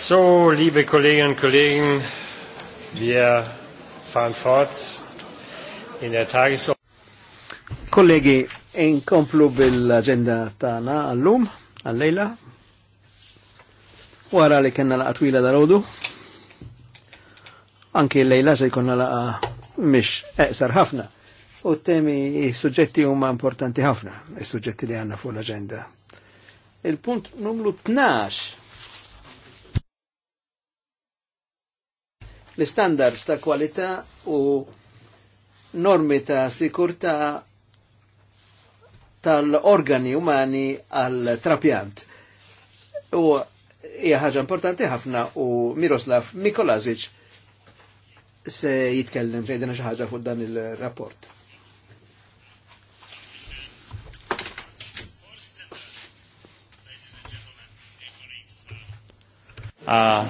So, liebe Kolleginnen und Kollegen, wir fahren fort in der Tagesordnung. Kollegi, komplu bil-agenda tana għallum, għallejla, wara li kena laqa twila dal-ħodu, anki l-lejla se jkonna laqa mish eqsar ħafna. U temi i suġġetti huma importanti ħafna, i suġġetti li għanna fuq l-agenda. Il-punt numru 12 l-standards ta' kwalità u normi ta' sikurtà tal-organi umani għal trapjant. U hija ħaġa importanti ħafna u Miroslav Mikolazic se jitkellem xejdina xi ħaġa fuq dan il-rapport. Ah.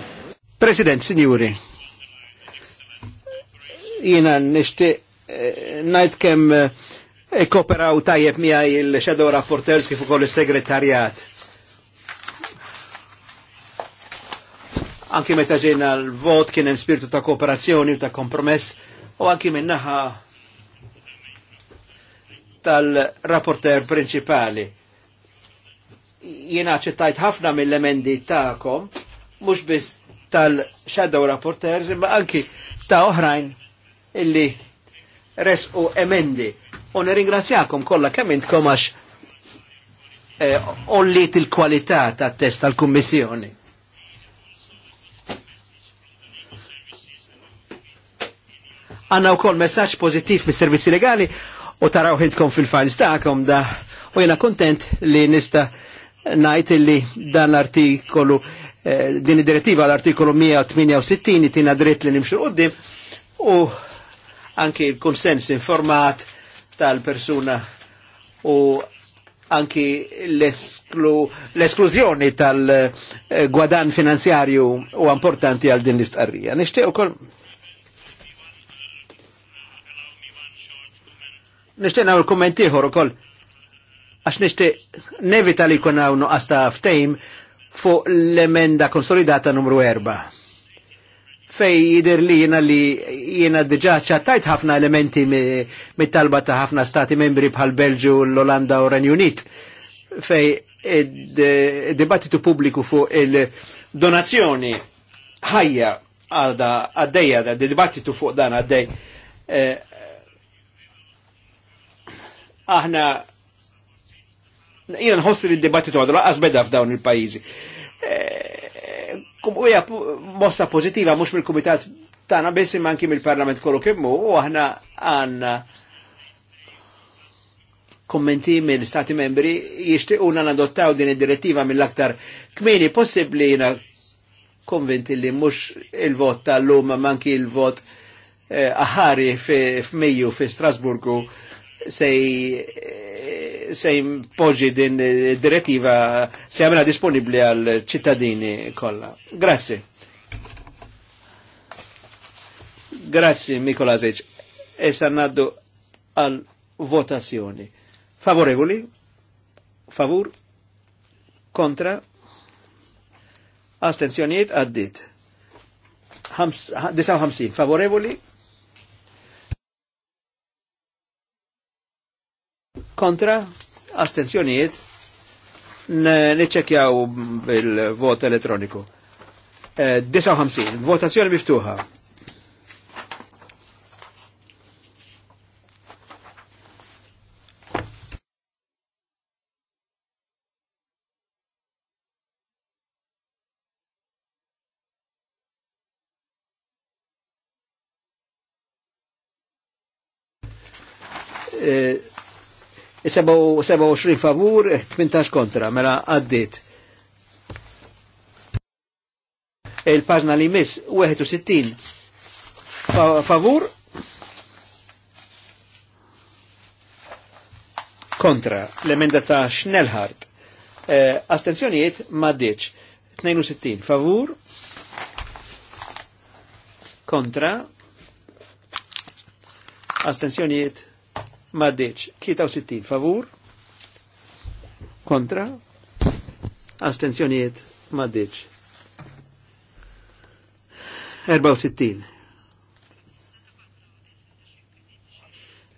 President, signori, jina nishti eh, najt kem u eh, tajjeb mija il-Shadow rapporters kif ukoll is-segretarjat. Anki meta ġejna l-vot kien hemm spiritu ta' kooperazzjoni u ta' kompromess u anki minnaħa tal-rapporter prinċipali. Jiena ċittajt ħafna mill-emendi ta'kom, mhux biss tal-shadow rapporters imma anki ta' oħrajn illi res u emendi. U nirringrazzjakom kollha kemm intkom għax eh, olliet il-kwalità tat-test tal-Kummissjoni. Għanna u messaġġ messaċ mis servizzi legali u taraw ħidkom fil-files ta'kom da u jena kontent li nista najt li dan l-artikolu eh, din id-direttiva l-artikolu 168 tina dritt li nimxu qoddim u anki il-konsens informat tal-persuna u anki l-esklużjoni tal-gwadan finanzjarju u importanti għal din l-istqarrija. Nishtiq u kol... Nishtiq naw il kommentiħor u kol għax nishtiq nevita li kuna unu għasta ftejm fuq l-emenda konsolidata numru 4 fej jider li jina li jena diġa ċattajt ħafna elementi mit-talba ta' ħafna stati membri bħal Belġu, l-Olanda u Renju Unit fej id-dibattitu pubbliku fuq il-donazzjoni ħajja għadda għaddejja id dibattitu fuq dan għaddej. Eh, aħna jina nħossi li dibattitu għadda laqqas beda f'dawn il-pajizi eh, hija mossa pozitiva, mhux mill-kumitat tagħna bessi manki anki mill-Parlament kollu kemmu u aħna għanna kommenti mill stati membri jixtiquna nadottaw din id-direttiva mill-aktar kmini possibbli jina konventi li mux il-vot tal-lum manki il-vot eh, aħari f'Mejju fi Strasburgu sej se poġi din direttiva se għamela disponibli għal ċittadini kolla. Grazzi. Grazzi Mikola Zeċ. E sannaddu għal votazzjoni. Favorevoli? Favur? Kontra? Astenzjoniet għaddit. 59 favorevoli? kontra, astenzjonijiet, neċekjaw bil-vot elettroniku. 59, eh, votazzjoni miftuħa. Uh, 27 favur, 18 kontra, mela għaddit. il pagna li miss 61 favur, kontra l-emenda ta' Schnellhardt. Eh, astenzjonijiet maddiċ. 62 favur, kontra, astenzjonijiet maddeċ 63 favur kontra astenzjoniet maddeċ 64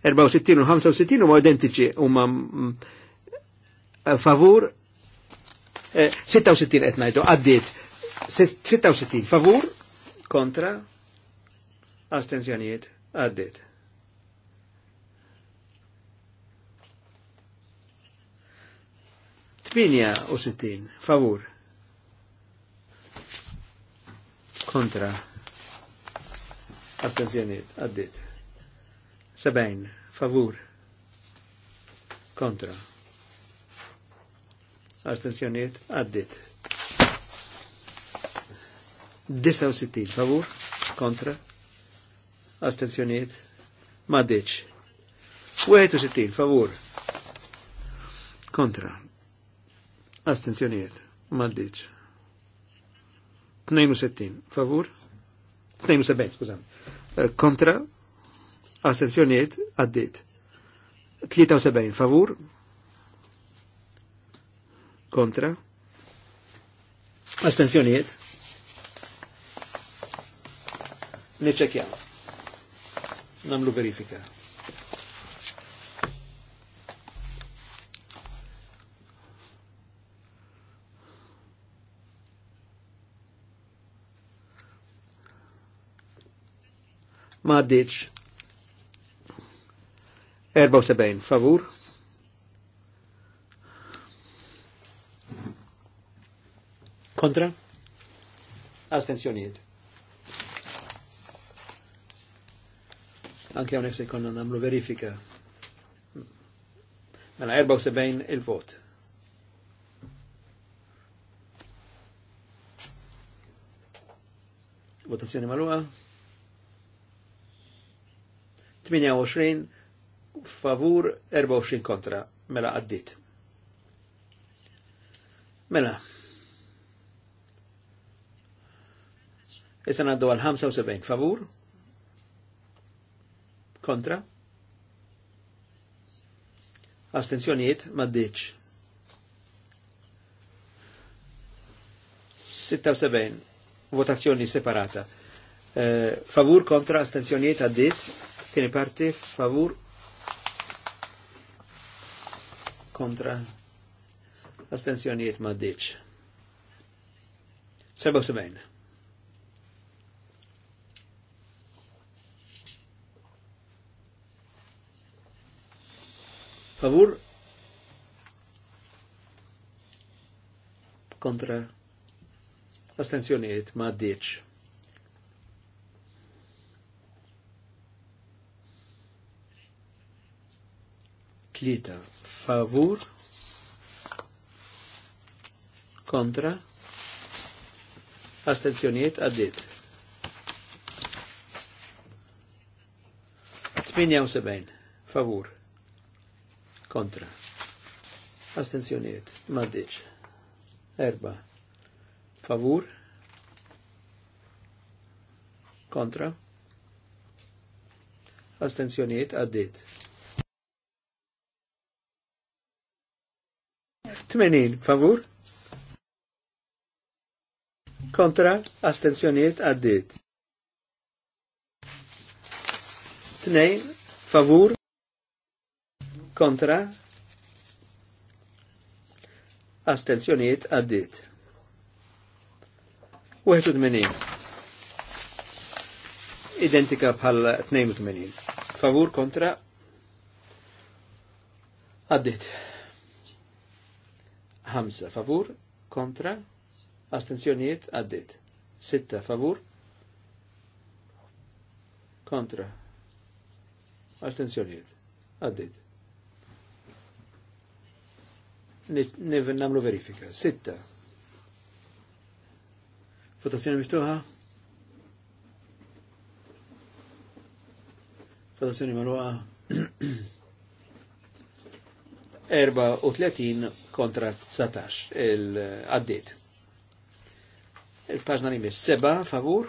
64 u 65 u ma identiċi mm, eh, eh, u ma favur 66 qed ngħidu għaddit 66 favur kontra astenzjonijiet għaddiet. 68 favur kontra astenzjoniet għaddit 70 favur kontra astenzjoniet għaddit 69 favur kontra astenzjoniet maddiċ 61 favur kontra Astenzjonijiet. Maddiċ. 62. Favur? 72, skużam. Eh, kontra? Astenzjonijiet. Addit. 73. Favur? Kontra? Astenzjonijiet. Neċekjaw. Namlu verifika. ma għaddiċ 74 favur kontra Astenzjoniet. anke għonek se konna namlu verifika mela 74 il-vot votazzjoni maluqa 28 favur 24 kontra. Mela għaddit. Mela. jessan għaddu għal 75 favur kontra. Astenzjonijiet maddiċ. 76 votazzjoni separata. uh, favur kontra astenzjonijiet għaddit Tieni parti favur kontra astensjonijiet ma' Seba 77. Favur kontra astensjonijiet ma' ditx. tlita favur kontra astenzjonijiet għaddit. 78 favur kontra astenzjonijiet maddiċ. Erba favur kontra Astenzioniet. għaddit. 80 favur kontra astenzjoniet għaddit. Tnejn favur kontra astenzjoniet għaddit. 81. Identika bħal 82. Favur kontra għaddit. Hamza, favur, kontra, astenzjoniet għaddit. Sitta favur, kontra, astenzjoniet għaddit. Niven namlu verifika. Sitta. Votazzjoni miftuħa? Votazzjoni Erba' 34 kontra 19 il-għaddit. Il-paġna li mis seba favur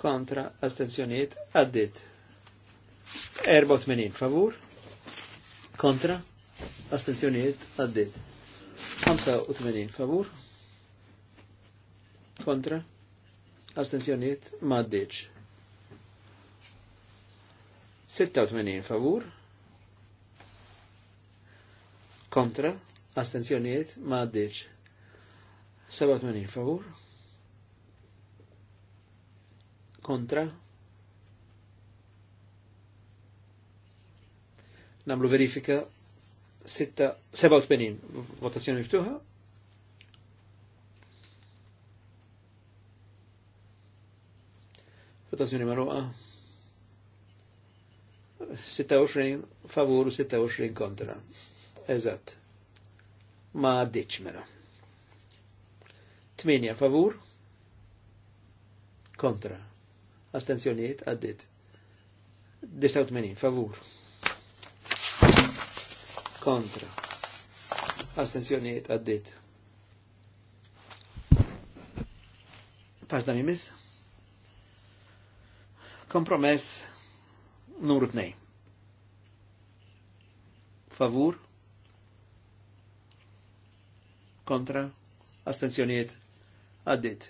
kontra astenzjoniet għaddit. 84 favur kontra astenzjoniet għaddit. 85 favur kontra astenzjoniet maddiċ. 86 favur kontra, astenzjoniet ma għaddiċ. 87 favur, kontra, namlu verifika 87 votazzjoni ftuħa. Votazzjoni marruqa. 26 favur u 26 kontra eżatt. Ma għaddiċ mela. Tminja, favur kontra. Astenzjoniet għaddit. 89 favur kontra. Astenzjoniet għaddit. dan jimis? Kompromess numru 2. Favur kontra, astenzjoniet, għaddit.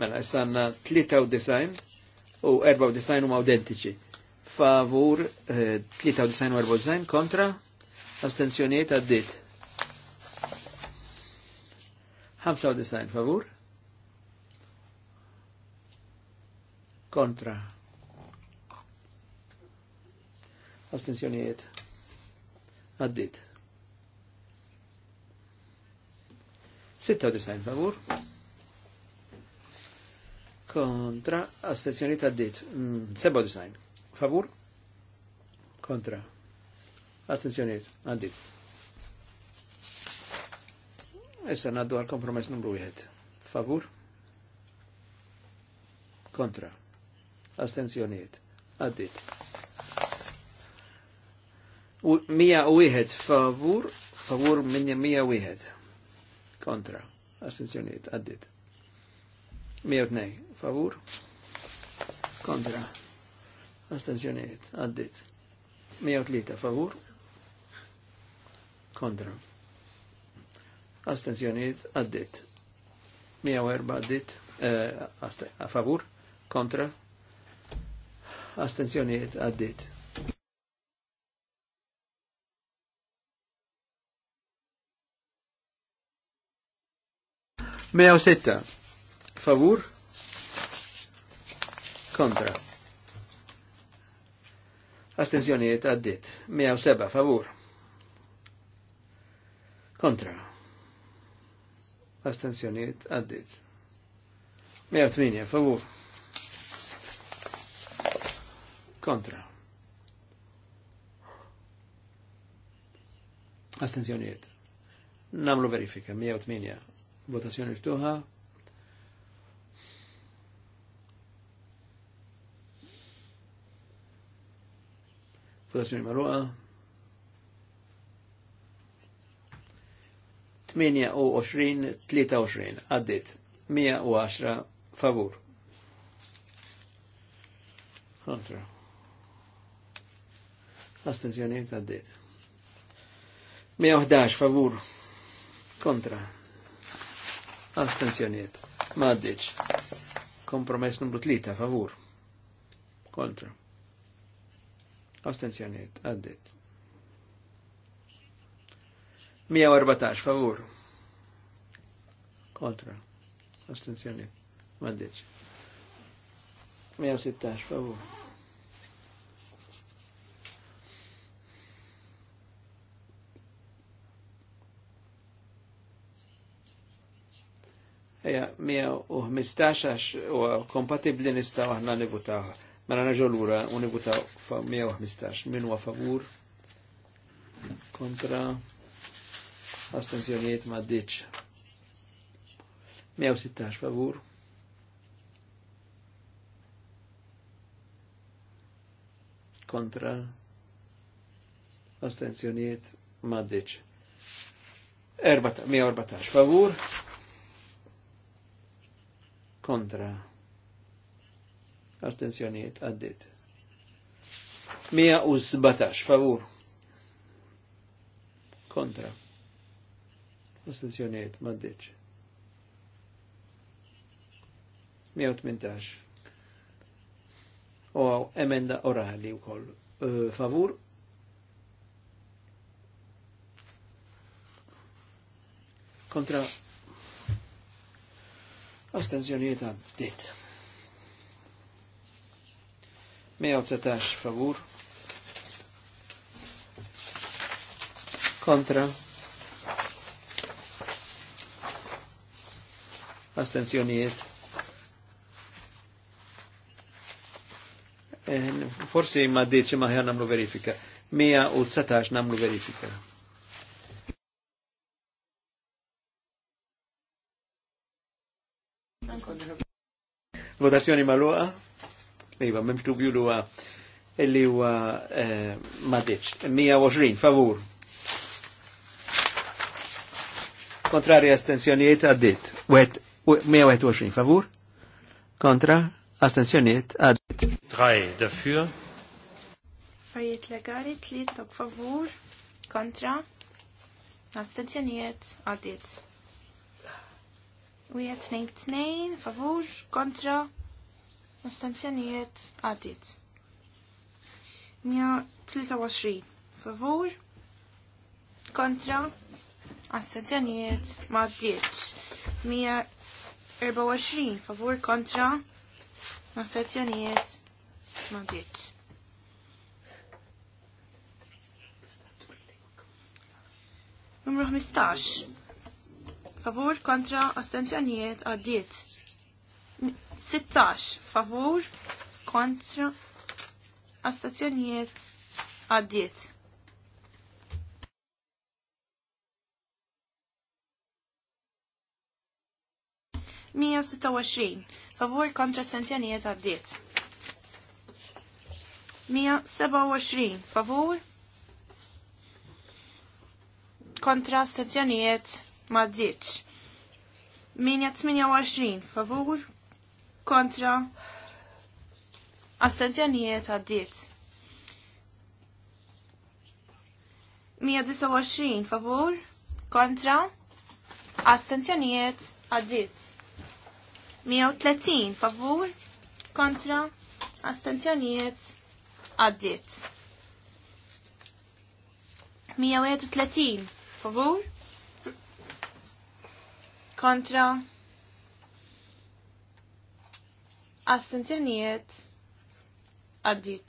Mela, jistanna 93 u 94 eh, u identiċi. Favur 93 u 94 kontra, astenzjoniet għaddit. 95 favur. Kontra. Astenzjoniet għaddit. 96 favur. Kontra, astezzjoni ta' d-dit. 97 mm, favur. Kontra, astenzjoni għaddit. Issa naddu għal kompromess numru 1. Favur? Kontra. Astenzjoniet. Għaddit. 101 favur, favur minn 101. Kontra. Astenzjoniet, għaddit. 102 favur. Kontra. Astenzjoniet, għaddit. 103 favur. Kontra. Astenzjoniet, għaddit. 104 għaddit. Eh, a favur. Kontra. Astenzjoniet, għaddit. 106 favur kontra astenzjoniet għaddit 107 favur kontra astenzjoniet għaddit 108 favur kontra astenzjoniet namlu verifika 108 votazzjoni ftuħa. Votazzjoni marruqa. 28, 23, għaddit, 110 favur. Kontra. Astenzjoni għaddit. 111 favur. Kontra. Abstenzjoniet. Maddiċ. Kompromess numru tlita, favur. Kontra. Abstenzjoniet. Għaddit. 114, favur. Kontra. Abstenzjoniet. Maddiċ. 116, favur 115 u kompatibli nistaw aħna nivutaw. Mela naġu l-ura u nivutaw 115. Min huwa Kontra? Astenzjonijiet ma' ditx. 116 favur. Kontra? astenzjoniet ma' ditx. 114 favur kontra astensjoniet għaddit. 117 favur kontra astensjoniet maddiċ. 118 u emenda orali u koll uh, favur kontra Astenzjonijiet għaddit. 119 favur. Kontra. Astenzjonijiet. Eh, forsi ma diċi maħja namlu verifika. 119 namlu verifika. Votazzjoni maluqa, iva, memx dubju li huwa li huwa eh, madiċ. 120 favur. Kontrari astenzjoniet għaddit. 120, favur. Kontra astenzjoniet għaddit. 3 dafür. Fajiet legari, 3 favur. Kontra astenzjoniet għaddit. Wieħed tnejn tnejn, favur, kontra, astenzjonijiet għaddit. 123, favur, kontra, astenzjonijiet Mija erba 124, favur, kontra, astenzjonijiet ma Numru 15 favur kontra astenzjonijiet għaddiet. 16 favur kontra astenzjonijiet għaddiet. Mija favur kontra astenzjonijiet għaddiet. 127 favur kontra astenzjonijiet ma ddiċ. 28. favur kontra astenzjonijiet għaddiet. 129 favur kontra astenzjonijiet għaddiet. 130 favur kontra astenzjonijiet għaddiet. 131 favur kontra astenzjonijiet għaddit.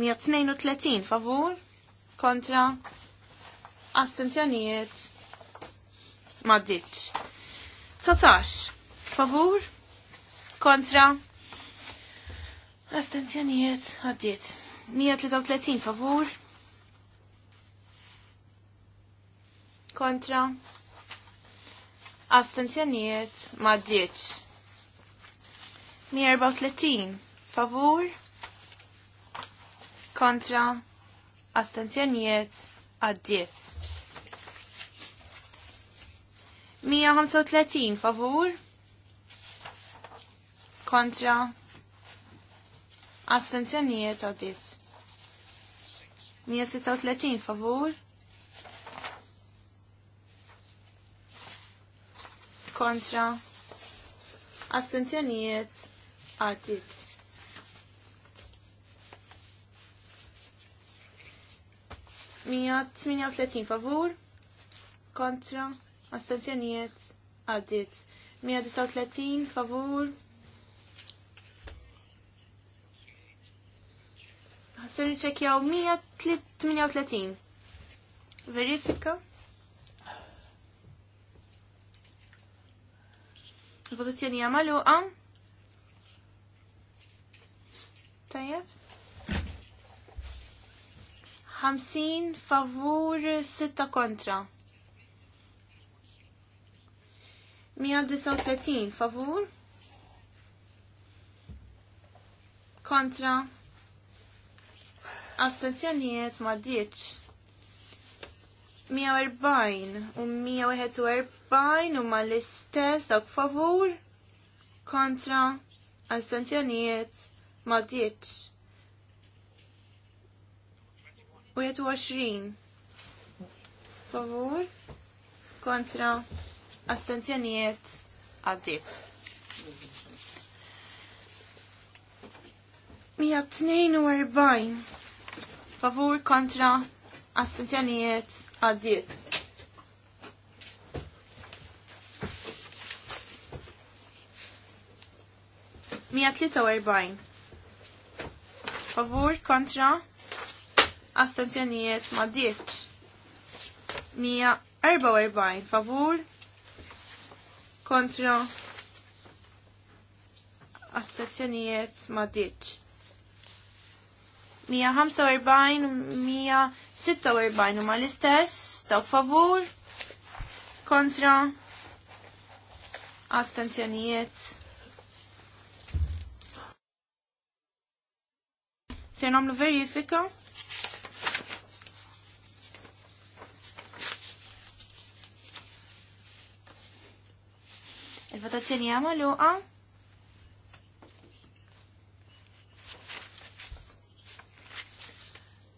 132 favur kontra astenzjonijiet maddiċ. 19 favur kontra astenzjonijiet għaddit. 133 favur kontra astenzjonijiet ma ddieċ. 134 favur kontra astenzjonijiet għaddiet. 135 favur kontra astenzjonijiet għaddiet. 136 favur kontra astenzjonijiet għaddit. Mija 38 favur kontra astenzjonijiet għaddit. 139 favur Għasir nċekjaw 138. Verifika. il pozizjoni hija magħluqa. Tajjeb. 50 favur 6 kontra. 139 favur kontra astenzjonijiet ma ditx 140 u 141 40 u ma l-istess dak favur kontra astenzjonijiet ma ditx. U għaxrin. favur kontra astenzjonijiet għaddit. 142 favur kontra astenzjonijiet għaddit. 143. Favur kontra astenzjonijiet ma ditx. 144 favur kontra astenzjonijiet ma ditx. 145 146 ma l-istess taw favur kontra astenzjonijiet Ser namlu verifika. Il-votazzjoni għama luqa.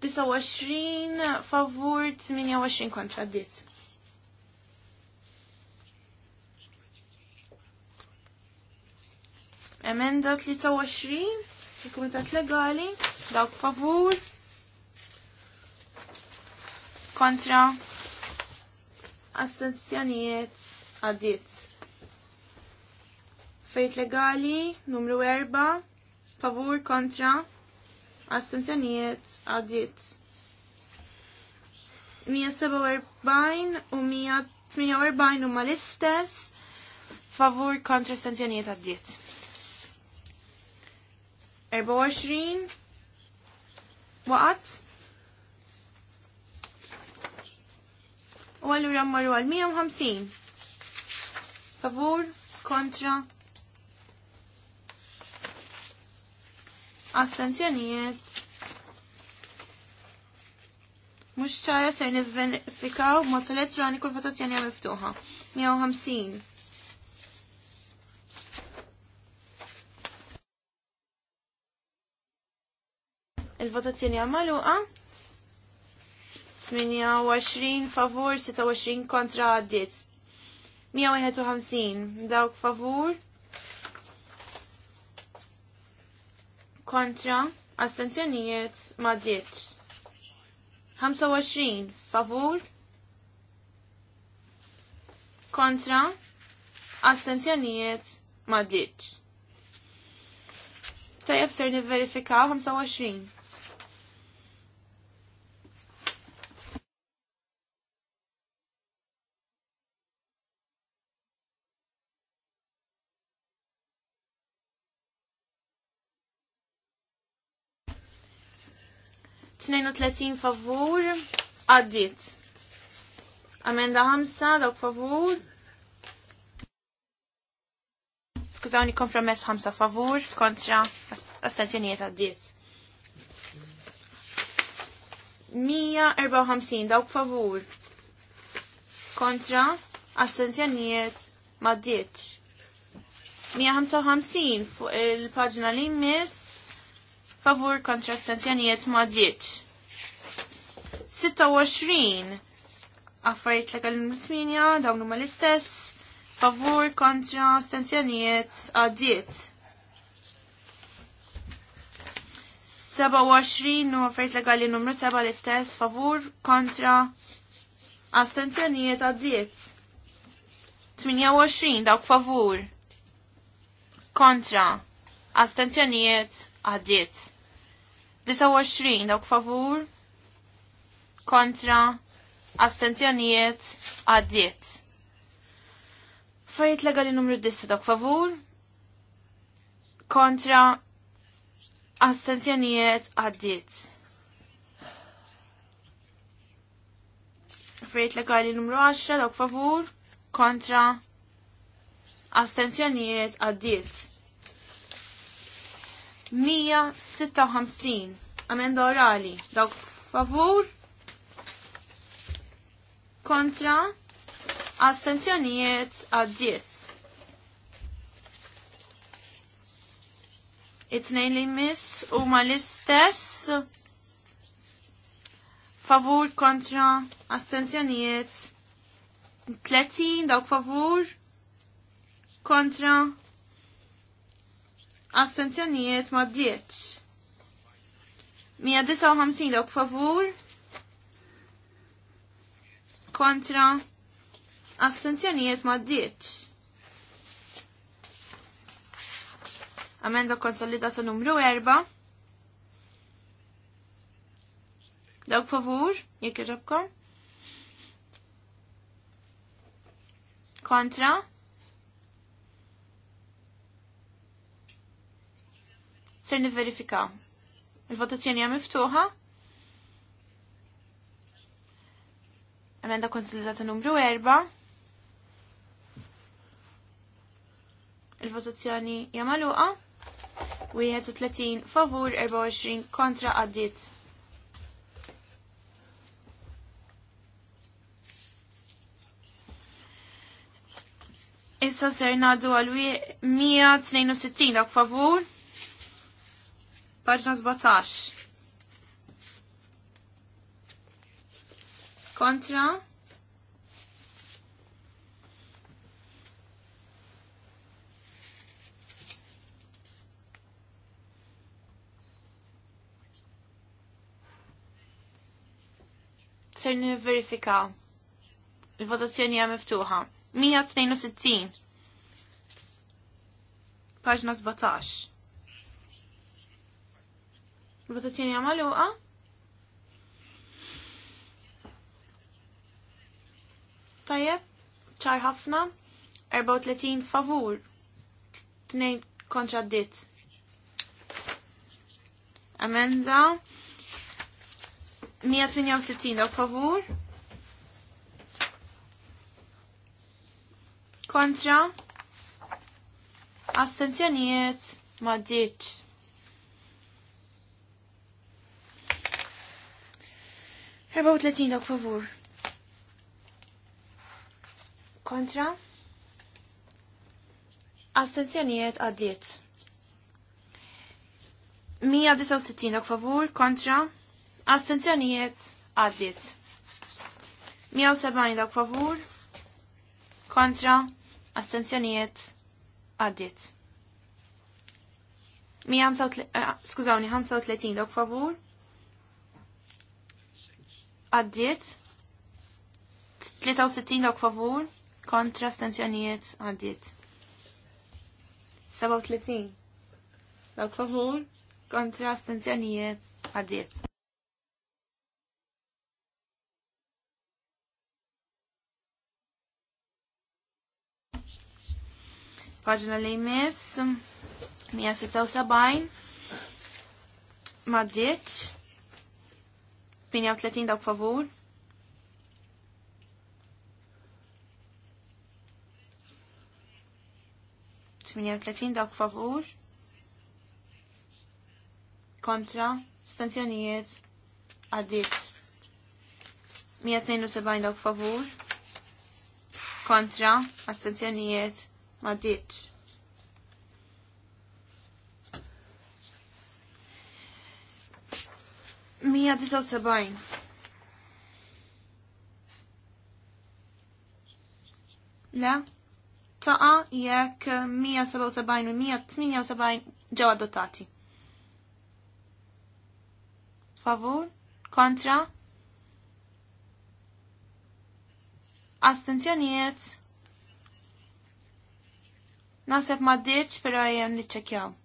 Tisa Disa favur tminja 28 kontra ditt. Emenda 23 il kumitat Legali, dawk favur, kontra, astenzjonijiet għaddit. Fejt legali, numru 4, favur kontra, astenzjonijiet għaddit. 147 u 148 huma l-istess favur kontra astenzjonijiet għaddit. 24 waqt u għallu marru għal 150 favur kontra astenzjonijiet mux ċara ser nivverifikaw mod elettroniku l-votazzjoni għamiftuħa 150 Il-votazzjoni għamaluqa. 28 favur, 26 kontra għaddit. 151 dawk favur. Kontra astenzjonijiet ma għaddit. 25 favur. Kontra astenzjonijiet ma għaddit. Tajab ser niverifikaw 25. 32 favur għaddit. Amenda 5 dawk favur. Skużawni kompromess 5 favur kontra astenzjonijiet għaddit. 154 dawk favur kontra astenzjonijiet maddiċ. 155 fuq il pagġna li miss favur kontra astenzjonijiet ma ditx. 26 affarijiet legali l-8 dawn huma l-istess favur kontra astenzjonijiet għaddiet. 27 u għafajt legali numru 7 l-istess favur kontra astenzjonijiet għaddiet. 28 dawk favur kontra astenzjonijiet għaddiet. 29 dawk favur kontra astenzjonijiet għaddiet. Farijiet legali numru 10 dawk favur kontra astenzjonijiet għaddiet. Farijiet legali numru 10 dawk favur kontra astenzjonijiet għaddiet. 156 amenda orali dawk favur kontra astenzjonijiet għaddiet. It-tnejn li miss u ma l-istess favur kontra astenzjonijiet 30 dawk favur kontra Astenzjonijiet ma ddiċ. 159 dawk favur. Kontra. Astenzjonijiet ma ddiċ. Amenda konsolidata numru 4. Dawk favur, jekk iġobkom. Kontra. Ser niverifikaw. Il-votazzjoni hija miftuħa. Emenda konsolidata numru 4. Il-votazzjoni hija magħluqa. 31 favur 24 kontra għaddiet. Issa ser nadu għal 162 dak favur Paġna 17. Kontra. Ser verifika Il-votazzjoni hija miftuħa. 162. Paġna 17. Votazzjoni għamaluqa. Tajjeb, ċar ħafna, 34 favur, 2 kontra ditt. Amenza, 168 dok favur. Kontra, astenzjonijiet ma' ditt. 34 dok favur. Kontra? Astenzjonijiet għaddiet. 169 dok favur. Kontra? Astenzjonijiet għaddiet. 170 dok favur. Kontra? Astenzjonijiet għaddiet. Eh, skużawni, 35 dok favur għaddiet 63 lok favur kontra stanzjonijiet għaddiet 37 lok favur kontra stanzjonijiet għaddiet Paġna li jmiss 176 ma' 38 dawk favur. tletin dawk favur. Kontra. Stanzjonijiet. Għaddit. 172 dawk favur. Kontra. Stanzjonijiet. Għaddit. 179. Le? Taqa jekk 177 u 178 ġew adottati. Favur? Kontra? Astenzjonijiet? Naseb ma dirċ, pero jem li ċekjaw.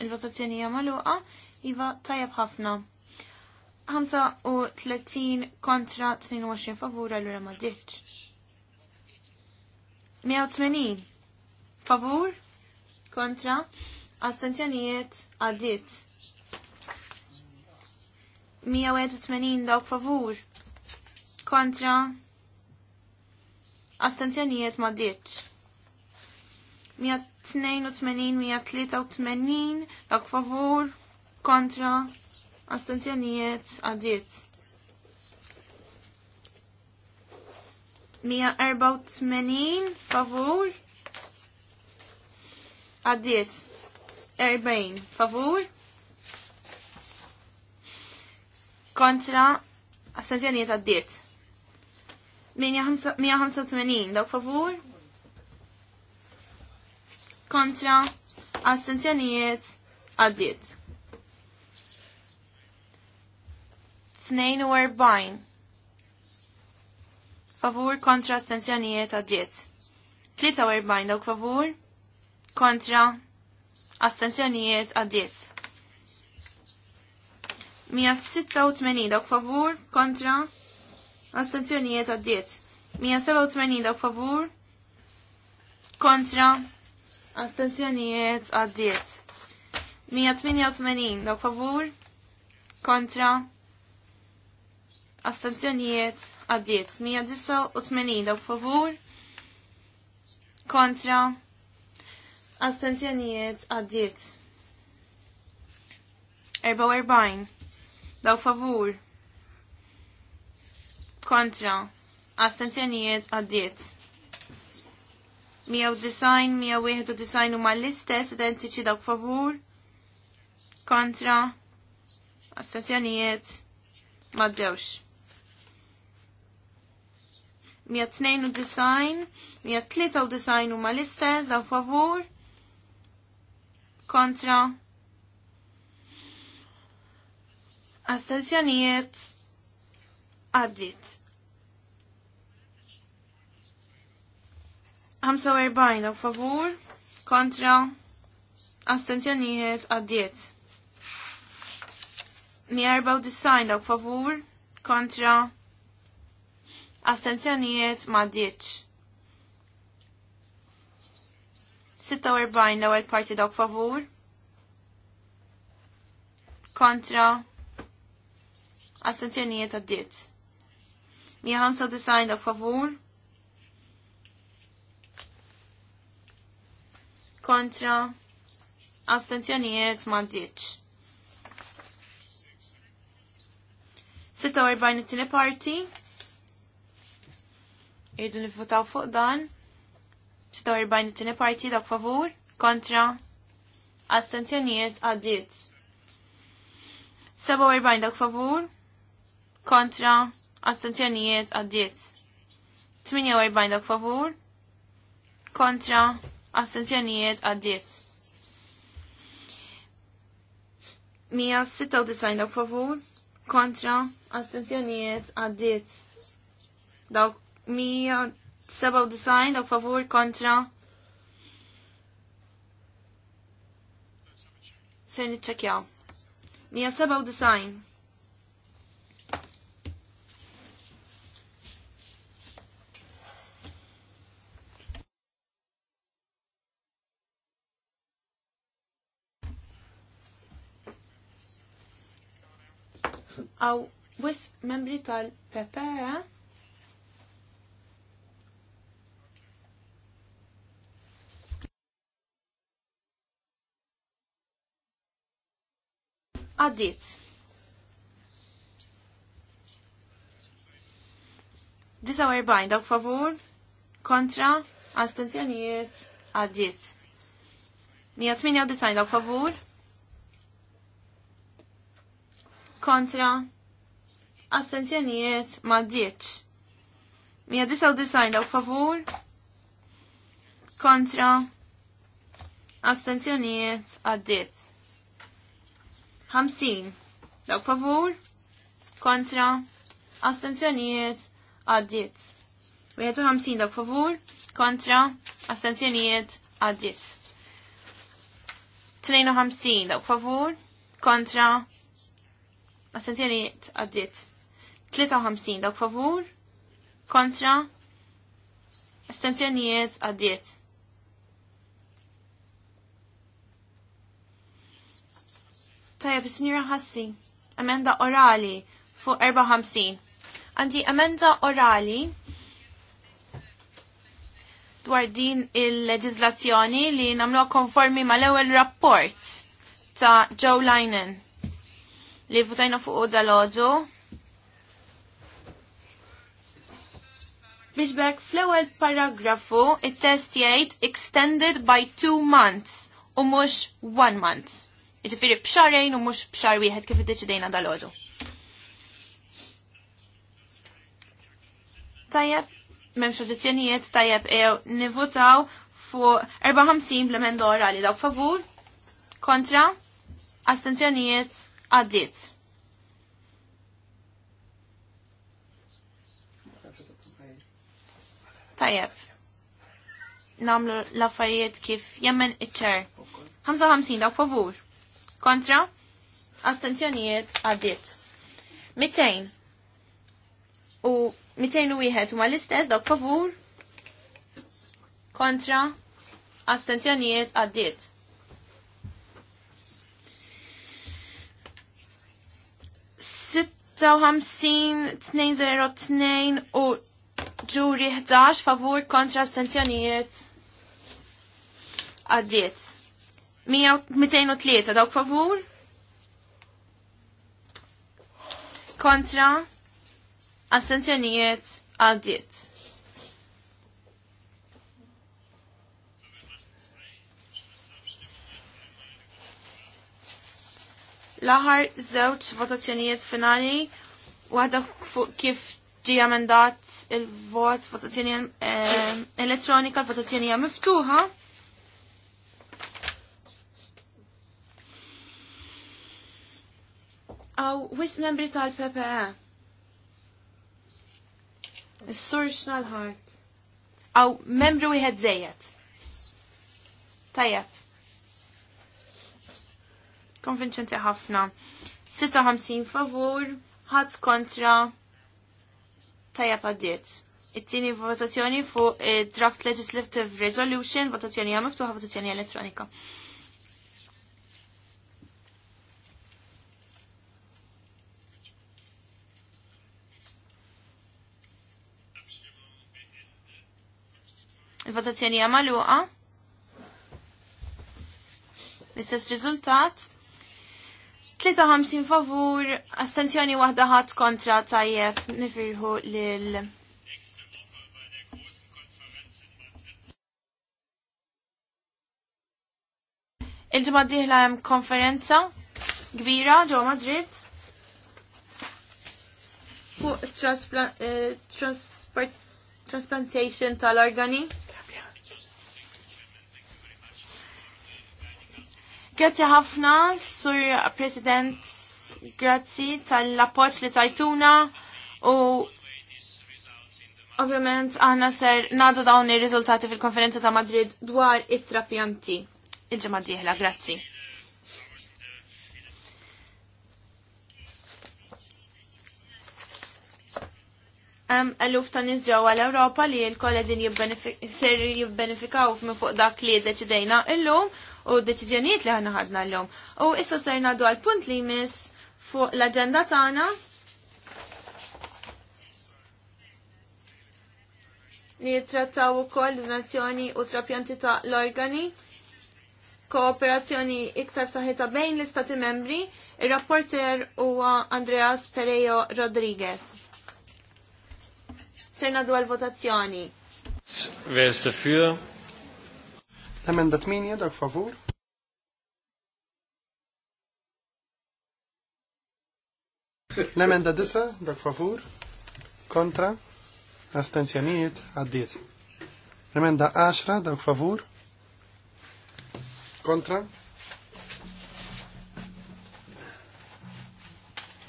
il-votazzjoni hija magħluqa, iva tajjeb ħafna. 35 kontra 22 favur allura ma ditx. 180 favur kontra astenzjonijiet għaddit. 181 dawk favur kontra astenzjonijiet ma 82-183 dak favur kontra astenzjonijiet għadiet. 184 favur għadiet. 40 favur kontra astenzjonijiet għadiet. 185 dak favur kontra astenzjonijiet għaddiet. 42 favur kontra astenzjonijiet għaddiet. 43 dawk favur kontra astenzjonijiet għaddiet. 186 dawk favur kontra astenzjonijiet għaddiet. 187 dawk favur kontra Astenzjonijiet għaddiet. 188 daw favur kontra astenzjonijiet għaddiet. 189 daw favur kontra astenzjonijiet għaddiet. 44 daw favur kontra astenzjonijiet għaddiet. 191, design u mal istess identiċi dawk favur kontra astenzjonijiet ma ddewx. 192, design u mal-listess, dawk favur kontra astenzjonijiet għaddit. 45 dawk favur kontra astenzjonijiet għaddiet. 194 dawk favur kontra astenzjonijiet ma ddietx. 46 l-ewwel parti dawk favur kontra astenzjoniet għaddiet. 195 dawk favur kontra astenzjonijiet mandiċ. 46 it tini parti irridu nivvotaw fuq dan. 46 it tini parti dak favur kontra astenzjonijiet għaddiet. 47 dak favur kontra astenzjonijiet għaddiet. 48 dak favur kontra Assenzjonijiet għaddiet. 196 dawk favur kontra astenzjonijiet għaddiet. Dawk 197 dawk favur kontra Ser niċċekjaw. 197 għaw wis membri tal-PPE għaddit. Disa erbajn, dawk favur, kontra, astenzjonijiet, għaddit. 198 dawk favur, kontra astenzjonijiet ma ddiċ. 199 dawk favur kontra astenzjonijiet għaddiet. 50 dawk favur kontra astenzjonijiet għaddiet. 51 dawk favur kontra astenzjonijiet għaddiet. 52 dawk favur kontra Assenzjoni għaddit. 53 dawk favur kontra astenzjonijiet għaddiet. Tajab, signora ħassi, emenda orali fuq 54. Għandi emenda orali dwar din il-leġizlazzjoni li namlu konformi mal-ewwel rapport ta' Joe Linen li votajna fuq u dal-ħodu. Biex fl-ewwel paragrafu il test jgħid extended by two months u mhux one month. Jiġifieri b'xarejn u mhux b'xar wieħed kif iddeċidejna dal-ħodu. Tajjeb, m'hemmx oġġezzjonijiet tajjeb ew nivutaw fuq 54 bl-emenda orali dawk favur, kontra, astenzjonijiet għaddit. Tajjeb. Namlu l-affarijiet kif jemmen iċ-ċer. 55 daw favur. Kontra? Astenzjonijiet għaddit. 200. U 201 huma l-istess daw favur. Kontra? Astenzjonijiet għaddit. u ġuri 11 favur kontra astenzjonijiet. Għaddiet. 203 dawk favur. Kontra astenzjonijiet għaddiet. L-aħar żewġ votazzjonijiet finali, waħda fuq kif ġi għamendat il-vot votazzjoni eh, elettronika, votazzjoni miftuħa. Aw, wis membri tal-PPE. Is-sur xnal-ħart. Aw, membru wieħed żejjed. Tajjeb konvinċenti ħafna. 56 favur, ħadd kontra tajja paddiet. It-tieni votazzjoni fuq eh, draft legislative resolution, votazzjoni għam miftuħa, votazzjoni elettronika. Il-votazzjoni għam maluqa. L-istess riżultat. 53 favur, astenzjoni wahda ħadd kontra tajjeb nifirħu lil Il-ġimgħa diħla hemm konferenza kbira ġewwa Madrid fuq eh, transplantation tal-organi. Grazzi ħafna, Sur President, grazzi tal-appoċ li tajtuna u ovvjament aħna ser nadu dawn ir-riżultati fil-konferenza ta' Madrid dwar it-trapjanti. il ġemad diħla, grazzi. Hemm eluf ta' nies ġewwa l-Ewropa li l-kolla din jibbenefikaw minn fuq dak li deċidejna illum u d-deċiżjonijiet li ħana ħadna l-lum. U issa ser ngħaddu għal punt li jmiss fuq l-aġenda tagħna. Li jittrattaw ukoll donazzjoni u trapjanti ta' l-organi kooperazzjoni iktar saħħita bejn l-Istati membri, ir-rapporter huwa Andreas Perejo Rodriguez. Serna dwar votazzjoni. Wer ist dafür? Emenda 8 dak favur. L-emenda 9 dak favur. Kontra. Astenzjonijiet għaddiet. L-emenda 10 dak favur. Kontra.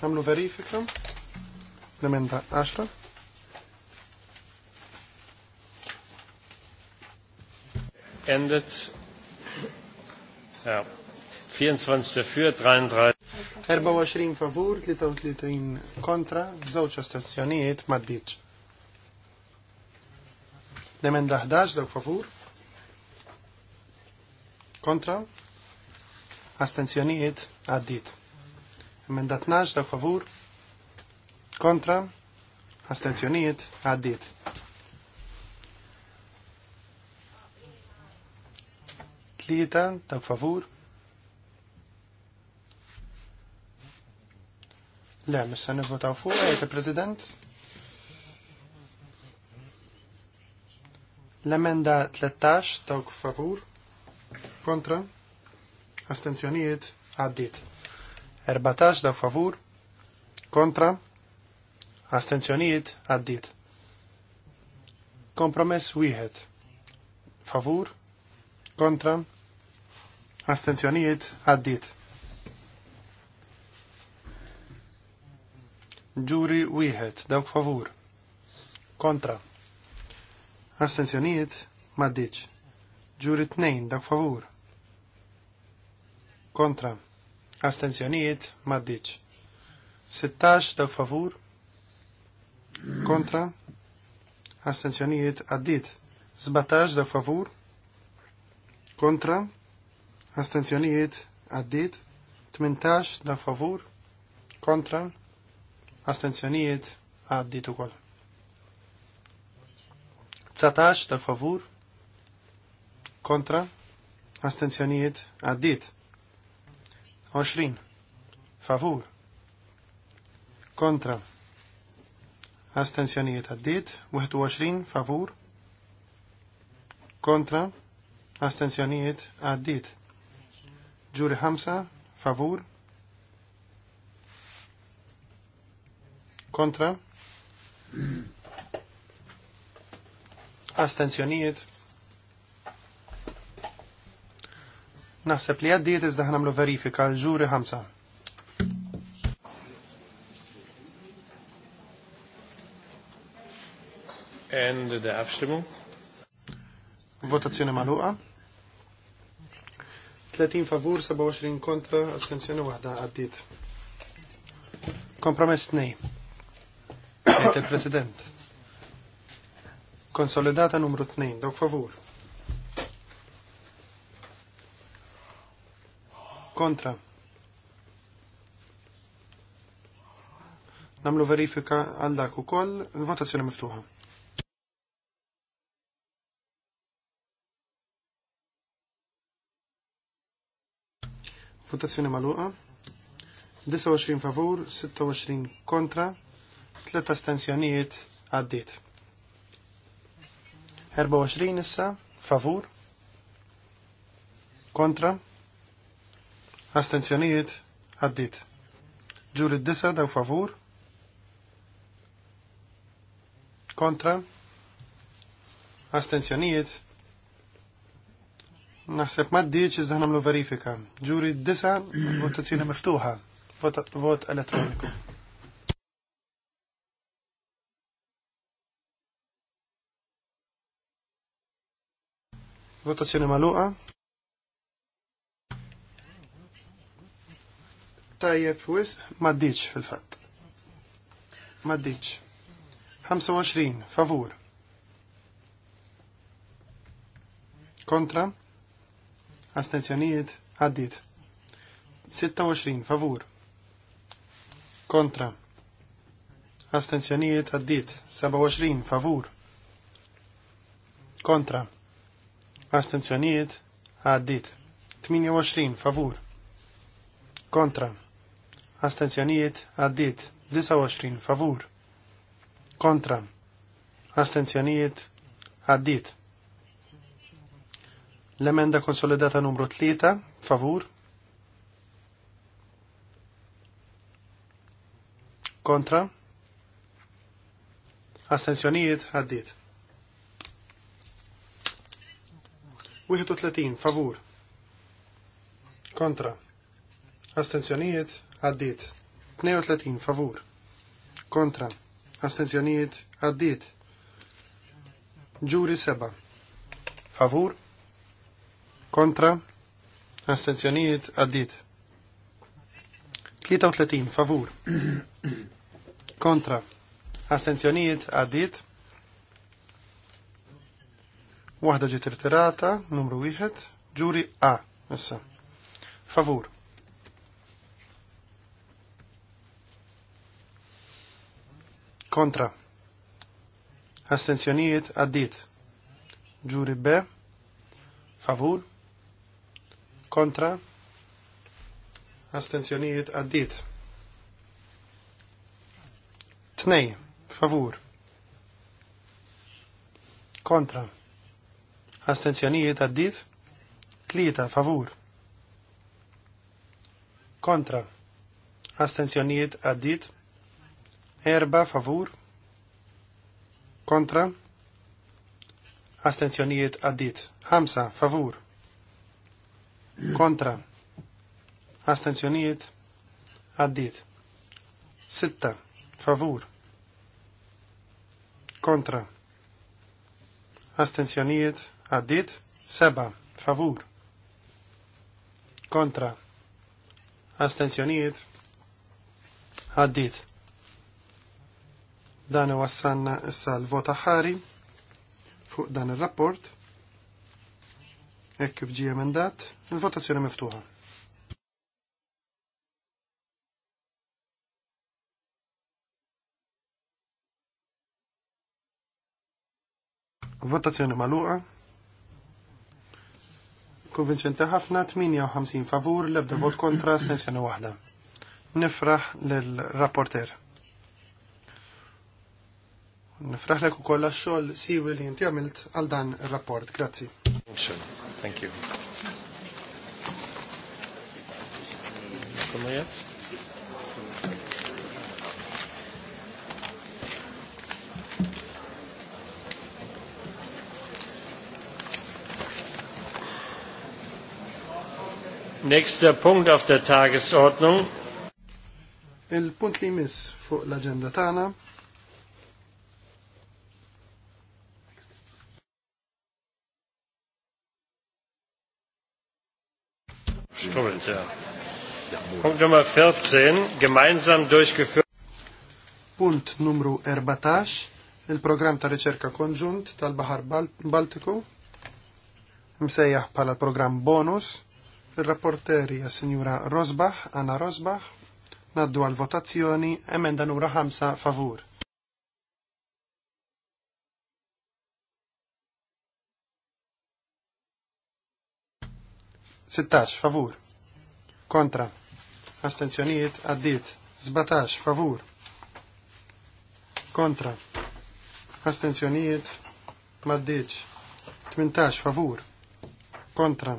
Għamlu verifika. L-emenda 10. endet. Ja. 24 für, 33. 24 favur, 33 kontra, żewġ astazzjonijiet maddiċ. Nemenda 11 dawk favur. Kontra. Astenzjonijiet għaddit. Emenda 12 dawk favur. Kontra. Astenzjonijiet għaddit. tlieta dak favur. Le, missa nivvotaw fuq, għajte il-President. L-emenda 13 dawk favur. Kontra. Astenzjonijiet għaddit. 14 dawk favur. Kontra. Astenzjonijiet għaddit. Kompromess wieħed. Favur. Kontra. Astenzjonijiet għaddit. Ġuri wieħed, dawk favur. Kontra. Astenzjonijiet maddiċ. Ġuri tnejn, dawk favur. Kontra. Astenzjonijiet maddiċ. 16 dawk favur. Kontra. Astenzjonijiet għaddit. 17 dawk favur. Kontra astenzjonijiet għaddit 18 da' favur kontra astenzjonijiet għaddit u koll. 19 da' favur kontra astenzjonijiet għaddit 20 favur kontra astenzjonijiet għaddit 21 favur kontra astenzjonijiet għaddit Ġuri Hamsa, favur. Kontra. Astenzjonijiet. Naħseb li għaddiet iżda ħnamlu verifika l-ġuri ħamsa. And the Abstimmung. Votazzjoni maluqa. 30 favur, 27 kontra, astenzjoni wahda għaddit. Kompromess 2. Għajt il-President. Konsolidata numru 2, dok favur. Kontra. Namlu verifika għal dak koll, il-votazzjoni miftuħa. Votazzjoni maluqa 29 favur, 26 kontra, 3 astensjonijiet għaddit 24 issa favur, kontra, astensjonijiet għaddit Ġuri d-disa daw favur, kontra, astensjonijiet Naħseb maddiċ iżda nagħmlu verifika. Ġuri d-disa, votazzjoni miftuħa, vot elettroniku. Votazzjoni maluqa. Tajjeb wis, d-dieċ fil-fatt. dieċ 25, favur. Kontra. Astenzjonijiet għaddit. 26 favur. Kontra. Astenzjonijiet għaddit. 27 favur. Kontra. Astenzjonijiet għaddit. 28 favur. Kontra. Astenzjonijiet għaddit. 29 favur. Kontra. Astenzjonijiet għaddit. L-emenda konsolidata numru 3, favur. Kontra. Astenzjonijiet għaddit. 31, favur. Kontra. Astenzjonijiet għaddit. 32, favur. Kontra. Astenzjonijiet għaddit. Ġuri seba. Favur kontra, astenzjonijiet għaddit. 33 favur, kontra, astenzjonijiet għaddit. Waħda ġiet irtirata, numru 1, ġuri A, issa. Favur. Kontra. Astenzjonijiet għaddit. Ġuri B. Favur kontra, astenzjonijiet għaddit. Tnej, favur, kontra, astenzjonijiet għaddit. Tlita, favur, kontra, astenzjonijiet għaddit. Erba, favur, kontra, astenzjonijiet għaddit. Hamsa, favur, kontra, astenzjonijiet, għaddit. Sitta, favur, kontra, astenzjonijiet, għaddit. Seba, favur, kontra, astenzjonijiet, għaddit. Dan wassanna issa l-vota ħari fuq dan il-rapport. Ekk kif ġie emendat, il-votazzjoni miftuħa. Votazzjoni magħluqa. Konvinċenti ħafna 58 favur, l-ebda vot kontra, sensjoni waħda. Nifraħ lill-rapporter. Nifraħlek ukoll kolla xol siwi li jinti għamilt għal dan il-rapport. Grazzi. Thank you. Nächster Punkt auf der Tagesordnung. Il-punt li mis fuq l-agenda tagħna Nummer Punt numru 14, il-programm ta' riċerka konġunt tal-Bahar Baltiku, msejjaħ pala programm bonus, il-rapporteri ja signora Rosbach, Anna Rosbach, naddu għal-votazzjoni, emenda numru 5 favur. Sittax, favur kontra, astenzjonijiet għaddit, 17 favur, kontra, astenzjonijiet maddiċ, 18 favur, kontra,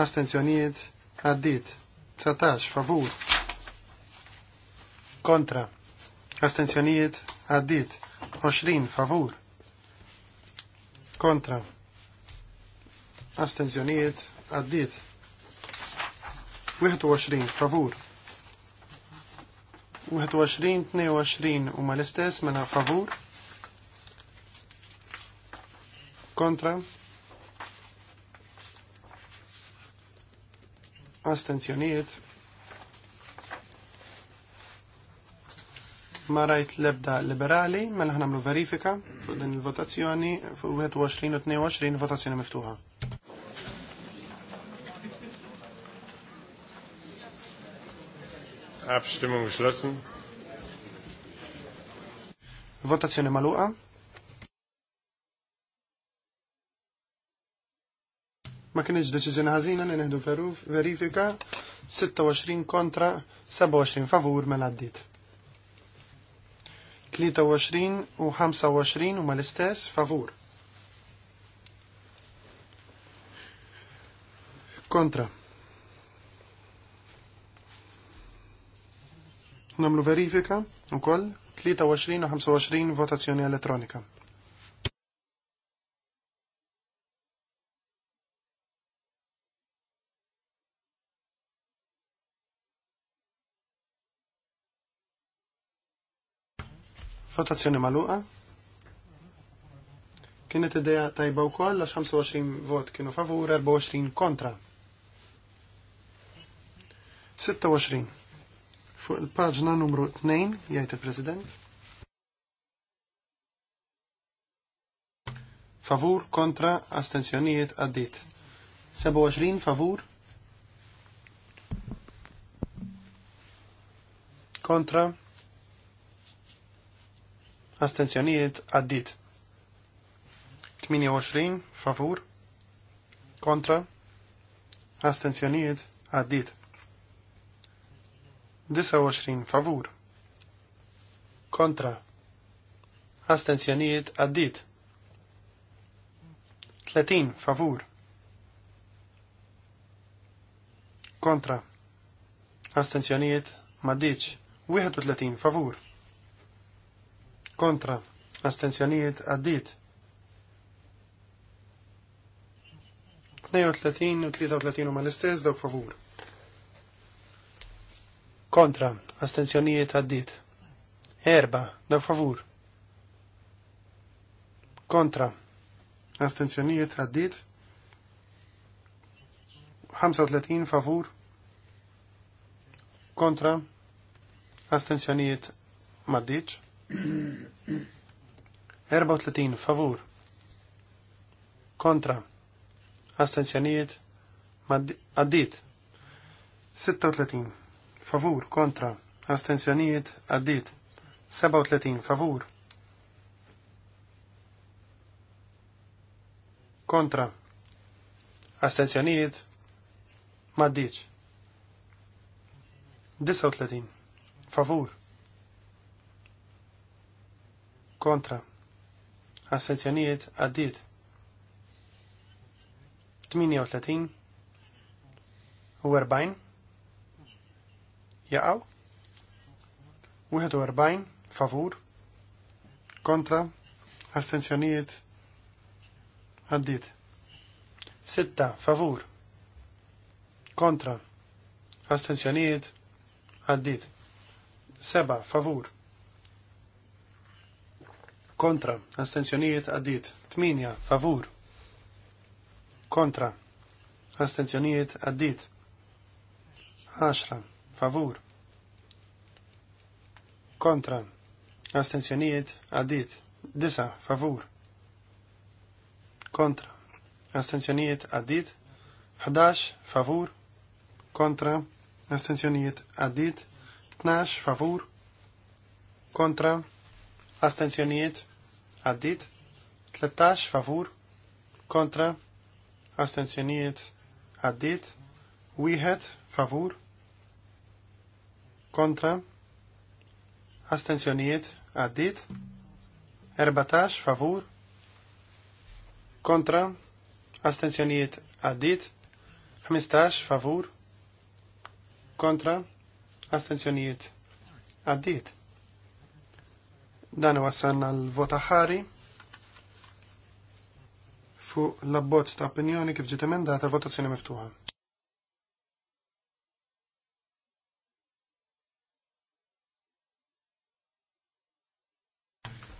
astenzjonijiet għaddit, 19 favur, kontra, astenzjonijiet għaddit, 20 favur, kontra, astenzjonijiet għaddit, 21 favur. 21, 22 huma l-istess mela favur. Kontra. Astenzjonijiet. Ma rajt lebda liberali, mela ħnamlu verifika fuq din il-votazzjoni fuq 21 u 22 votazzjoni miftuħa. Abstimmung geschlossen. Votazzjoni maluqa. Ma kienx deċiżjoni ħażina li neħdu verifika 26 kontra 27 favur mela għaddiet. 23 u 25 huma l-istess favur. Kontra. Namlu verifika u koll 23 25 votazzjoni elettronika. Votazzjoni maluqa. Kienet idea tajba u koll, 25 vot kienu favur, 24 kontra. 26. Fuq il-paġna numru 2, jgħid il-President. Favur kontra astensjonijiet għaddit. 27 favur kontra astenzjonijiet għaddit 28 favur kontra astenzjonijiet għaddit 29 favur. Kontra. Astenzjonijiet għaddit. 30 favur. Kontra. Astenzjonijiet maddiċ. 31 favur. Kontra. Astenzjonijiet għaddit. 32 u 33 ma l-istess dawk favur kontra, astenzjonijiet għaddit. Erba, dak favur. Kontra, astenzjonijiet għaddit. 35 favur. Kontra, astenzjonijiet maddiċ. 34 favur. Kontra, astenzjonijiet għaddit. 36 favur kontra astenzjonijiet għaddit 37 favur kontra astenzjonijiet maddiċ 39 favur kontra astenzjonijiet għaddit 38 u 40 jaqaw. 41 favur kontra astenzjonijiet għaddit. 6 favur kontra astenzjonijiet għaddit. 7 favur kontra astenzjonijiet għaddit. 8 favur kontra astenzjonijiet għaddit. 10 favur kontra astenzjonijiet għaddit disa favur kontra astenzjonijiet għaddit 11 favur kontra astenzjonijiet għaddit 12 favur kontra astenzjonijiet għaddit 13 favur kontra astenzjonijiet għaddit wieħed favur kontra, astensjonijiet għaddit, 14 favur, kontra, astensjonijiet għaddit, 15 favur, kontra, astensjonijiet għaddit. Dan wassanna l-vota ħari Fu l-abbozz ta' opinjoni kif ġiet emendata votazzjoni miftuħa.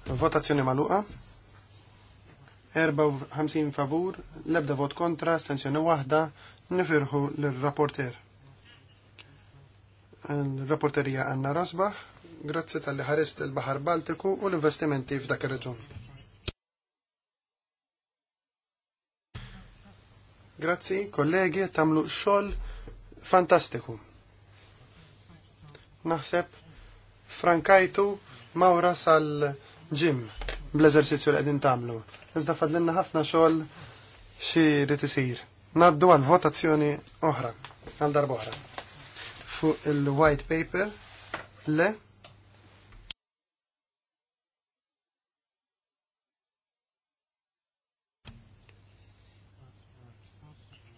Votazzjoni maluqa. 54 favur, lebda vot kontra, stenzjoni wahda, nifirħu l-rapporter. L-rapporterija Anna Rosbach, grazzi tal-li ħarist il-Bahar Baltiku u l-investimenti f'dak ir-reġun. Grazzi, kollegi, tamlu xol fantastiku. Naħseb, frankajtu, mawra sal- Jim, bl-eżerċizzju li qegħdin tagħmlu. Iżda fadlinna ħafna xogħol xi rid isir. Naddu għal votazzjoni oħra, għal darba oħra. Fuq il-white paper le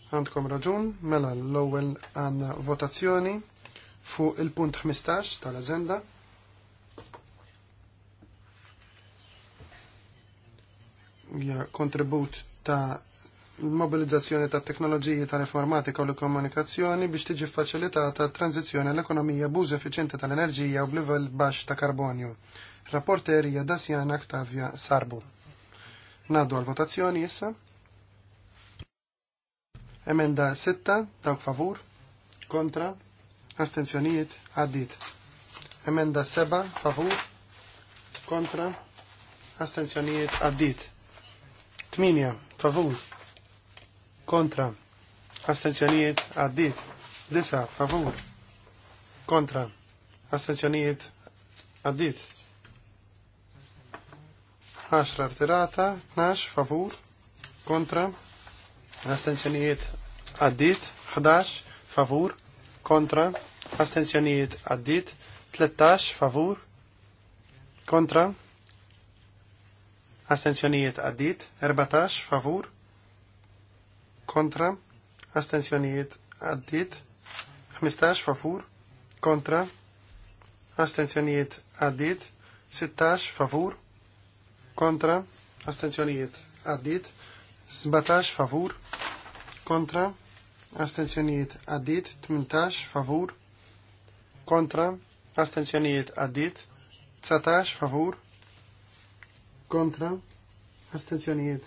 għandkom raġun, mela l-ewwel għandna votazzjoni fuq il-punt 15 tal-aġenda. ja, kontribut ta' mobilizzazzjoni ta' teknoloġiji tal-informatika u l-komunikazzjoni biex tiġi faċilitata tranzizzjoni l-ekonomija b'użu effiċjenti tal-enerġija u b'livell baxx ta' karbonju. Rapporter hija Dasjana Ktavja Sarbu. Naddu għal-votazzjoni issa. Emenda 6, dawk favur, kontra, astenzjonijiet, għaddit. Emenda 7, favur, kontra, astenzjonijiet, għaddit. Tminja, favur kontra astenzjonijiet għaddit Disa, favur kontra astenzjonijiet għaddit Ħaxra, artirata 12 favur kontra astenzjonijiet għaddit Ħdax, favur kontra astenzjonijiet għaddit Tlettax, favur kontra astenzjonijiet għaddit, 14 favur, kontra, astenzjonijiet għaddit, 15 favur, kontra, astenzjonijiet għaddit, 16 favur, kontra, astenzjonijiet għaddit, 17 favur, kontra, astenzjonijiet għaddit, 18 favur, kontra, astenzjonijiet għaddit, 19 favur, kontra, kontra, astenzjonijiet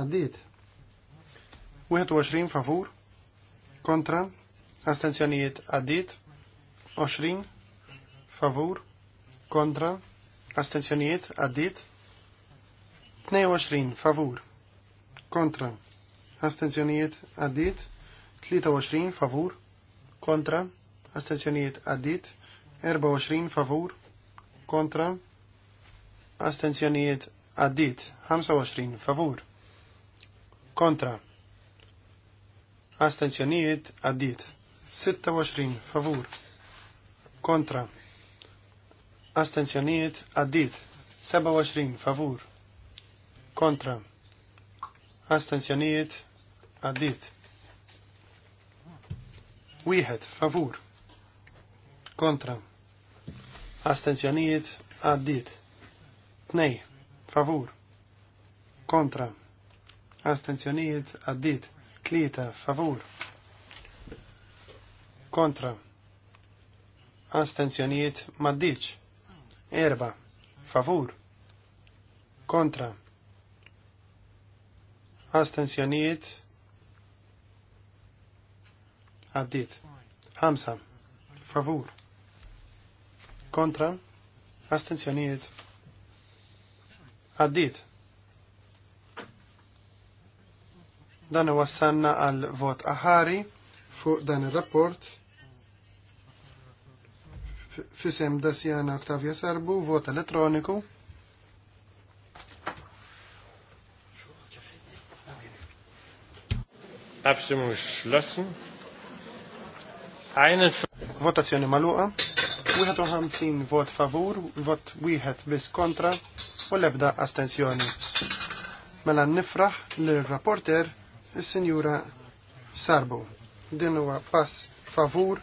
għaddit 21 favur, kontra, astenzjonijiet għaddit 20 favur, kontra, astenzjonijiet għaddit 22 favur, kontra, astenzjonijiet għaddit 23 favur, kontra, astenzjonijiet għaddit 24 favur, kontra, astenzjonijiet għaddit 25 favur kontra astenzjonijiet għaddit 26 favur kontra astenzjonijiet għaddit 27 favur kontra astenzjonijiet għaddit wieħed favur kontra astenzjonijiet għaddit Tnej, Favur. Kontra. Astenzjoniet, addit. 3. Favur. Kontra. Astenzjoniet, maddiċ. Erba, Favur. Kontra. Astenzjoniet, addit. Hamsa, Favur. Kontra. Astenzjoniet, Għaddit. Dan wassanna għal vot aħari fuq dan il rapport fisem Dasjana Oktavja Sarbu, vot elettroniku. Abstimmung geschlossen. Votazzjoni maluqa. 51 vot favur, vot wieħed bis kontra, u l-ebda astensjoni. Mela nifraħ l-rapporter il-Sinjura Sarbu. Din huwa pass favur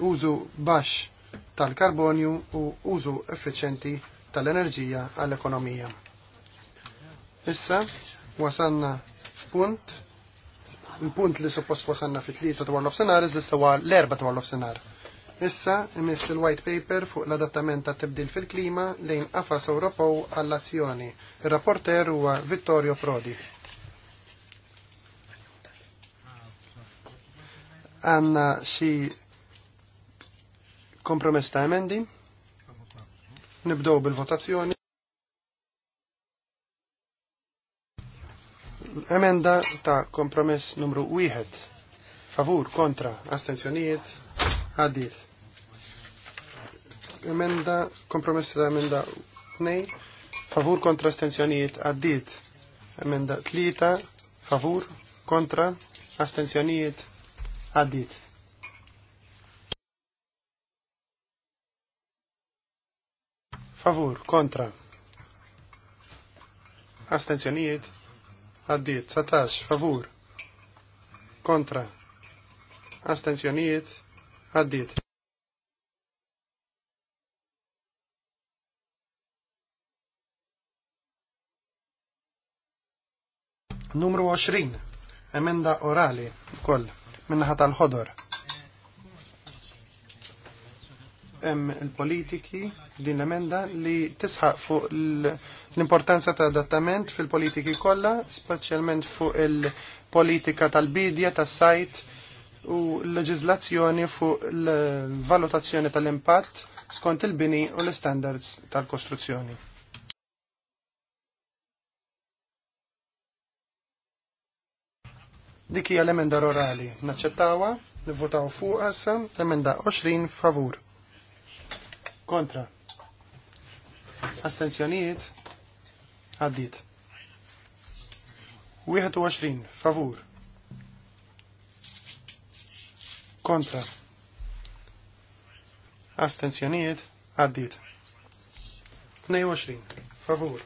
użu baxx tal-karbonju u użu effiċenti tal-enerġija għall-ekonomija. Issa, wasanna f'punt, il-punt li suppost wasanna fit-tlieta dwar l-offsenar, issa l-erba dwar l-offsenar. Issa imiss il-white paper fuq l-adattament ta' tibdil fil-klima lejn qafas Ewropew għall-azzjoni. Ir-rapporter huwa Vittorio Prodi. Għanna xi kompromess ta' emendi. Nibdow bil-votazzjoni. Emenda ta' kompromess numru 1. Favur, kontra, astenzjonijiet, għadil. Emenda, kompromessi ta' emenda 2, favur kontra astenzjonijiet għaddit. Emenda 3, favur kontra astenzjonijiet għaddit. Favur, kontra. Astenzjonijiet. Għaddiet, 19, favur. Kontra. Astenzjonijiet. Għaddiet. Numru 20. Emenda orali, koll, minnaħat tal-ħodor. Hemm il-politiki din l-emenda li tisħaq fuq l-importanza ta' adattament fil-politiki kollha, speċjalment fuq il-politika tal-bidja, tas-sajt, u l-leġizlazzjoni fuq l-valutazzjoni tal-impatt skont il-bini u l-standards tal-kostruzzjoni. Dik hija l-emenda rurali, Naċċettawha, nivvotaw fuq issa emenda 20 favur. Kontra. Astenzjonijiet? għaddit. 21 favur. kontra astenzjonijiet għaddit 22 favur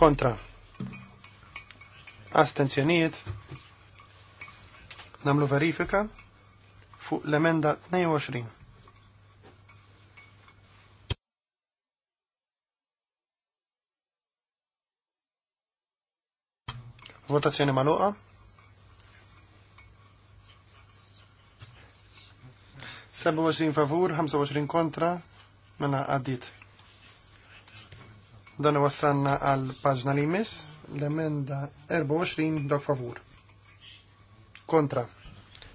kontra astenzjonijiet namlu verifika fuq l-emenda 22 Votazzjoni maluqa 27 favur, 25 kontra, mena għaddit. Dan wassanna għal paġna li jmiss, l-emenda 24 dok favur. Kontra.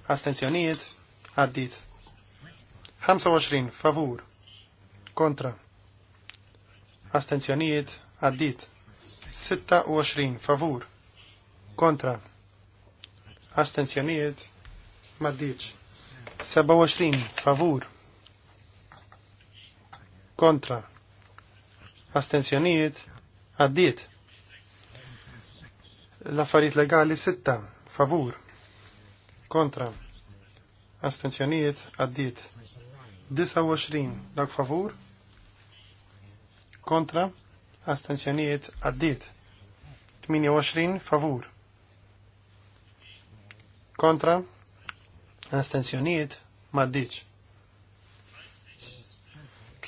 Astenzjonijiet, għaddit. 25 favur. Kontra. Astenzjonijiet, għaddit. 26 favur. Kontra. Astenzjonijiet, maddiċ. 27 favur kontra astenzjonijiet għaddiet l-affarijiet legali 6 favur kontra astenzjonijiet għaddiet 29 dak favur kontra astenzjonijiet għaddiet 28 favur kontra Astenzjonijiet maddiċ.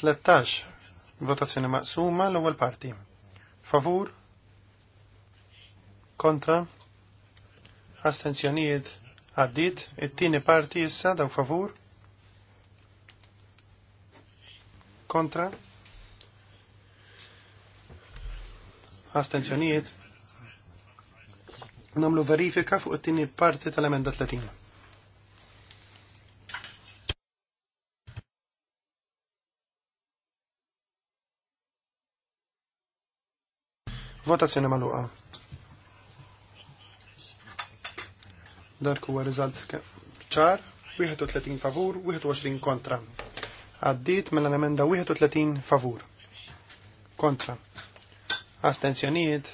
13. Votazzjoni maqsuma l-ewwel parti. Favur. Kontra. Astenzjonijiet għaddit. It-tieni parti issa daw favur. Kontra. Astenzjonijiet. Namlu verifika fuq it-tieni parti tal-emenda 30. Votazzjoni maluqa. Dark huwa rizalt ċar, 31 favur, 21 kontra. Għaddit mela l-emenda 31 favur. Kontra. Astenzjoniet.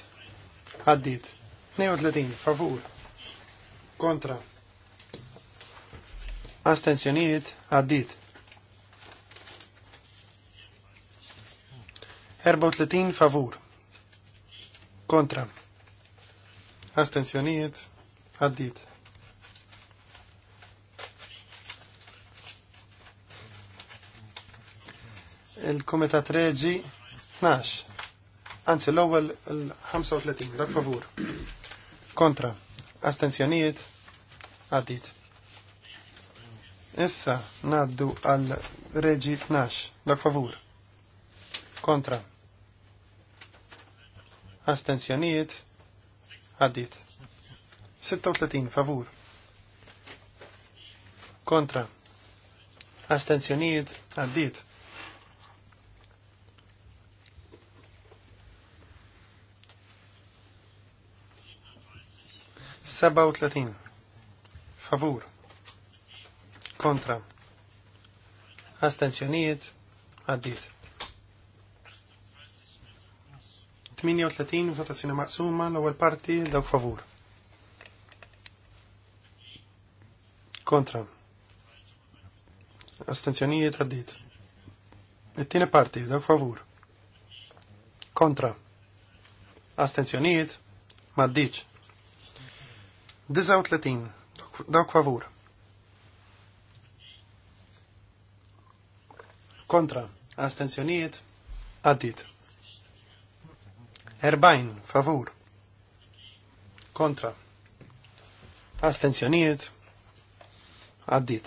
Għaddit. 32 favur. Kontra. Astenzjoniet. Għaddit. 34 favur kontra astenzjonijiet għaddit. Il-Komitat Reġi 12, anzi l ewel l-35, dak favur. Kontra, astenzjonijiet għaddit. Issa naddu għal Reġi 12, dak favur. Kontra, Astenzjonijiet? Għaddit. 36 favur. Kontra. Astenzjonijiet? Għaddit. Seba' u tletin. Favur. Kontra. Astenzjonijiet? Għaddit. 37. 38 votazzjoni maqsuma l-ewwel parti dawk favur. Kontra. Astenzjonijiet għaddit. It-tieni parti dawk favur. Kontra. Astenzjonijiet m'għaddiċ. 39 dawk favur. Kontra. Astenzjonijiet għaddit. Erbajn, favur kontra Astenzjoniet. għaddit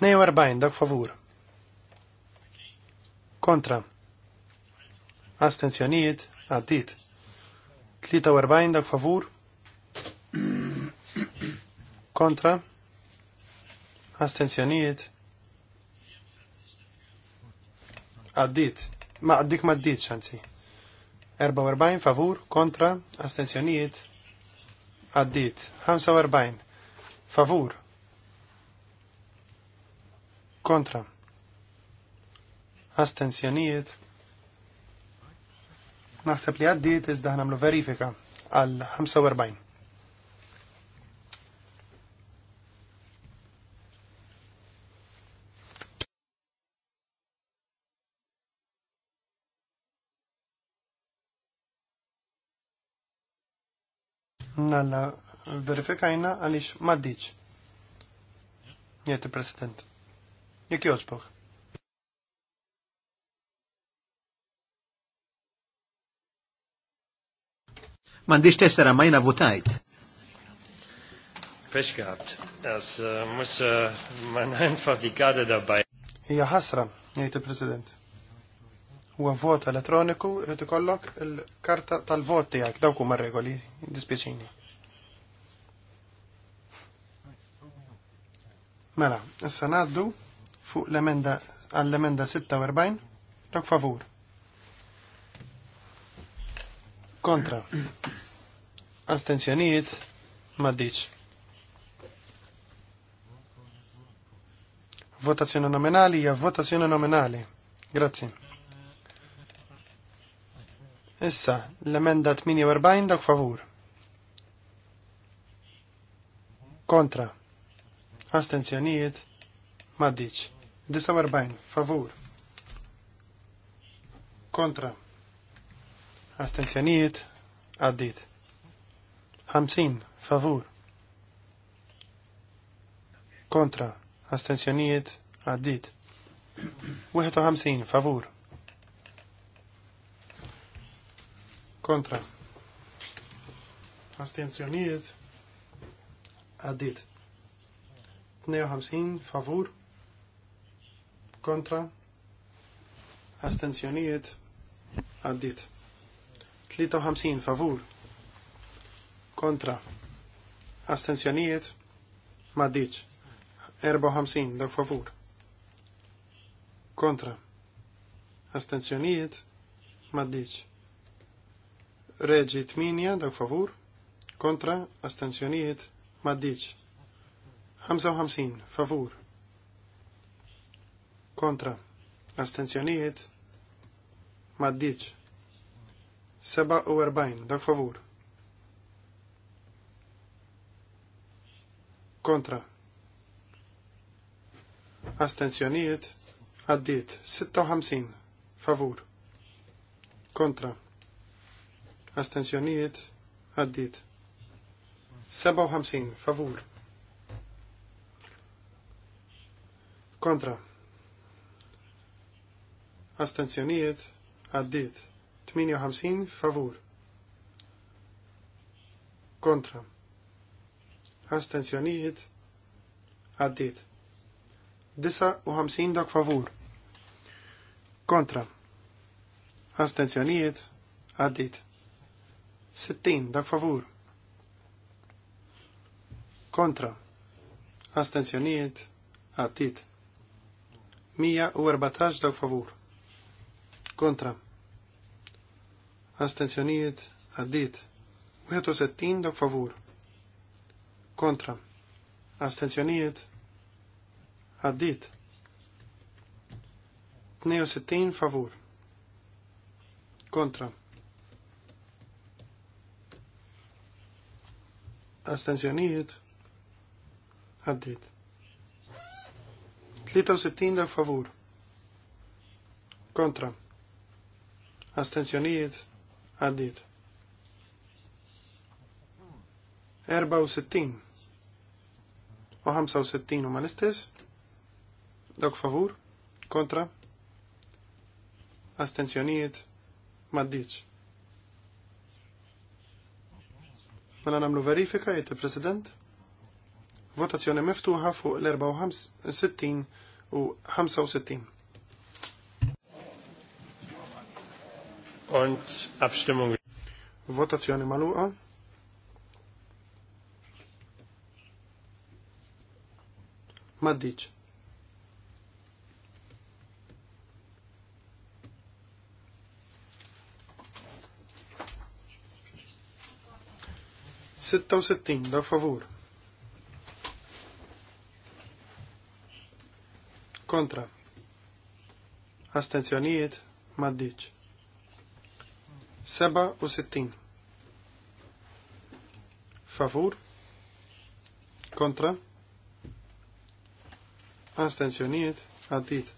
42 dak favur kontra Astenzjoniet. għaddit 43 dak favur kontra Astenzjoniet. għaddit ma għaddik ma ddit xanzi. 44 favur kontra astensjonijiet għaddit. 45 favur kontra astensjonijiet naħseb li għaddit iżda ħnamlu verifika għal 45. Nalla verifikajna għalix maddiċ. Jiet president Jek joġbok. Mandiċ tessera majna votajt. Fresh gehabt. Das uh, muss uh, man einfach die Karte dabei. Hija ħasra, jgħid president U vot elettroniku, rritu kollok il-karta tal-vot tijak, dawku marregoli, regoli Mela, issa ngħaddu fuq l-emenda għall-emenda 46 dak favur. Kontra. Astenzjonijiet maddiċ. Votazzjoni nominali hija votazzjoni nominali. Grazzi. Issa, l-emenda 48 dak favur. Kontra astenzjonijiet maddiċ. 49 favur kontra astenzjonijiet għaddit. 50 favur kontra astenzjonijiet għaddit. 51 favur kontra astenzjonijiet għaddit. 52 favur kontra astenzjonijiet għaddit 53 favur kontra astenzjonijiet maddiċ 54 dak favur kontra astenzjonijiet maddiċ reġi 8 dak favur kontra astenzjonijiet maddiċ 55 favur kontra astenzjonijiet maddiċ 47 dak favur kontra astenzjonijiet Addiet. 56 favur kontra astenzjonijiet Addiet. 57 favur Kontra. Astenzjonijiet għaddit. 58 favur. Kontra. Astenzjonijiet għaddit. 59 dak favur. Kontra. Astenzjonijiet għaddit. 60 dak favur. Kontra. Astenzjonijiet għaddit. 114 dawk favur. Kontra. Astenzjonijiet għaddit. 61 dawk favur. Kontra. Astenzjonijiet għaddit. 62 favur. Kontra. Astenzjonijiet għaddit. 63 dak favur. Kontra. Astenzjonijiet għaddiet. 64 u 65 huma l-istess. Dok favur, kontra, astenzjonijiet, maddiċ. Mela namlu verifika, jgħid il-President. Votazzjoni miftuħa fuq l-64 u 65. Und Abstimmung. Votazzjoni maluqa. Maddiċ. Sitta u sittin, da favur. kontra. Astenzjonijiet maddiċ. Seba u sittin. Favur. Kontra. Astenzjonijiet għaddit.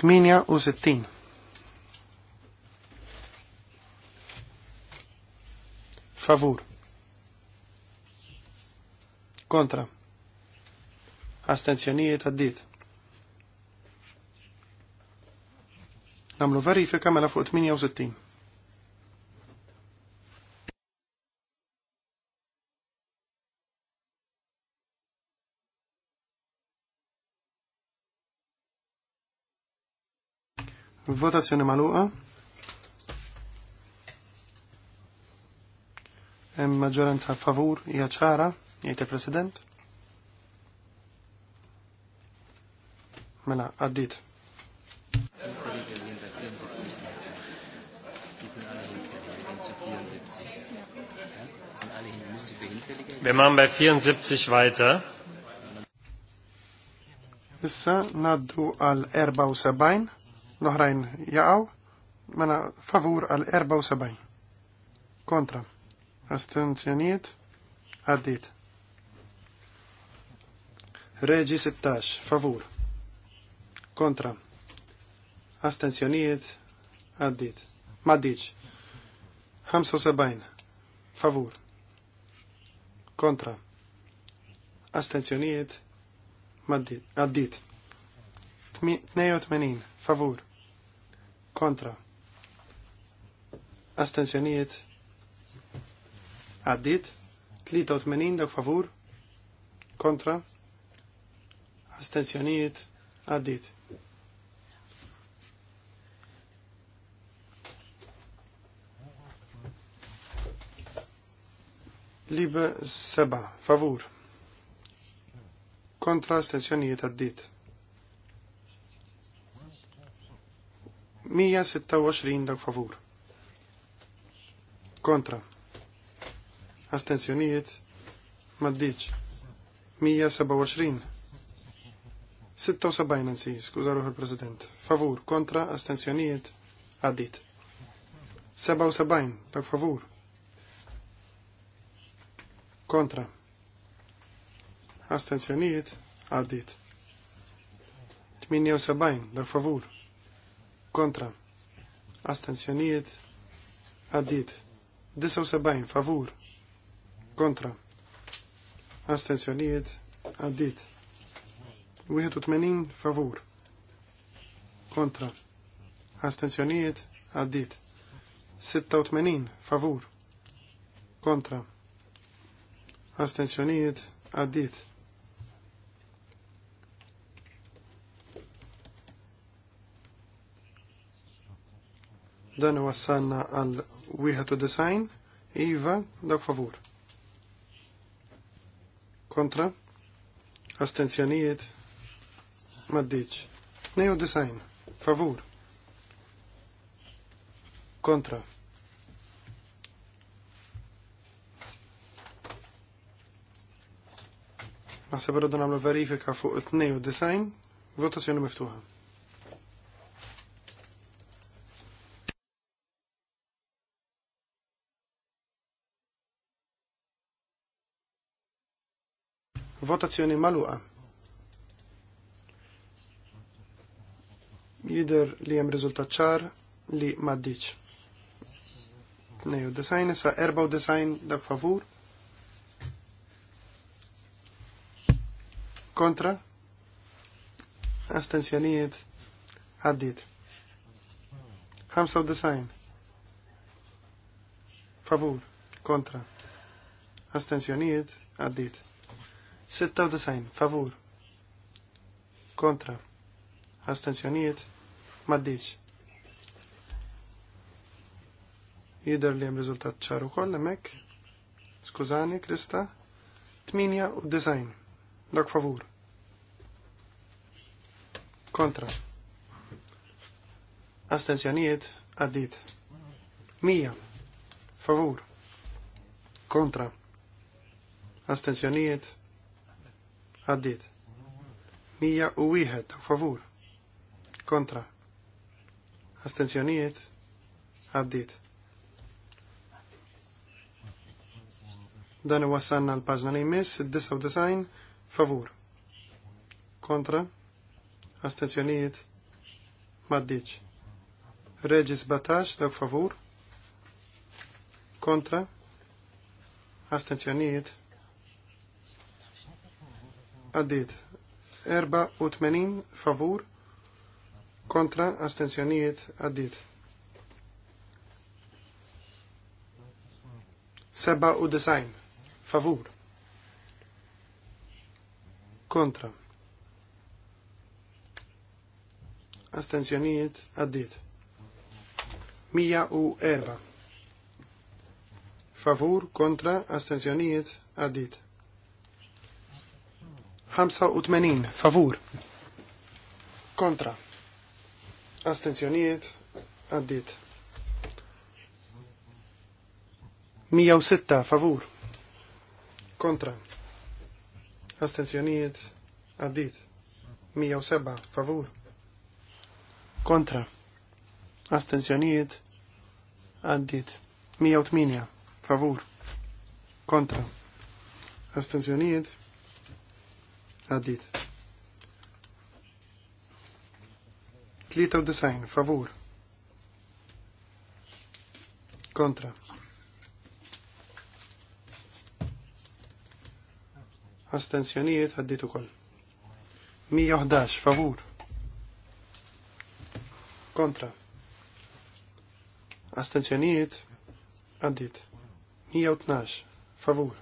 Favur. Favur kontra astenzjonijiet għaddit. Namlu verifika mela fuq 68. Votazzjoni maluqa. Hemm maġġoranza favur hija ċara jgħid il-President. Mela, għaddit. Wir machen bei 74 weiter. Issa naddu għal 74, l jaqaw, mela favur għal 74. Kontra. Astenzjoniet, għaddit. Reġi 16, favur. Kontra. Astenzjonijiet, għaddit. Maddiċ. 75, favur. Kontra. Astenzjonijiet, għaddit. 82, favur. Kontra. Astenzjonijiet, għaddit. 83 dak favur. Kontra astenzjonijiet għaddit. Libe seba, favur. Kontra astenzjonijiet għaddit. 126 dak favur. Kontra. Astenzjonijiet maddiċ. 127 76 anzi, skuża ruħu l-President. Favur, kontra, astenzjonijiet, għaddit. 77, dak favur. Kontra. Astenzjonijiet, għaddit. 78, dak favur. Kontra. Astenzjonijiet, għaddit. 79, favur. Kontra. Astenzjonijiet, għaddit. 81 favur. Kontra. Astenzjonijiet għaddit. 86 favur. Kontra. Astenzjonijiet għaddit. Dan wassanna għal 91 Iva dak favur. Kontra. Astenzjonijiet maddiċ. design. favur. Kontra. Naħseb rridu nagħmlu verifika fuq it-tnej design, votazzjoni miftuħa. Votazzjoni maluqa. Jider li jem rizultat ċar li maddiċ. 92 issa design dak favur. Kontra. Astenzjonijiet. Għaddit. 95. Favur. Kontra. Astenzjonijiet. Għaddit. design. Favur. Kontra. Astenzjonijiet maddiċ. Jider li jem rizultat ċaru koll emmek. Skużani, Krista. Tminja u design. Dok favur. Kontra. Astenzjonijiet addit. Mija. Favur. Kontra. Astenzjonijiet addit. Mija u wieħed. Favur. Kontra. Astenzjonijiet? Għaddit. Dan wassanna l-paġna li jmiss, 99, favur. Kontra? Astenzjonijiet? Maddiċ. Reġis batax, daw favur. Kontra? Astenzjonijiet? Għaddit. 84, favur kontra astenzjonijiet għaddit. Seba u design, favur, kontra, astenzjonijiet għaddit. Mija u erba, favur, kontra, astenzjonijiet għaddit. 85 favur kontra astenzjonijiet għaddit. 106 favur kontra astenzjonijiet għaddit. 107 favur kontra astenzjonijiet għaddit. 108 favur kontra astenzjonijiet għaddit. 93 favur. Kontra. Astenzjonijiet għaddit ukoll. 111 favur. Kontra. Astenzjonijiet għaddit. 112 favur.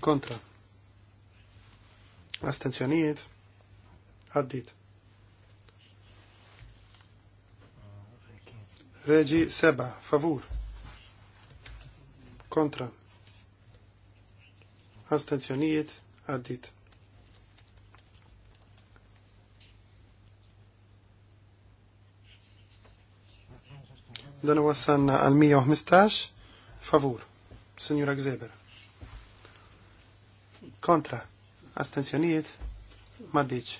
Kontra. Astenzjonijiet? Għaddit. Reġi seba, favur. Kontra. Astenzjonijiet? Għaddit. Dan wassanna għal 115 favur. Signora Gzeber. Kontra. Astenzjonijiet? maddiċ.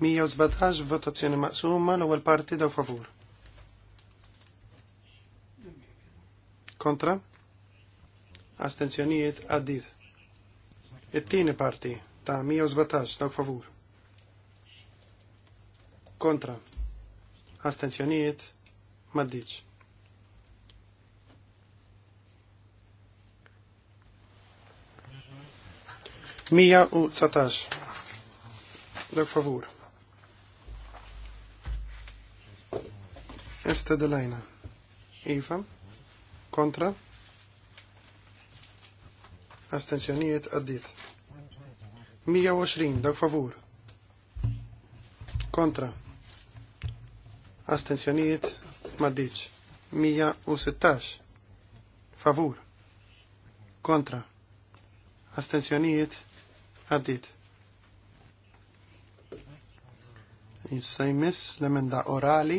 117 votazzjoni maqsuma l-ewwel parti daw favur. Kontra? Astenzjonijiet għaddit. It-tieni parti ta' 117 daw favur. Kontra. Astenzjonijiet maddiċ. 119. Dak favur. Este delajna. Eva. Kontra. Astenzjonijiet għaddit. 120. Dak favor. Kontra. Mia u 116. Favor. Kontra. maddic. Għaddit. Jissa l-emenda orali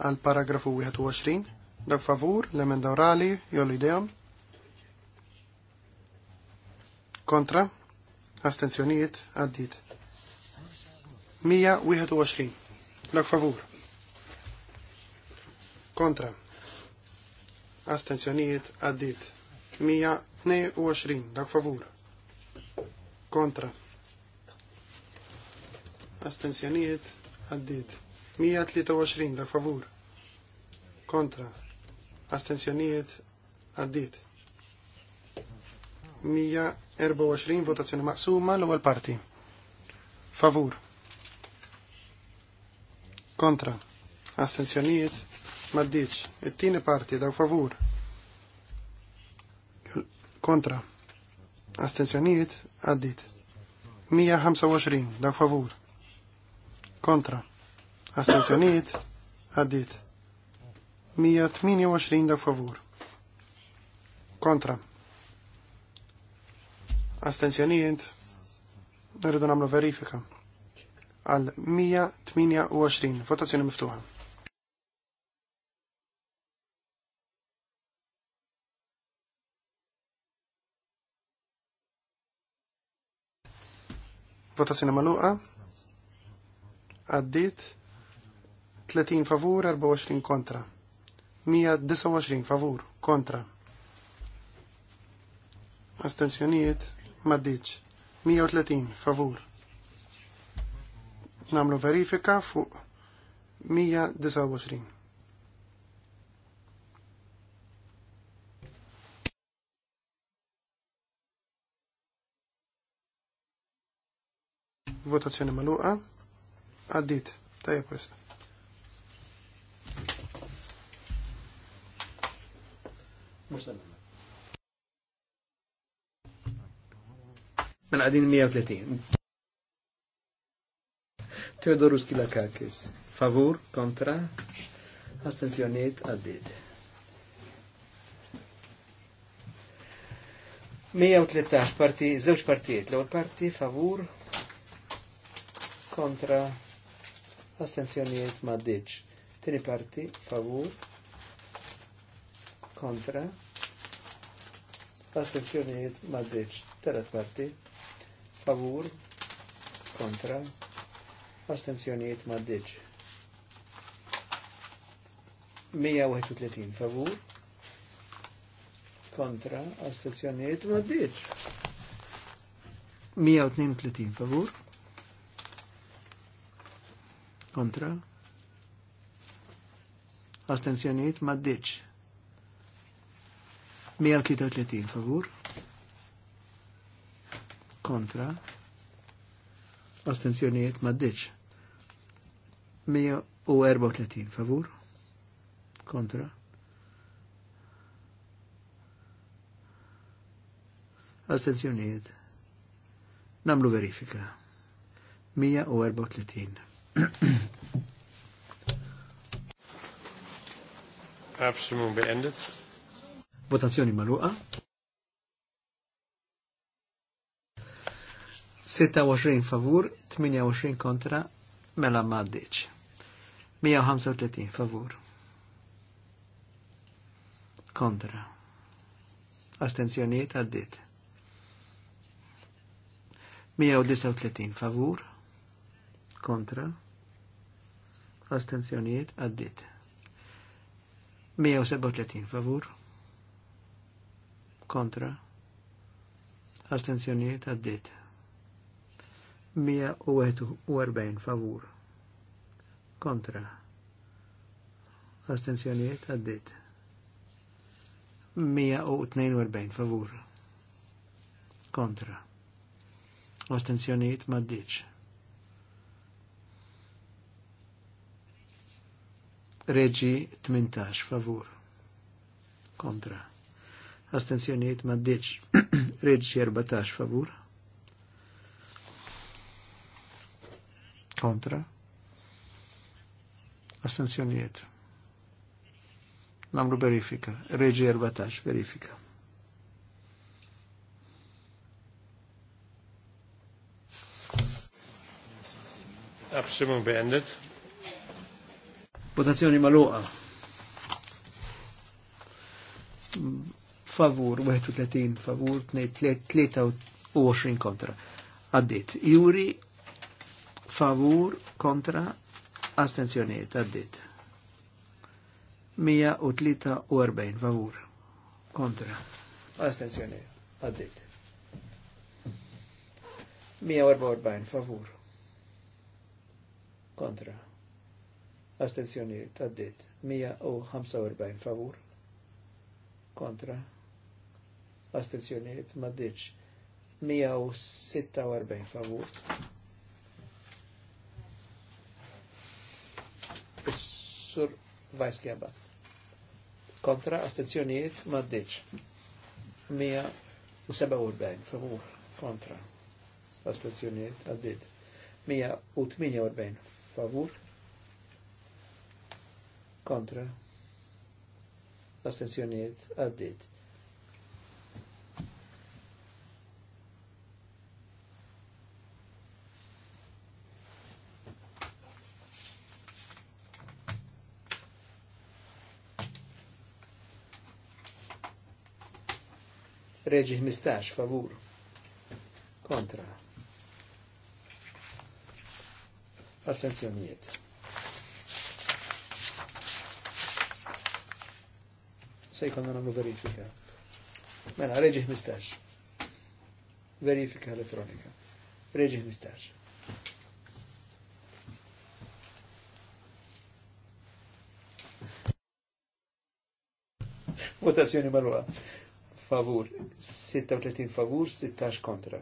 għal paragrafu 21. Dak favur, l-emenda orali, jolli idejom. Kontra, astenzjoniet, għaddit. 121. Dak favur. Kontra, astenzjoniet, għaddit. 122. Dak favur kontra. Astenzjonijiet għaddit. 123 dak favur. Kontra. Astenzjonijiet għaddit. 124 votazzjoni maqsuma l-ewwel parti. Favur. Kontra. Astenzjonijiet maddiċ. It-tieni parti da favur. Kontra. Astenzjonijiet għaddit. 125 dak favur. Kontra. Astenzjonijiet għaddit. 128 dak favur. Kontra. Astenzjonijiet Nerridu namlu verifika għal 128 votazzjoni miftuħa. Votazzjoni maluqa. Għaddit. 30 favur, 24 kontra. 129 favur, kontra. Astenzjonijiet, maddiċ. 130 favur. Namlu verifika fuq 129. Votazzjoni maluqa. Għaddit. Tajja questa. Mela għadin 130. Teodorus Kilakakis. Favur, kontra, astenzjoniet għaddit. 113 parti, zewġ partijiet, l-ewwel parti favur, kontra astensjonijiet ma ddiċ. Tini parti favur kontra astensjonijiet ma ddiċ. parti favur kontra astensjonijiet ma ddiċ. 131 favur kontra astensjonijiet ma ddiċ. 132 favur kontra astenzjoniet ma maddiċ 133 favur kontra astenzjoniet ma maddiċ 134 favur kontra astenzjoniet namlu verifika 134 Abstimmung beendet. Votazzjoni maluqa. 26 favur, 28 kontra, mela ma ddeċ. 135 favur. Kontra. Astenzjoniet għaddit. 139 favur kontra astenzjoniet għaddit 137 favur kontra astenzjoniet għaddit 141 favur kontra astenzjoniet għaddit 142 favur kontra astenzjonijiet maddiċ Reġi 18 favur. Kontra. Astenzjoniet ma d-deċ. Reġi 14 favur. Kontra. Astenzjoniet. Namru verifika. Reġi 14 verifika. Abstimmung beendet. Votazzjoni maluqa. Favur, 31 favur, 23 kontra. Għaddit. Juri, favur, kontra, astenzjoniet, għaddit. 143 favur, kontra, astenzjoniet, għaddit. 144 favur, kontra, astenzjoni taddit 145 favur kontra astenzjoniet maddiċ 146 favur sur Vice Gabba kontra astenzjoniet maddiċ 147 favur kontra astenzjoniet għaddit 148 favur kontra l astenzjoniet għaddit. Reġi 15, favur. Kontra. Astenzjoniet. se jkollna nagħmlu verifika. Mela, reġi 15. Verifika elektronika. Reġi 15. Votazzjoni marwa. Favur, 36 favur, 16 kontra.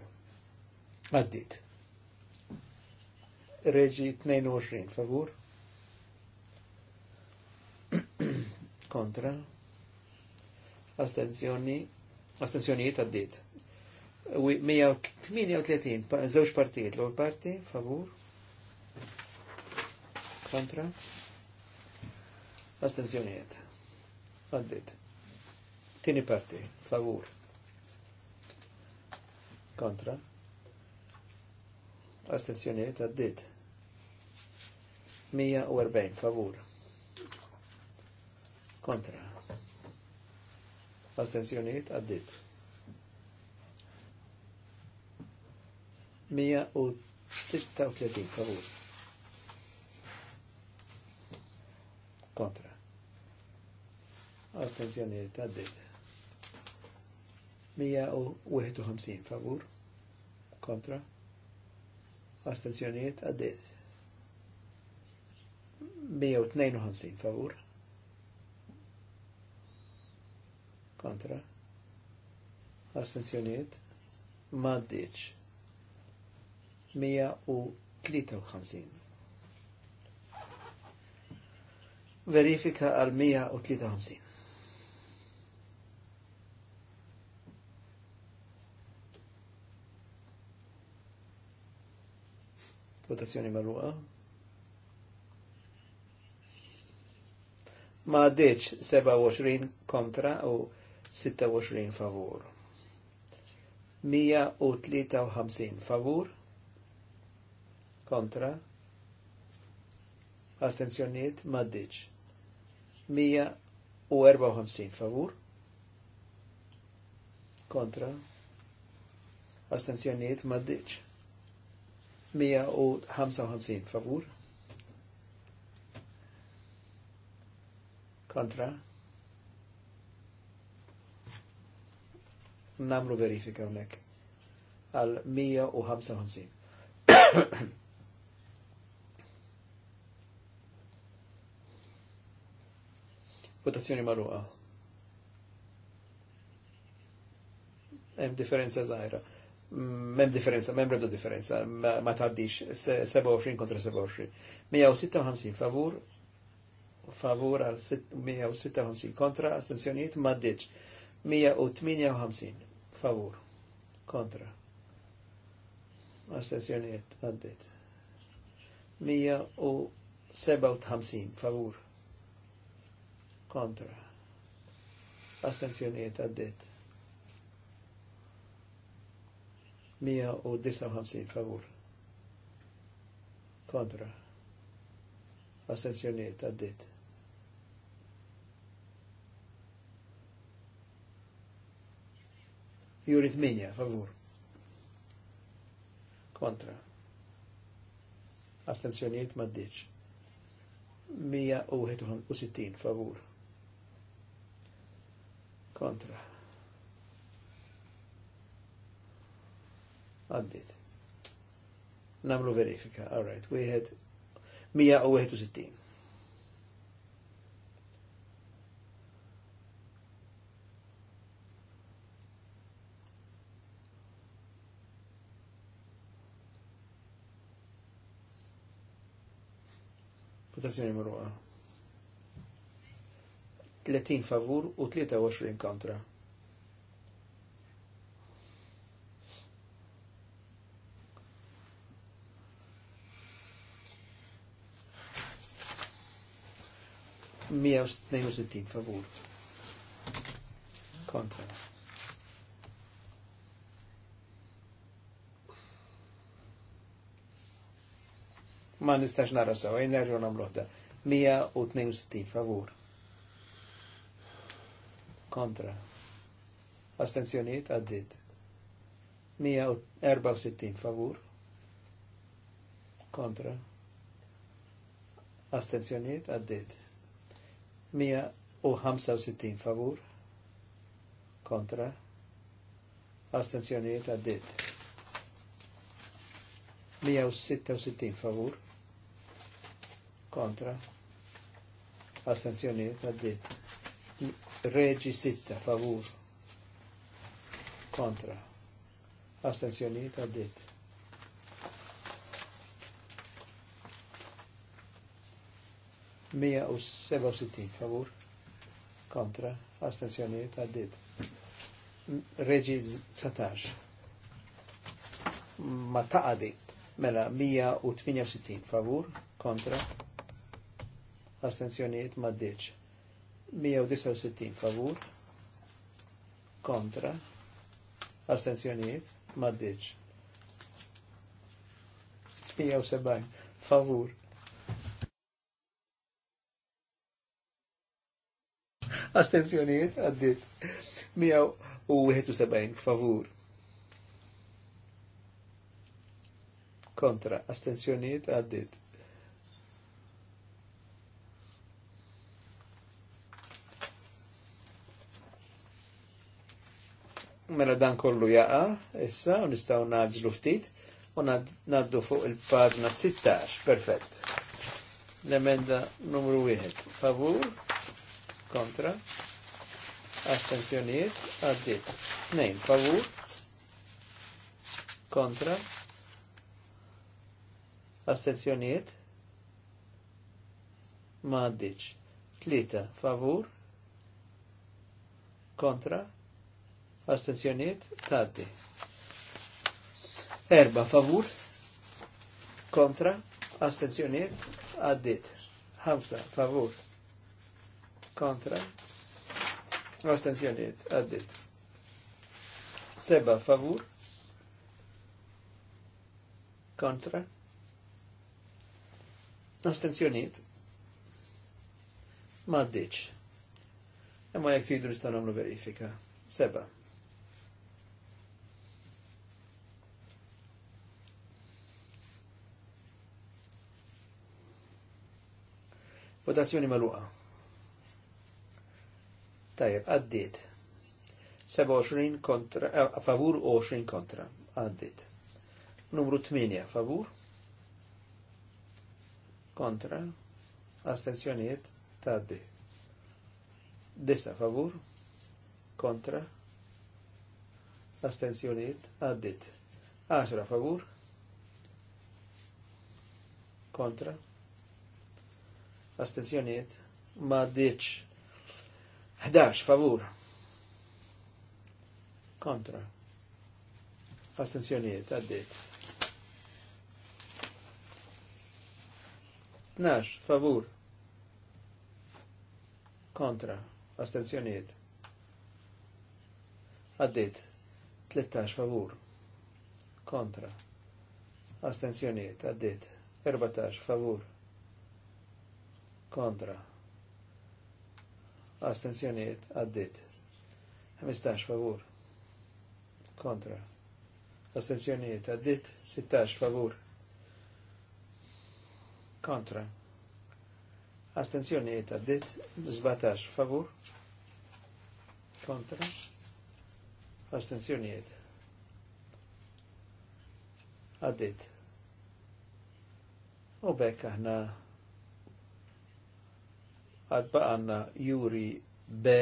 Għaddit. Reġi 22 favur. kontra astenzjoni, astenzjonijiet għaddit. 138, zewġ partijiet, l-għol parti, favur, kontra, astenzjonijiet, għaddit. Tini parti, favur, kontra, astenzjonijiet, għaddit. 140, favur, kontra, astensjonijiet għaddit. 136 favur. Kontra. Astenzjoniet għaddit. 151 favur. Kontra. Astenzjoniet għaddit. 152 favur. Kontra. kontra astenzjoniet maddiċ 153 verifika għal 153 votazzjoni marruqa. Ma għaddiċ 27 kontra u 26 favur. 153 favur kontra astenzjoniet maddiċ. 154 favur kontra astenzjoniet maddiċ. 155 favur kontra namlu verifika unek għal 155. Votazzjoni marruqa. Hemm differenza żgħira. Mem differenza, m'hemm rebda differenza, ma, tgħaddix taħdix, 27 kontra 27. 156 favur, favur għal 156 kontra, astenzjoniet ma u 158 favur, kontra, astensjoniet, għaddit. 157 favur, kontra, astensjoniet, għaddit. 159 favur, kontra, astensjoniet, għaddit. Juri 8, favur. Kontra. Astenzjoniet maddiċ. 161, favur. Kontra. Għaddit. Namlu verifika, all right. Wieħed 161. Votazzjoni marruqa. 30 favur u 23 kontra. Mija u 62 favur. Kontra. ma nistax nara sew, jien nerġu namluħda. 162 favur. Kontra. Astenzjoniet għaddit. 164 favur. Kontra. Astenzjoniet għaddit. 165 favur. Kontra. Astenzjoniet għaddit. 166 favur kontra astenzjoniet għaddit. Reġi sitta favur kontra astenzjoniet għaddit. Mija u seba' sittin favur kontra astenzjoniet għaddit. Reġi 19 ma taqadit mela sittin. favur kontra l-astenzjoni jitmaddiċ. 169 favur kontra astenzjonijiet maddiċ. 170 favur astenzjonijiet għaddit 171 favur kontra astenzjonijiet għaddit mela dan kollu jaqa, issa, u nistaw naġlu ftit, u naddu fuq il-pagna 16, perfett. L-emenda numru 1, favur, kontra, astensjoniet, għaddit. nejn, favur, kontra, astensjoniet, ma għaddiċ. tlita, favur, kontra, astenzjoniet taddi. Erba favur kontra astenzjoniet għaddit. Hamsa favur kontra astenzjoniet għaddit. Seba favur kontra astenzjoniet maddiċ. Ma jek tidu nistaw verifika. Seba. Votazzjoni maluqa. Tajjeb, għaddit. 27 kontra, eh, a favur 20 kontra. Għaddit. Numru 8, favur. Kontra. Astenzjoniet, taddi. Dessa, favur. Kontra. Astenzjoniet, għaddit. 10 favur. Kontra astenzjoniet ma ditx 11 favur kontra astenzjoniet għaddit 12 favur kontra astenzjoniet għaddit 13 favur kontra astenzjoniet għaddit 14 favur Kontra kontra astenzjoniet għaddit 15 favur kontra astenzjoniet għaddit 16 favur kontra astenzjoniet għaddit 17 favur kontra astenzjoniet għaddit u bekk aħna għadba għanna juri B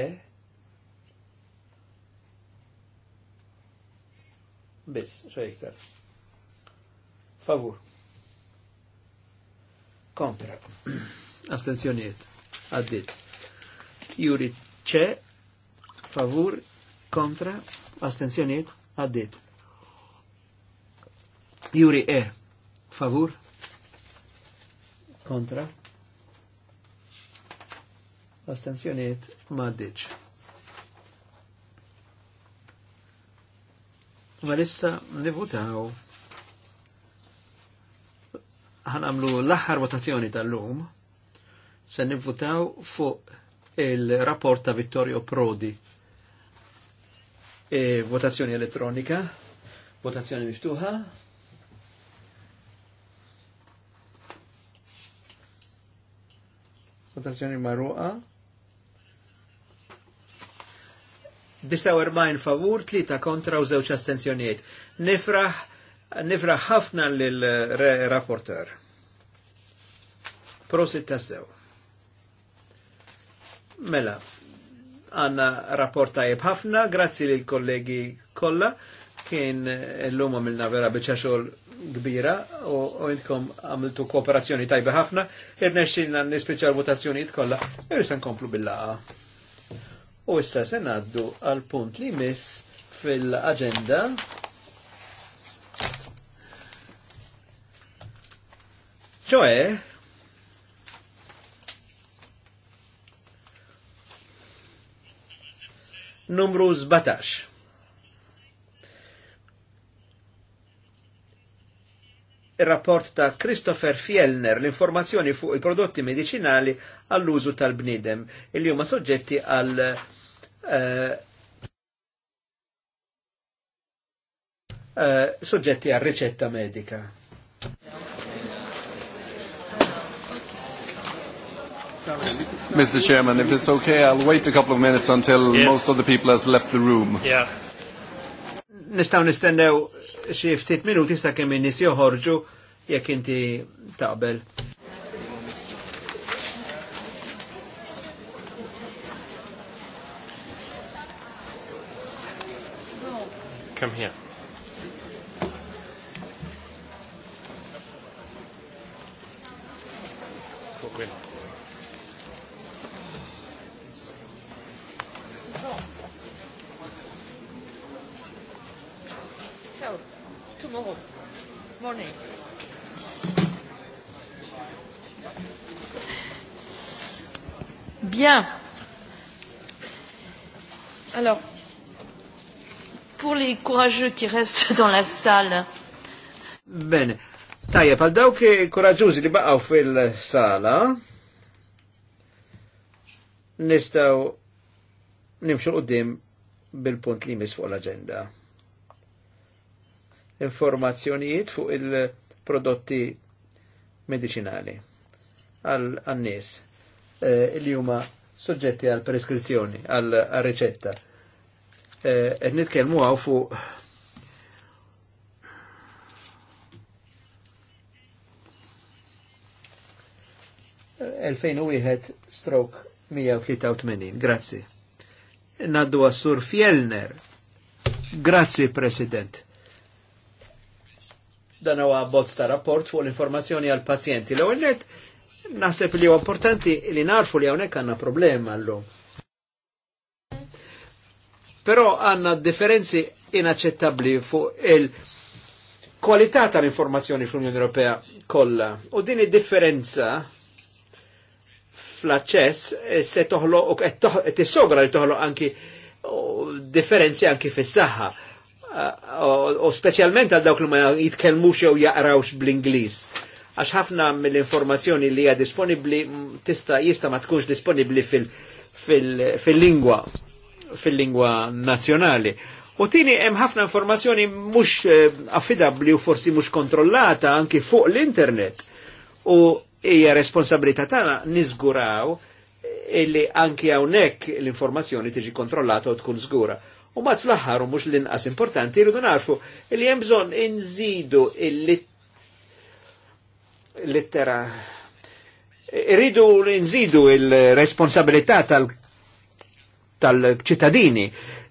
bis, xejktar. Favur. Kontra. Astenzjoniet. Għaddit. Juri C. Favur. Kontra. Astenzjoniet. Għaddit. Juri E. Favur. Kontra astenzjoniet maddiċ. Ma issa nivutaw għamlu l-aħħar votazzjoni tal-lum se nivutaw fuq il-rapport ta' Vittorio Prodi. E votazzjoni elettronika, votazzjoni miftuħa, votazzjoni marruqa, 49 favur, 3 kontra u żewġ astenzjonijiet. Nifraħ nifraħ ħafna lill-rapporter. Prosit tassew. Mela, għanna rapport tajib ħafna, grazzi l kollegi kolla, kien l-lum għamilna vera bieċa xol kbira u intkom għamiltu kooperazzjoni tajba ħafna, irnexxilna n-nispeċal votazzjoni kolla, jirisan komplu bil-laqa. U issa se ngħaddu għal punt li miss fil-aġenda ċoe numru 17. il-rapport ta' Christopher Fjellner l-informazzjoni fuq il-prodotti medicinali għall-użu tal-bnidem, il-li huma soġġetti għal uh, uh, soġġetti għal riċetta medika. Mr. Chairman, if it's okay, I'll wait a couple of minutes until yes. most of the people has left the room. Yeah nistaw nistennew xie ftit minuti sa kemm in-nies joħorġu jekk inti taqbel. Come here. morning. Bien. Alors, pour les courageux qui restent dans la salle. Bene. Tajja, pal dawk koraġużi li baqaw fil-sala, nistaw nimxu qoddim bil-punt li mis fuq l-agenda informazzjonijiet fuq il-prodotti medicinali għal-annis eh, li huma soġġetti għal preskrizzjoni, għal ricetta. Eh, Ed nitkellmu għaw fu stroke 183. Grazzi. Naddu għassur Fjellner. Grazzi, President dan huwa bozz ta' rapport fuq l-informazzjoni għal pazjenti. L-ewwel net naħseb li huwa importanti li narfu li hawnhekk għandna problema llum. Però għandna differenzi inaċċettabbli fuq il- kwalità tal-informazzjoni fl-Unjoni Ewropea kollha. U din id-differenza fl-aċċess eh, se toħloq qed tissogra li toħloq anki oh, differenzi anki fis-saħħa u eh, specialment għal dawk li ma jitkellmux jew jaqrawx bl-Ingliż. Għax ħafna mill-informazzjoni li hija disponibbli tista' jista' ma tkunx disponibbli fil-lingwa fil-lingwa nazzjonali. U tini hemm ħafna informazzjoni mhux eh, affidabbli u forsi mhux kontrollata anki fuq l-internet. U hija responsabilità tagħna niżguraw illi anki hawnhekk l-informazzjoni tiġi kontrollata u tkun żgura U mat fl-aħħar u mhux l-inqas importanti rridu narfu li hemm bżonn inżidu il-littera Rridu nżidu il-responsabilità tal-ċittadini,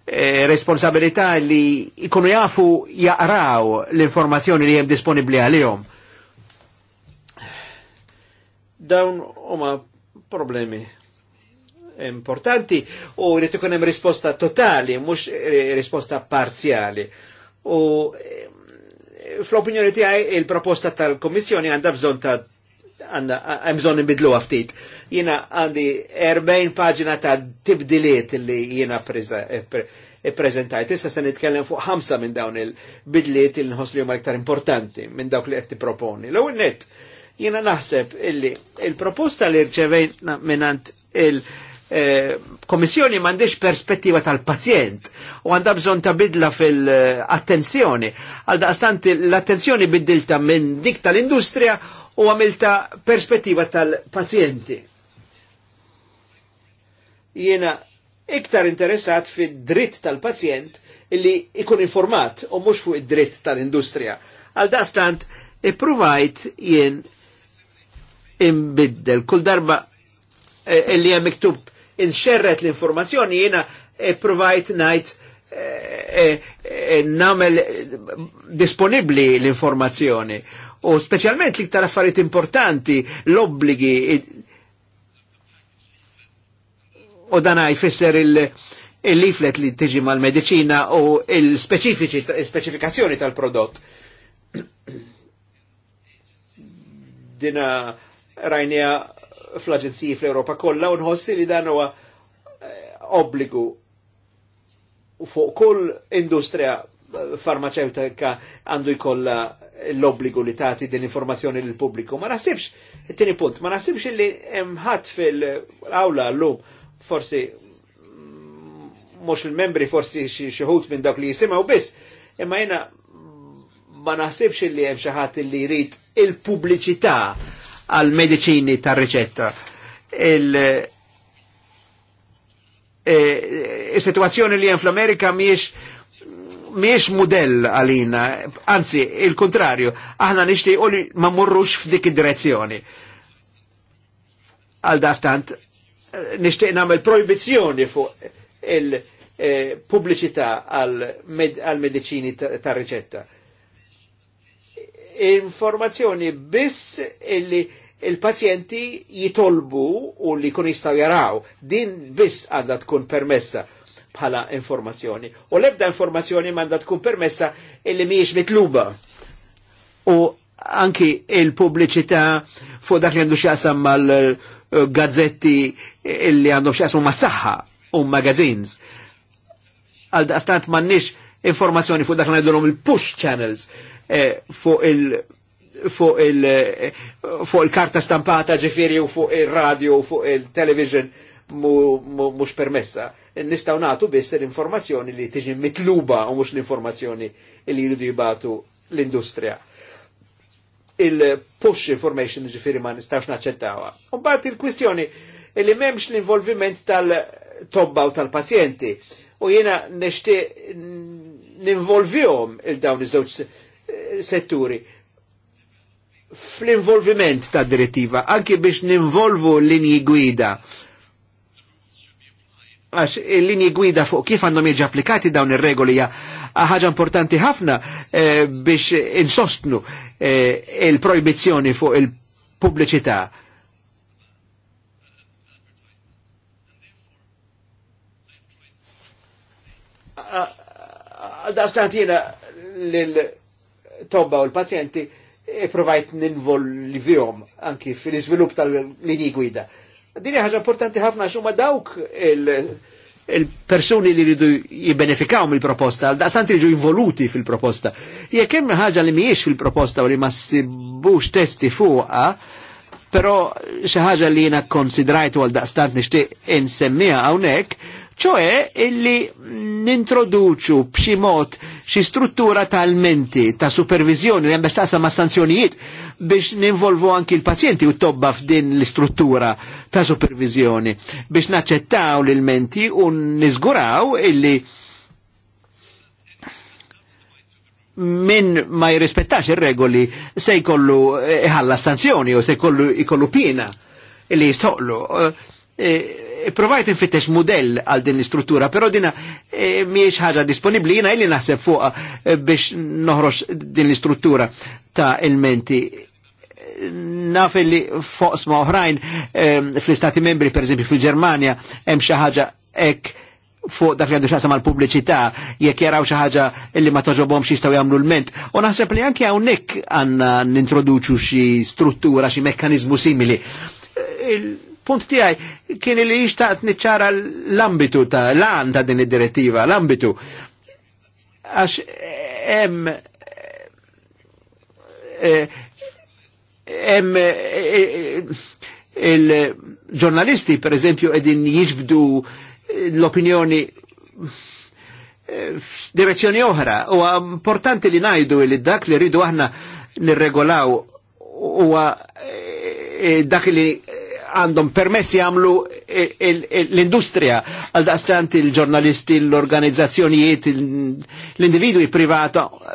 e, responsabilità li ikunu jafu jaqraw l-informazzjoni li hemm disponibbli għalihom. Dawn huma problemi importanti u rrit ikun hemm risposta totali, mhux eh, risposta parzjali. U eh, fl-opinjoni tiegħi il-proposta tal-Kommissjoni għandha bżonn ta' għandha hemm bżonn inbidluha ftit. Jiena għandi 40 paġina ta' tibdiliet li jiena eh, prezentajt. Issa se nitkellem fuq ħamsa minn dawn il-bidliet il nħoss li huma iktar importanti minn dawk li qed tipproponi. L-ewwel nett jiena naħseb illi il-proposta li rċevejna minant il-, -il Eh, komissjoni mandiġ perspettiva tal-pazjent u għandha bżon ta' bidla fil-attenzjoni. Għal daqstant l-attenzjoni biddilta minn dik tal-industrija u għamilta perspettiva tal-pazjenti. Jiena iktar interessat fid dritt tal-pazjent illi ikun informat u mux fuq id-dritt tal-industrija. Għal daqstant, i-provajt jien imbiddel kull darba eh, illi hemm miktub inxerret l-informazzjoni jena e provajt najt eh, eh, namel disponibli l-informazzjoni u specialment liktar affarijiet importanti l-obbligi u danaj fisser il- il-leaflet li tiġi mal-medicina u il specifikazzjoni tal-prodott. Dina rajnija fl-aġenziji fl-Europa kollha u nħossi li dan huwa eh, obbligu fuq kull industrija farmaceutika għandu jkollha l-obbligu li tagħti din informazzjoni lil pubbliku. Ma naħsibx, it-tieni punt, ma nasibx li hemm ħadd fil-awla llum forsi mhux il-membri forsi xi ħut minn dawk li jisimgħu biss, imma jiena ma naħsibx li hemm xi ħadd li jrid il-pubbliċità għal medicini ta' ricetta Il-situazzjoni e, e, li jen fl-Amerika miex miex modell għalina, anzi, il-kontrarju, aħna nishti u li ma murrux f'dik id-direzzjoni. Għal dastant, nishtiq namel proibizjoni fuq il-pubbliċità e, għal-medicini ta' riċetta informazzjoni biss illi il-pazjenti jitolbu u li kun jistaw jaraw. Din biss għadda tkun permessa bħala informazzjoni. U lebda informazzjoni manda tkun permessa illi miex mitluba. U anki il-pubbliċità fuq dak li għandu xasam mal-gazzetti illi għandu xasam ma' saħħa u magazines. Għal daqstant mannix informazzjoni fuq dak li għandhom il-push channels Eh, fuq il- fuq il- eh, fuq il-karta stampata ġifiri u fuq il-radio u fuq il-television mux permessa. Nistaw natu biss l-informazzjoni li tiġi mitluba u mux l-informazzjoni li jridu jibatu l industria Il-push information ġifiri ma nistawx naċċettawa. U bat il-kwistjoni li memx l-involviment tal-tobba u tal-pazjenti. U jena nishti ninvolvjom il-dawn iż-żewġ setturi fl-involviment ta' direttiva, anki biex ninvolvu l-linji gwida. Għax l-linji gwida fuq kif għandhom jieġi applikati dawn ir-regoli ħaġa importanti ħafna biex insostnu il-proibizzjoni fuq il-pubbliċità. Għal-dastant jena l- tobba u l-pazjenti e provajt ninvolvihom anki fil-iżvilupp tal-linji gwida. Dini ħaġa importanti ħafna xumma dawk il-persuni il li ridu jibbenefikaw mill-proposta, da santi ġu involuti fil-proposta. Jekk hemm ħaġa li mhijiex fil-proposta u li ma sibux testi fuqa, però xi ħaġa li jiena konsidrajtu għal daqstant nixtieq insemmija hawnhekk, ċoe illi nintroduċu b'xi mod xi struttura tal-menti ta' supervizjoni jem biex taqsam ma' sanzjonijiet biex ninvolvu anki l-pazjenti u tobba f'din l-istruttura ta' supervizjoni biex naċċettaw l-menti u nizguraw illi min ma jirrispettax il regoli se jkollu eh, iħalla sanzjoni u se jkollu pina illi jistoqlu. E, eh, eh, provajt nfittex model għal din l-istruttura, pero dina eh, miex ħaġa disponibli jina illi naħseb fuqa eh, biex noħroġ din l-istruttura ta' il-menti naf li fuq sma oħrajn e, fl-istati membri, per eżempju fil-Germania, hemm xi ħaġa ek fuq dak li għandu xasam għal-publiċità, jekk jaraw xi ħaġa li ma toġobhom xi jistgħu jagħmlu l-ment. U naħseb li anke hawnhekk għandna nintroduċu xi struttura, xi mekkaniżmu simili punt tiegħi kien li jixtaqt niċara l-ambitu ta' l an ta' din id-direttiva, l-ambitu. Għax em eh, em eh, eh, il-ġurnalisti per eżempju edin jiġbdu l-opinjoni direzzjoni oħra. U importanti li najdu li dak li rridu aħna nirregolaw huwa dak li għandhom permessi għamlu e, e, e, l-industrija għal daqstant il-ġurnalisti, l-organizzazzjonijiet, l-individwi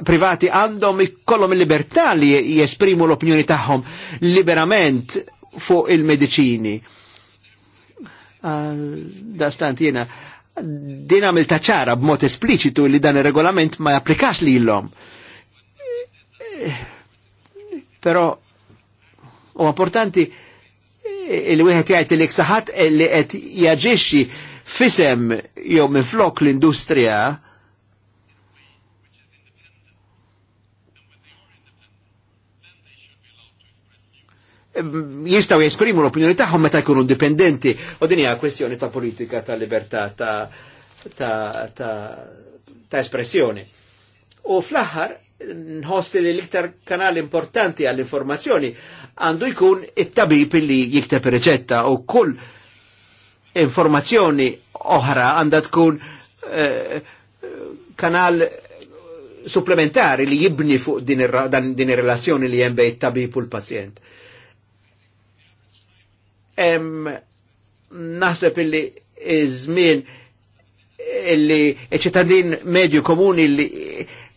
privati għandhom kollom il-libertà li jesprimu l-opinjoni tagħhom liberament fuq il-medicini. Daqstant jena din għamil taċara b'mod espliċitu li dan il-regolament ma japplikax li l-lom. Pero, u importanti, il-wieħed jgħid il saħat li qed jaġixxi fisem jew minn flok l-industrija jistaw jesprimu l-opinjoni tagħhom meta jkunu indipendenti u din hija kwestjoni ta' politika ta' libertà ta' ta', ta, ta espressjoni. U fl-aħħar nħossi li l-iktar kanal importanti għall-informazzjoni għandu jkun it-tabib li jikteb reċetta u kull informazzjoni oħra għandha tkun eh, kanal supplementari li jibni fuq din ir-relazzjoni li hemm bejn tabib u l-pazjent. Naħseb illi iż-żmien illi ċittadin medju komuni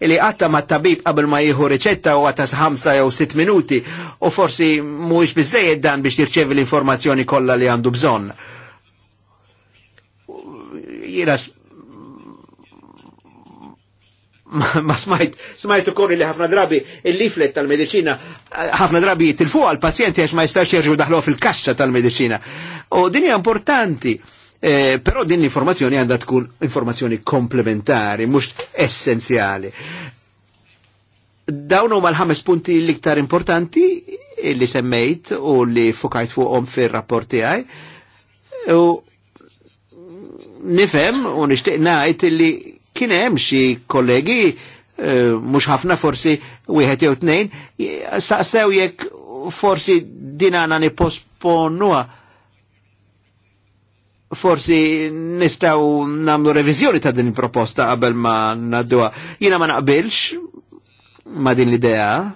illi għatta ma tabib qabel ma jieħu riċetta u għatta 5 jew 6 minuti u forsi mhuwiex biżejjed dan biex tirċevi l-informazzjoni kollha li għandu bżonn. Jiena ma smajt, smajt ukoll li ħafna drabi il-leaflet tal-medicina, ħafna drabi jitilfu għal-pazjenti għax ma jistax jirġu daħlu fil-kaxxa tal-medicina. U dinja importanti Eh, però din l-informazzjoni għandha tkun informazzjoni komplementari, mhux essenzjali. Dawn huma l-ħames punti l-iktar importanti li semmejt u li fukajt fuqhom fir-rapport tiegħi. U nifhem u nixtieq ngħid li kien hemm xi kollegi eh, mhux ħafna forsi wieħed jew tnejn, saqsew jekk forsi din għana niposponuha forsi nistaw namlu revizjoni ta' din il-proposta qabel ma naddua. Jina ma naqbilx ma din l-idea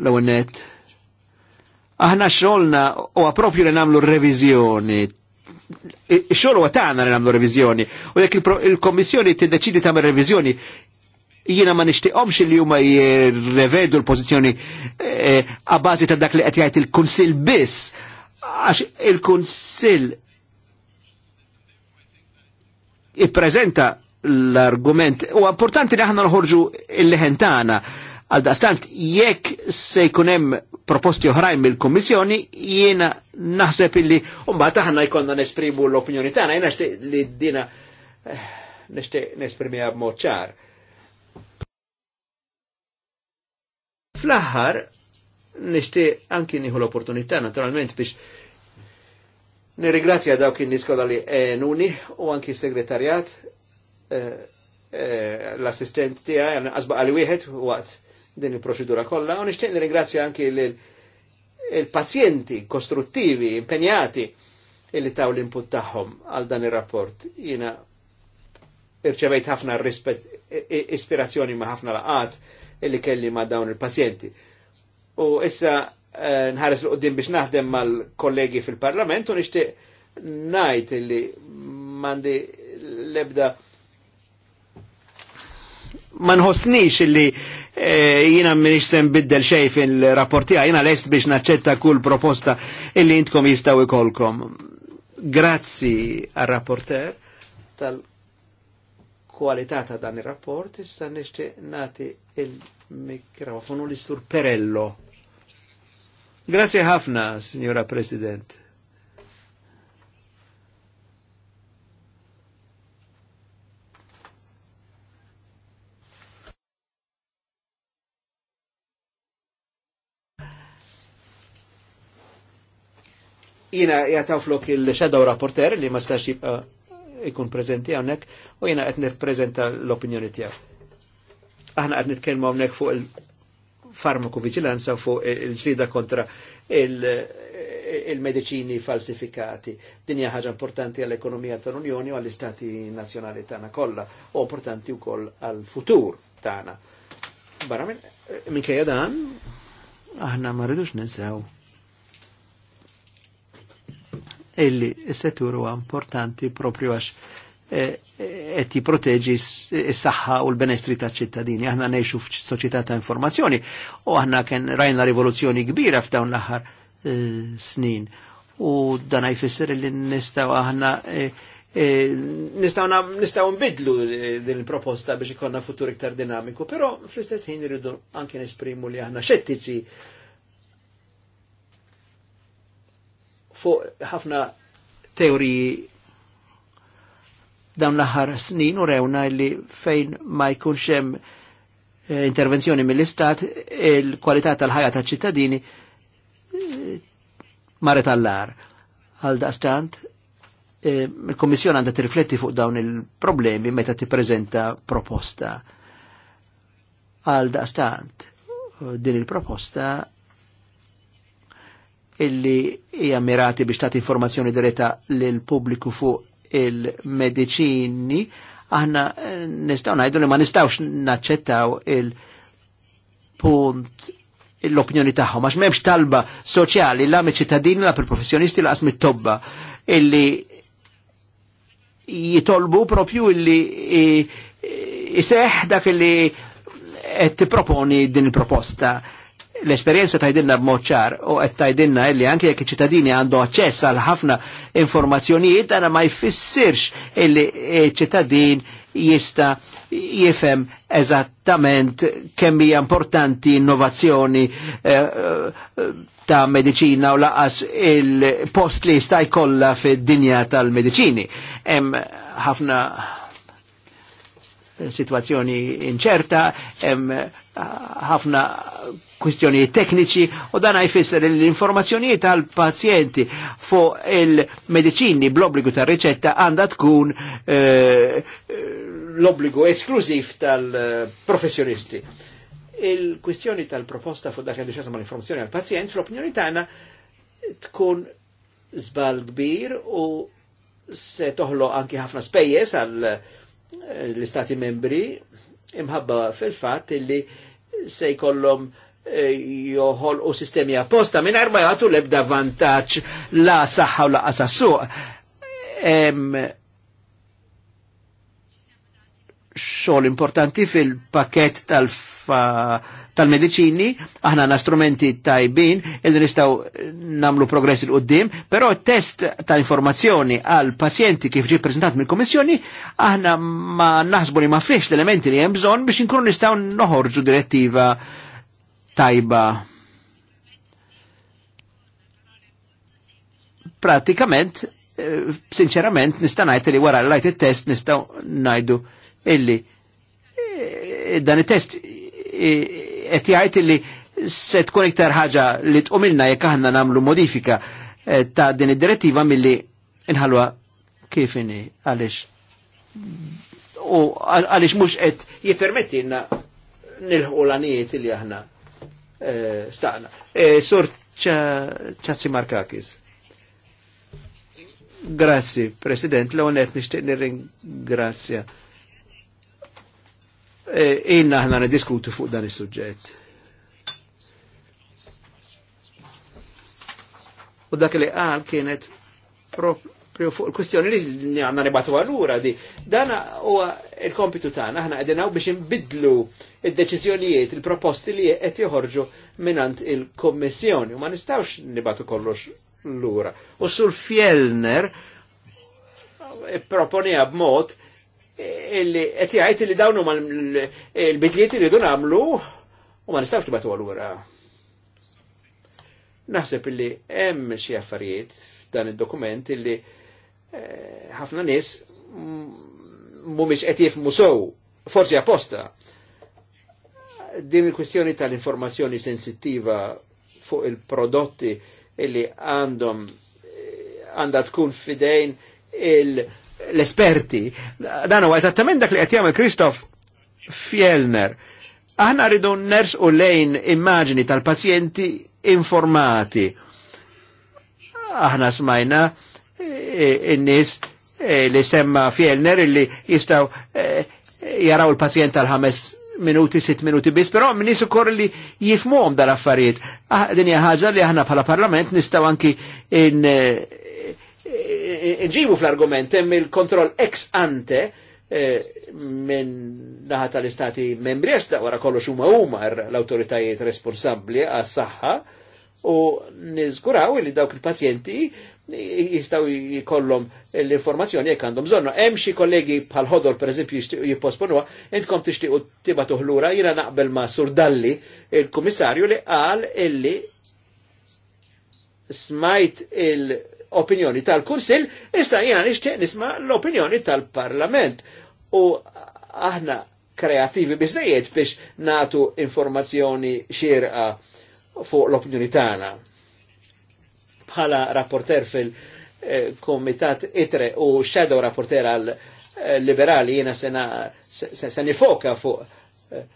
l-għonet. Aħna xolna u għapropju li namlu revizjoni. Xol u għatana li namlu revizjoni. U jek il-komissjoni t-deċidi ta' revizjoni, jina ma nishtiqomx li huma jirrevedu l-pozizjoni għabazi eh, ta' dak li qed jgħid il-kunsil biss għax il-Kunsill ippreżenta l-argument. U importanti li aħna nħorġu il-leħentana għal dastant jekk se jkunem proposti oħrajn mill-Kommissjoni, jiena naħseb illi mbagħad aħna jkollna nesprimu l-opinjoni tagħna, jiena nixtieq li dina eh, nixtieq nesprimiha b'mod ċar. Fl-aħħar nixtieq anki nieħu l-opportunità naturalment biex Nirigrazzja dawk in-nies li għenuni u anki s-segretarjat eh, eh, l-assistent tija għan għazba għal wieħed u għat din il-proċedura kolla u nishtiq nirigrazzja anki l pazjenti kostruttivi, impenjati illi taw l-input taħħom għal dan il rapport jina irċevejt ħafna rispet ispirazzjoni ma' ħafna laqat illi kelli ma' dawn il-pazjenti. U issa Eh, nħares l-qoddim biex naħdem mal-kollegi fil-parlament u nishtiq najt li mandi lebda ma nħossnix li eh, jina minix sem biddel xej fil-rapporti jina lest biex naċċetta kull proposta illi intkom jistaw ikolkom. Grazzi għal rapporter tal-kualità ta' dan il-rapport, issa nixtieq nati il-mikrofonu li sur Perello. Grazie ħafna, signora President. Jina jataw flok il-shadow rapporter li ma stax jibqa ikun prezenti għonek u jina għetni prezenta l-opinjoni tijaw. Aħna għet nitkelmu għonek fuq il- farmakovigilanza fuq il-ġlida kontra il-medicini il falsifikati. Din hija ħaġa importanti għall-ekonomija tal-Unjoni u għall-istati nazjonali tagħna kollha u importanti wkoll għall-futur tagħna. Barra minn minkejja dan aħna ma rridux ninsew illi s-settur huwa importanti propju għax qed jiproteġi e, e, s-saħħa e, u l-benestri taċ-ċittadini. Aħna ngħixu soċieta ta' informazzjoni u aħna ken rajna rivoluzzjoni kbira f'dawn l-aħħar snin. U dan jfisser li nistgħu aħna nistgħu nbidlu din il-proposta biex ikonna futur iktar dinamiku, però fl-istess ħin rridu anke nesprimu li aħna xettiċi fuq ħafna teoriji dawn l-aħħar snin u rewna li fejn ma jkunx hemm eh, intervenzjoni mill-istat il-kwalità tal-ħajja tal-ċittadini eh, maret allar. Għal daqstant, eh, il-Kommissjon għandha tirrifletti fuq dawn il-problemi meta tippreżenta proposta. Għal daqstant, din il-proposta illi hija mirati biex tagħti informazzjoni diretta lil pubbliku fuq il-medicini, aħna eh, nistaw najdu li ma nistawx naċċettaw il-punt l-opinjoni tagħhom għax m'hemmx talba soċjali la miċ-ċittadini la professjonisti la qasmi tobba illi jitolbu propju illi jiseħ dak illi qed tipproponi din il-proposta l-esperienza b b'moċċar u qed tajdinna illi anke jekk iċ-ċittadini għandu aċċess għal ħafna informazzjonijiet għana ma jfissirx illi ċittadin jista jifem eżattament kemm hija importanti innovazzjoni eh, eh, ta' medicina u laqas il-post li jista' jkollha fid-dinja tal-mediċini. Hemm ħafna situazzjoni inċerta, hemm ħafna kwistjonijiet tekniċi u dan jfisser l-informazzjonijiet tal pazjenti fuq il-medicini bl-obbligu ta' riċetta għandha tkun eh, eh, l-obbligu esklużiv tal-professjonisti. Il-kwistjoni tal-proposta fuq dak li l-informazzjoni għal pazjent fl-opinjoni tagħna tkun żbal kbir u se toħlo anki ħafna spejjeż għal eh, l-istati membri imħabba fil-fatt li se jkollhom E, joħol u sistemi apposta minn ma jgħatu lebda vantaċ la saħħa u la qasassu. Xol importanti fil-pakett tal-medicini, aħna għanna strumenti tajbin, il nistaw namlu progress il-qoddim, però test ta' informazzjoni għal pazjenti kif ġi prezentat mill-Komissjoni, aħna ma naħsbu li ma fiex l-elementi li hemm bżonn biex inkunu nistaw noħorġu direttiva tajba. Pratikament, eh, sinċerament, nista' ngħid li wara l-lajt it-test nistgħu ngħidu illi eh, dan it-test eh, qed jgħid illi se tkun iktar ħaġa li tqumilna jekk aħna nagħmlu modifika ta' din id-direttiva milli inħalwa kif inhi għaliex u għaliex mhux qed jippermettilna nilħu l-għanijiet li aħna Eh, staqna. Eh, Sur ċazzi Markakis. Grazzi, President, l għonet nishtiq nirringrazzja. Eh, inna ħna diskutu fuq dan il-sujġet. U dak li għal kienet propju fuq il kustjoni li għanna nibatu għallura di. Dan huwa il-kompitu tagħna, aħna qegħdin biex inbidlu id-deċiżjonijiet, il proposti li qed joħorġu mingħand il-Kommissjoni u ma nistgħux nibatu kollox lura. U sul Fjellner eh, proponija b'mod eh, illi qed jgħid li dawn huma l-bidliet iridu nagħmlu u ma nistgħux nibatu għallura. Naħseb illi hemm xi affarijiet f'dan id-dokument illi ħafna nies mumiċ qed musow forsi apposta. Din il-kwistjoni tal-informazzjoni sensittiva fuq il-prodotti illi għandhom għandha tkun fidejn l-esperti. Dan huwa eżattament dak li qed jagħmel Kristof Fjellner. Aħna rridu ners u lejn immaġni tal-pazjenti informati. Aħna smajna Eh, in-nies eh, li semma Fjellner li jistaw eh, jaraw il-pazjent tal-ħames minuti, sitt minuti bis, pero minnis nisu kor li jifmuhom dal-affarijiet. Ah, din hija ħaġa li aħna bħala parlament nistaw anki nġibu fl-argument hemm il-kontroll ex ante minn naħat tal-istati membri għax ta' wara kollox huma l-awtoritajiet responsabbli għas-saħħa u niżguraw li dawk il-pazjenti jistaw jikollom l-informazzjoni jek għandhom zonno. Hemm xi kollegi bħal ħodol pereżempju jipposponuha, u tixtiequ tibat uħlura, jiena naqbel ma' Surdalli, il-kummissarju li qal illi smajt il-opinjoni tal kursil issa jiena nixtieq nisma' l-opinjoni tal-Parlament. U aħna kreativi biżejjed biex natu informazzjoni xirqa fuq l-opinjoni tagħna bħala rapporter fil-komitat eh, ITRE u shadow rapporter għal eh, liberali jena sena se nifoka fuq eh,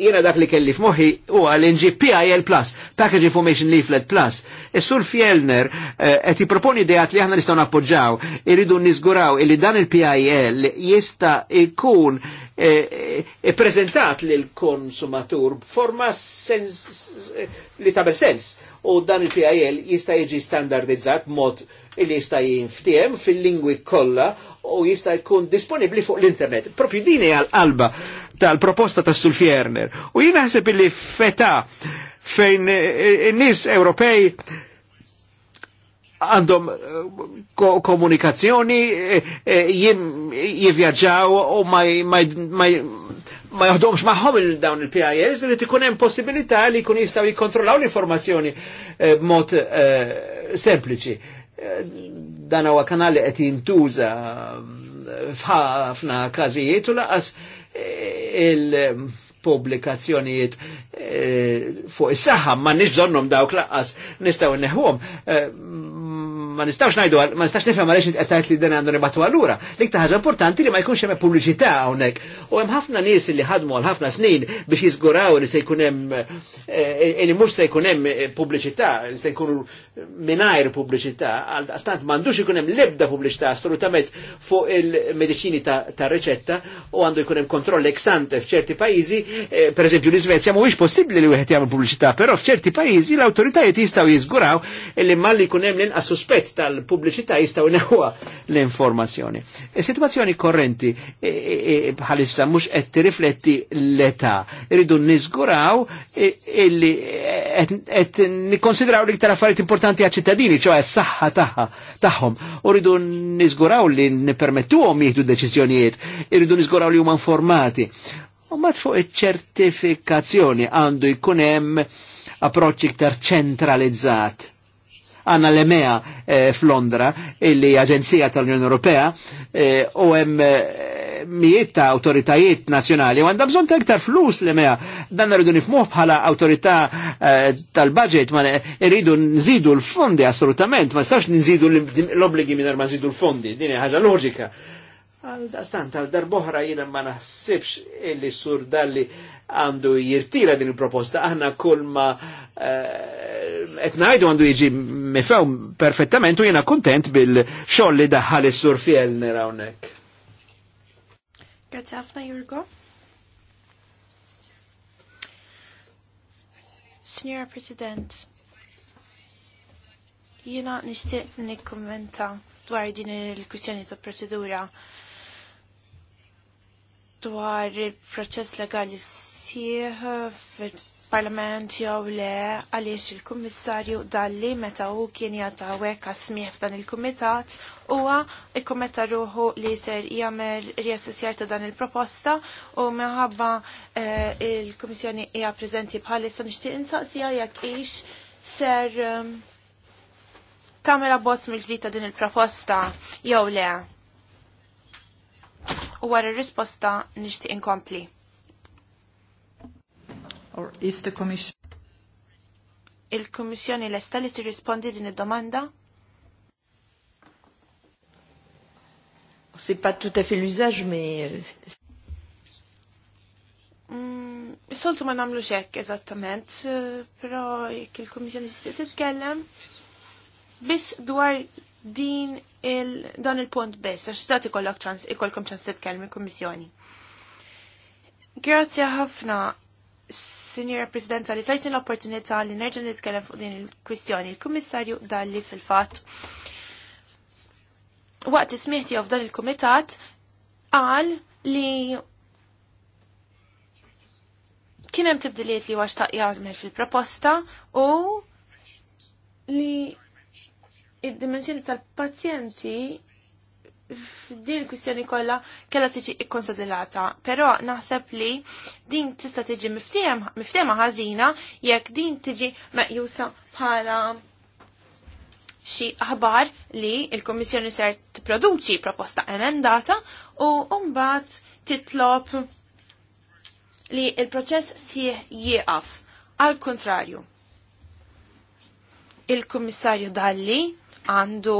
jena dak li kelli f'moħi u għal-NGPIL Plus, Package Information Leaflet Plus. Is-sur e Fjellner qed jipproponi ideat li aħna nistgħu nappoġġaw, irridu niżguraw illi dan il-PIL jista' ikun ippreżentat lil konsumatur b'forma li tabel sens u dan il-PIL jista' jiġi standardizzat mod il jista' jinftiem fil-lingwi kollha u jista' jkun disponibbli fuq l-internet. Propju din hija l-qalba tal-proposta ta' Sulfierner. U jien naħseb li feta fejn in-nies Ewropej għandhom eh, komunikazzjoni eh, eh, jivjaġġaw u ma jaħdomx maħħom il-dawn il-PIS li tikun hemm possibilità li jkun jistgħu jikkontrollaw l-informazzjoni eh, b'mod eh, sempliċi. Eh, dan huwa kanali qed jintuża f'ħafna każijiet u laqas il publikazzjonijiet fuq is-saħħa ma nix dawk laqas nistgħu neħuhom ma nistax najdu, ma nistax nifhem għaliex qed li d-dena għandu nibatu allura. Lik iktar ħaġa importanti li ma jkunx hemm pubbliċità hawnhekk. U hemm ħafna nies li ħadmu għal ħafna snin biex jizguraw li se jkun hemm eh, li mux se jkun hemm eh, pubbliċità, li se jkunu mingħajr pubbliċità, għal stant m'għandux ikun hemm l assolutament fuq il medicini ta' riċetta u għandu jkun hemm kontroll ex ante f'ċerti pajjiżi, eh, pereżempju l mu mhuwiex possibbli li wieħed jagħmel pubbliċità, però f'ċerti pajjiżi l-awtoritajiet jistgħu jiżguraw li malli jkun hemm l-inqas suspett biet tal publicità jistgħu neħwa l-informazzjoni. E situazzjoni korrenti e, e, bħalissa mhux qed rifletti l-età. Irridu nizguraw illi qed nikkonsidraw l-iktar affarijiet importanti għaċ-ċittadini, ċoħe s-saħħa tagħha tagħhom. U rridu nizguraw li nippermettuhom jieħdu deċiżjonijiet, irridu nizguraw li huma informati. U mat fuq iċ-ċertifikazzjoni għandu jkun hemm approċċ iktar ċentralizzat għanna l-EMEA eh, f'Londra, illi Aġenzija tal-Unjoni Ewropea, eh, u hemm eh, mijiet ta' autoritajiet nazjonali, u għandha bżonn ta' iktar flus l-EMEA, dan rridu nifmuh bħala autorità eh, tal-budget, ma rridu nżidu l-fondi assolutament, ma stax nżidu l-obligi minn ma nżidu l-fondi, din ħaġa loġika. Għal-dastant, għal-darboħra jina ma naħsibx illi sur dalli għandu jirtira din il-proposta, aħna kull ma etnajdu eh, għandu jiġi mifew perfettament u jena kontent bil xoll li daħħal is-sur Fjellner hawnhekk. Grazzi ħafna Jurgo. Signor President, jiena nixtieq nikkummenta dwar din il-kwistjoni ta' procedura dwar il-proċess legali fih fil-parlament jew le għaliex il-kummissarju dalli meta hu kien jatawek għasmieħ f'dan il-kumitat huwa ikkometta ruħu li ser jagħmel riassessjar ta' dan il-proposta u minħabba eh, il-Kummissjoni hija preżenti bħalissa nixtieq insaqsija jekk ix ser ehm, tagħmel abbozz mill-ġdid ta' din il-proposta jew le. U wara r-risposta nixtieq inkompli or is the Commission? Il-Kummissjoni lesta li tirrispondi din id-domanda? C'est pas tout à fait l'usage, mais... Mm, Soltu ma namlu xek, eżattament, però jekk il-Komissjoni titkellem, biss dwar din il dan il-punt biss, għax tagħti ikollok ċans, ikolkom ċans titkellem il ħafna Sinjora Presidenta, li tajtni l-opportunità li nerġa' nitkellem fuq din il-kwistjoni. Il-Kummissarju dalli fil-fatt waqt ismiħti f'dan il-Kumitat qal li kien hemm tibdiliet li wax jagħmel fil-proposta u li id-dimensjoni tal-pazjenti din il-kwistjoni kollha kella tiġi ikkonsolidata, però naħseb li din tista' tiġi miftema ħażina jekk din tiġi meqjusa bħala xi aħbar li l kommissjoni ser tipproduċi proposta emendata u mbagħad titlob li il-proċess sieħ jieqaf. Al kontrarju, il-Kummissarju Dalli għandu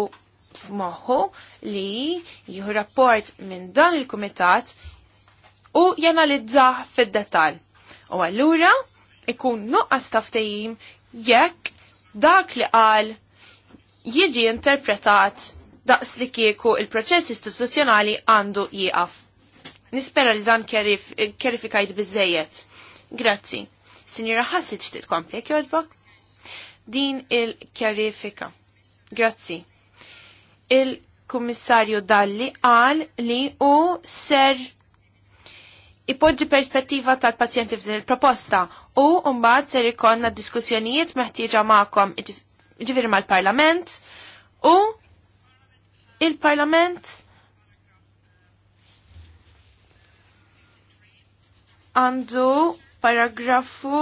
f'moħħu li jieħu rapport minn dan il-kumitat u janalizzah fid-detal. U allura ikun nuqqas taftajim jekk dak li qal jiġi interpretat daqs li kieku il-proċess istituzzjonali għandu jieqaf. Nispera li dan kjerifikajt kerifikajt bizzejiet. Grazzi. Sinjora ħassit xtit kompli kjordbok? Din il-kjerifika. Grazzi il-Kummissarju Dalli qal li u ser ipoġġi perspettiva tal-pazjenti f'din il-proposta u mbagħad ser ikonna diskussjonijiet meħtieġa magħkom ġifieri mal-Parlament u il-Parlament għandu paragrafu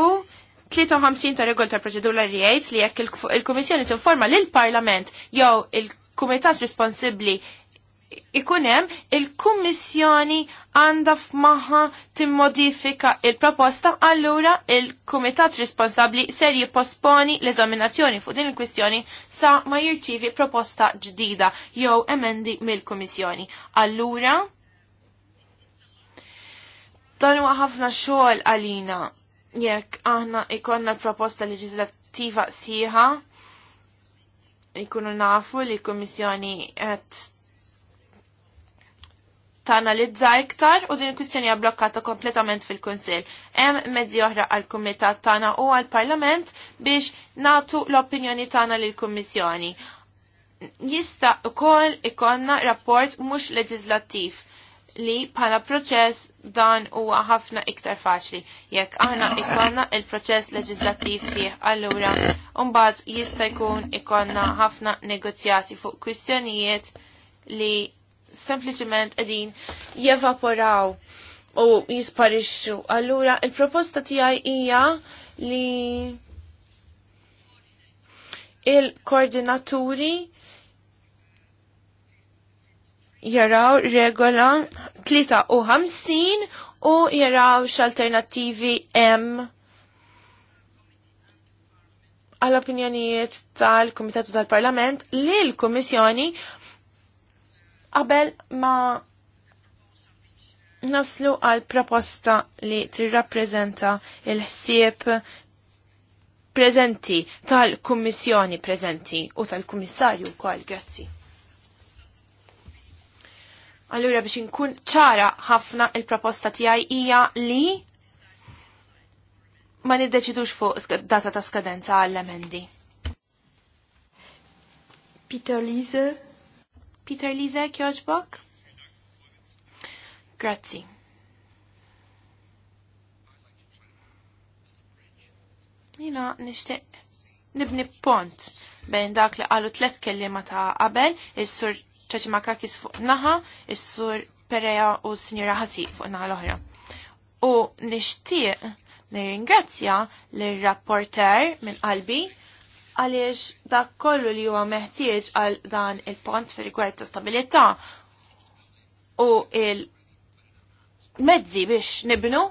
53 ta' regol ta' proċedura li jgħid li jekk il-Kummissjoni tinforma lil parlament jew il kumitat responsibli ikunem il-Kummissjoni għanda f'maħħa timmodifika il-proposta, allura il-Kumitat responsabli ser jipposponi l-eżaminazzjoni fuq din il-kwistjoni sa ma jirċivi proposta ġdida jew emendi mill-Kummissjoni. Allura, dan huwa ħafna xogħol għalina jekk aħna ikonna l-proposta leġislattiva sħiħa. Ikunu nafu li kummissjoni qed tanalizza iktar u din il-kwistjoni hija blokkata kompletament fil-Kunsill. Hemm mezzi oħra għal kumitat tagħna u għal Parlament biex natu l-opinjoni tagħna lil kummissjoni. Jista' ukoll ikonna rapport mhux leġislattiv li bħala proċess dan huwa ħafna iktar faċli. Jekk aħna ikonna il-proċess leġislattiv sieħ allura mbagħad jista' jkun ikonna ħafna negozjati fuq kwistjonijiet li sempliċiment qegħdin jevaporaw u jisparixxu. Allura il-proposta tiegħi hija li il-koordinaturi jaraw regola 53 u jaraw x'alternattivi hemm għal opinjonijiet tal komitetu tal-Parlament li l-Komissjoni qabel ma naslu għal proposta li tirrappreżenta il-ħsieb prezenti tal-Kummissjoni prezenti u tal-Kummissarju wkoll. Grazzi. Allura biex inkun ċara ħafna il-proposta tiegħi hija li ma niddeċidux fuq data ta' skadenza għall-emendi. Peter Lise. Peter Lise, kjoġbok? Grazzi. Jina, nishtiq nibni pont bejn dak li qalu tlet kellima ta' qabel, il-sur ċaċi makakis fuq naħa, is-sur Perea u s-sinjura Hasi fuq naħa l-oħra. U nishtiq nirringrazzja l-rapporter minn qalbi għaliex dak kollu li huwa meħtieġ għal dan il-pont fi rigward ta' stabilità u il-mezzi biex nibnu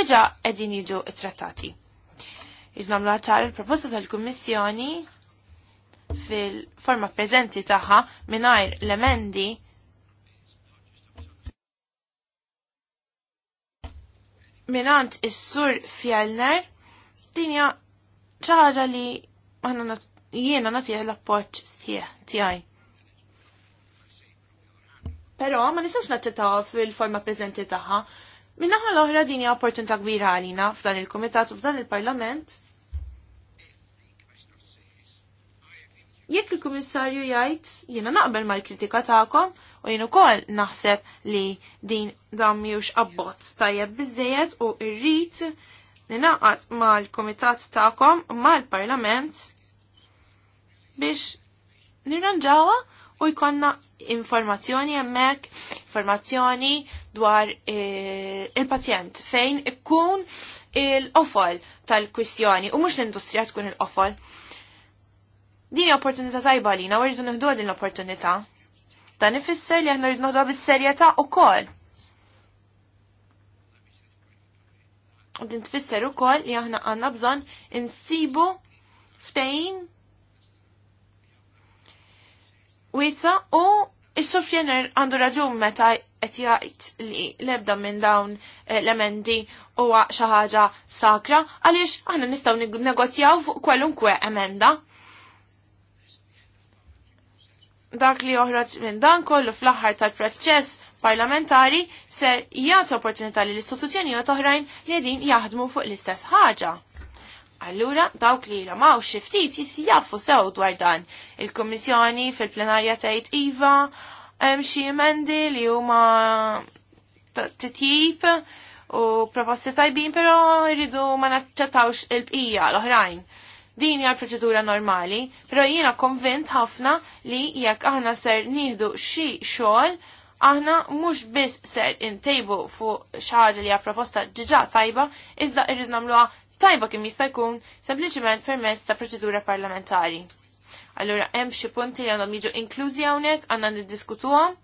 diġa qegħdin jiġu it-trattati. Iżnamlu għacħar il-proposta tal-Kummissjoni fil-forma prezenti tagħha mingħajr l-emendi minant is-sur fjallner dinja ċaħġa li maħna jiena natija l-appoċ tijaj. Pero ma nistax naċċettaw fil-forma prezenti taħħa. Minnaħa l-oħra dinja opportunità kbira għalina f'dan il-komitat u f'dan il-parlament il-Kummissarju jgħid jiena naqbel mal-kritika tagħkom u jien ukoll naħseb li din dam mhux abbozz tajjeb biżejjed u rrid ninaqat mal-Kumitat tagħkom mal-Parlament biex nirranġawha u jkonna informazzjoni hemmhekk, informazzjoni dwar eh, il-pazjent fejn ikkun il-qofol tal-kwistjoni u mhux l-industrija tkun il-qofol. il qofol tal kwistjoni u mhux l industrija tkun il il qofol Din hija opportunità tajba għalina u rridu nieħdu din l-opportunità. Dan ifisser li aħna rridu noħduha bis-serjetà wkoll. U din tfisser ukoll li aħna għandna bżonn insibu ftejn wiesa u Ix-xofjener għandu raġun meta qed jgħid li lebda minn dawn eh, l-emendi huwa xi ħaġa sakra għaliex aħna nistgħu negozjaw fuq kwalunkwe emenda dak li joħroġ minn dan kollu fl-aħħar tal-proċess parlamentari ser jgħat opportunità li l-istituzzjonijiet oħrajn li din jaħdmu fuq l-istess ħaġa. Allura, dawk li ramaw xiftit jisjafu sew dwar dan. il komissjoni fil-plenarja tgħid Iva, hemm xi emendi li huma titjib u proposti tajbin, però rridu ma naċċettawx il-bqija l-oħrajn. Din hija l-proċedura normali, però jiena konvint ħafna li jekk aħna ser nieħdu xi xogħol aħna mhux biss ser intejbu fuq xi ħaġa li hija proposta ġiġa tajba, iżda irrid nagħmluha tajba kemm jista' jkun sempliċement permezz ta' proċedura parlamentari. Allura hemm xi punti li għandhom jiġu inklużi hawnhekk għandna niddiskutuhom.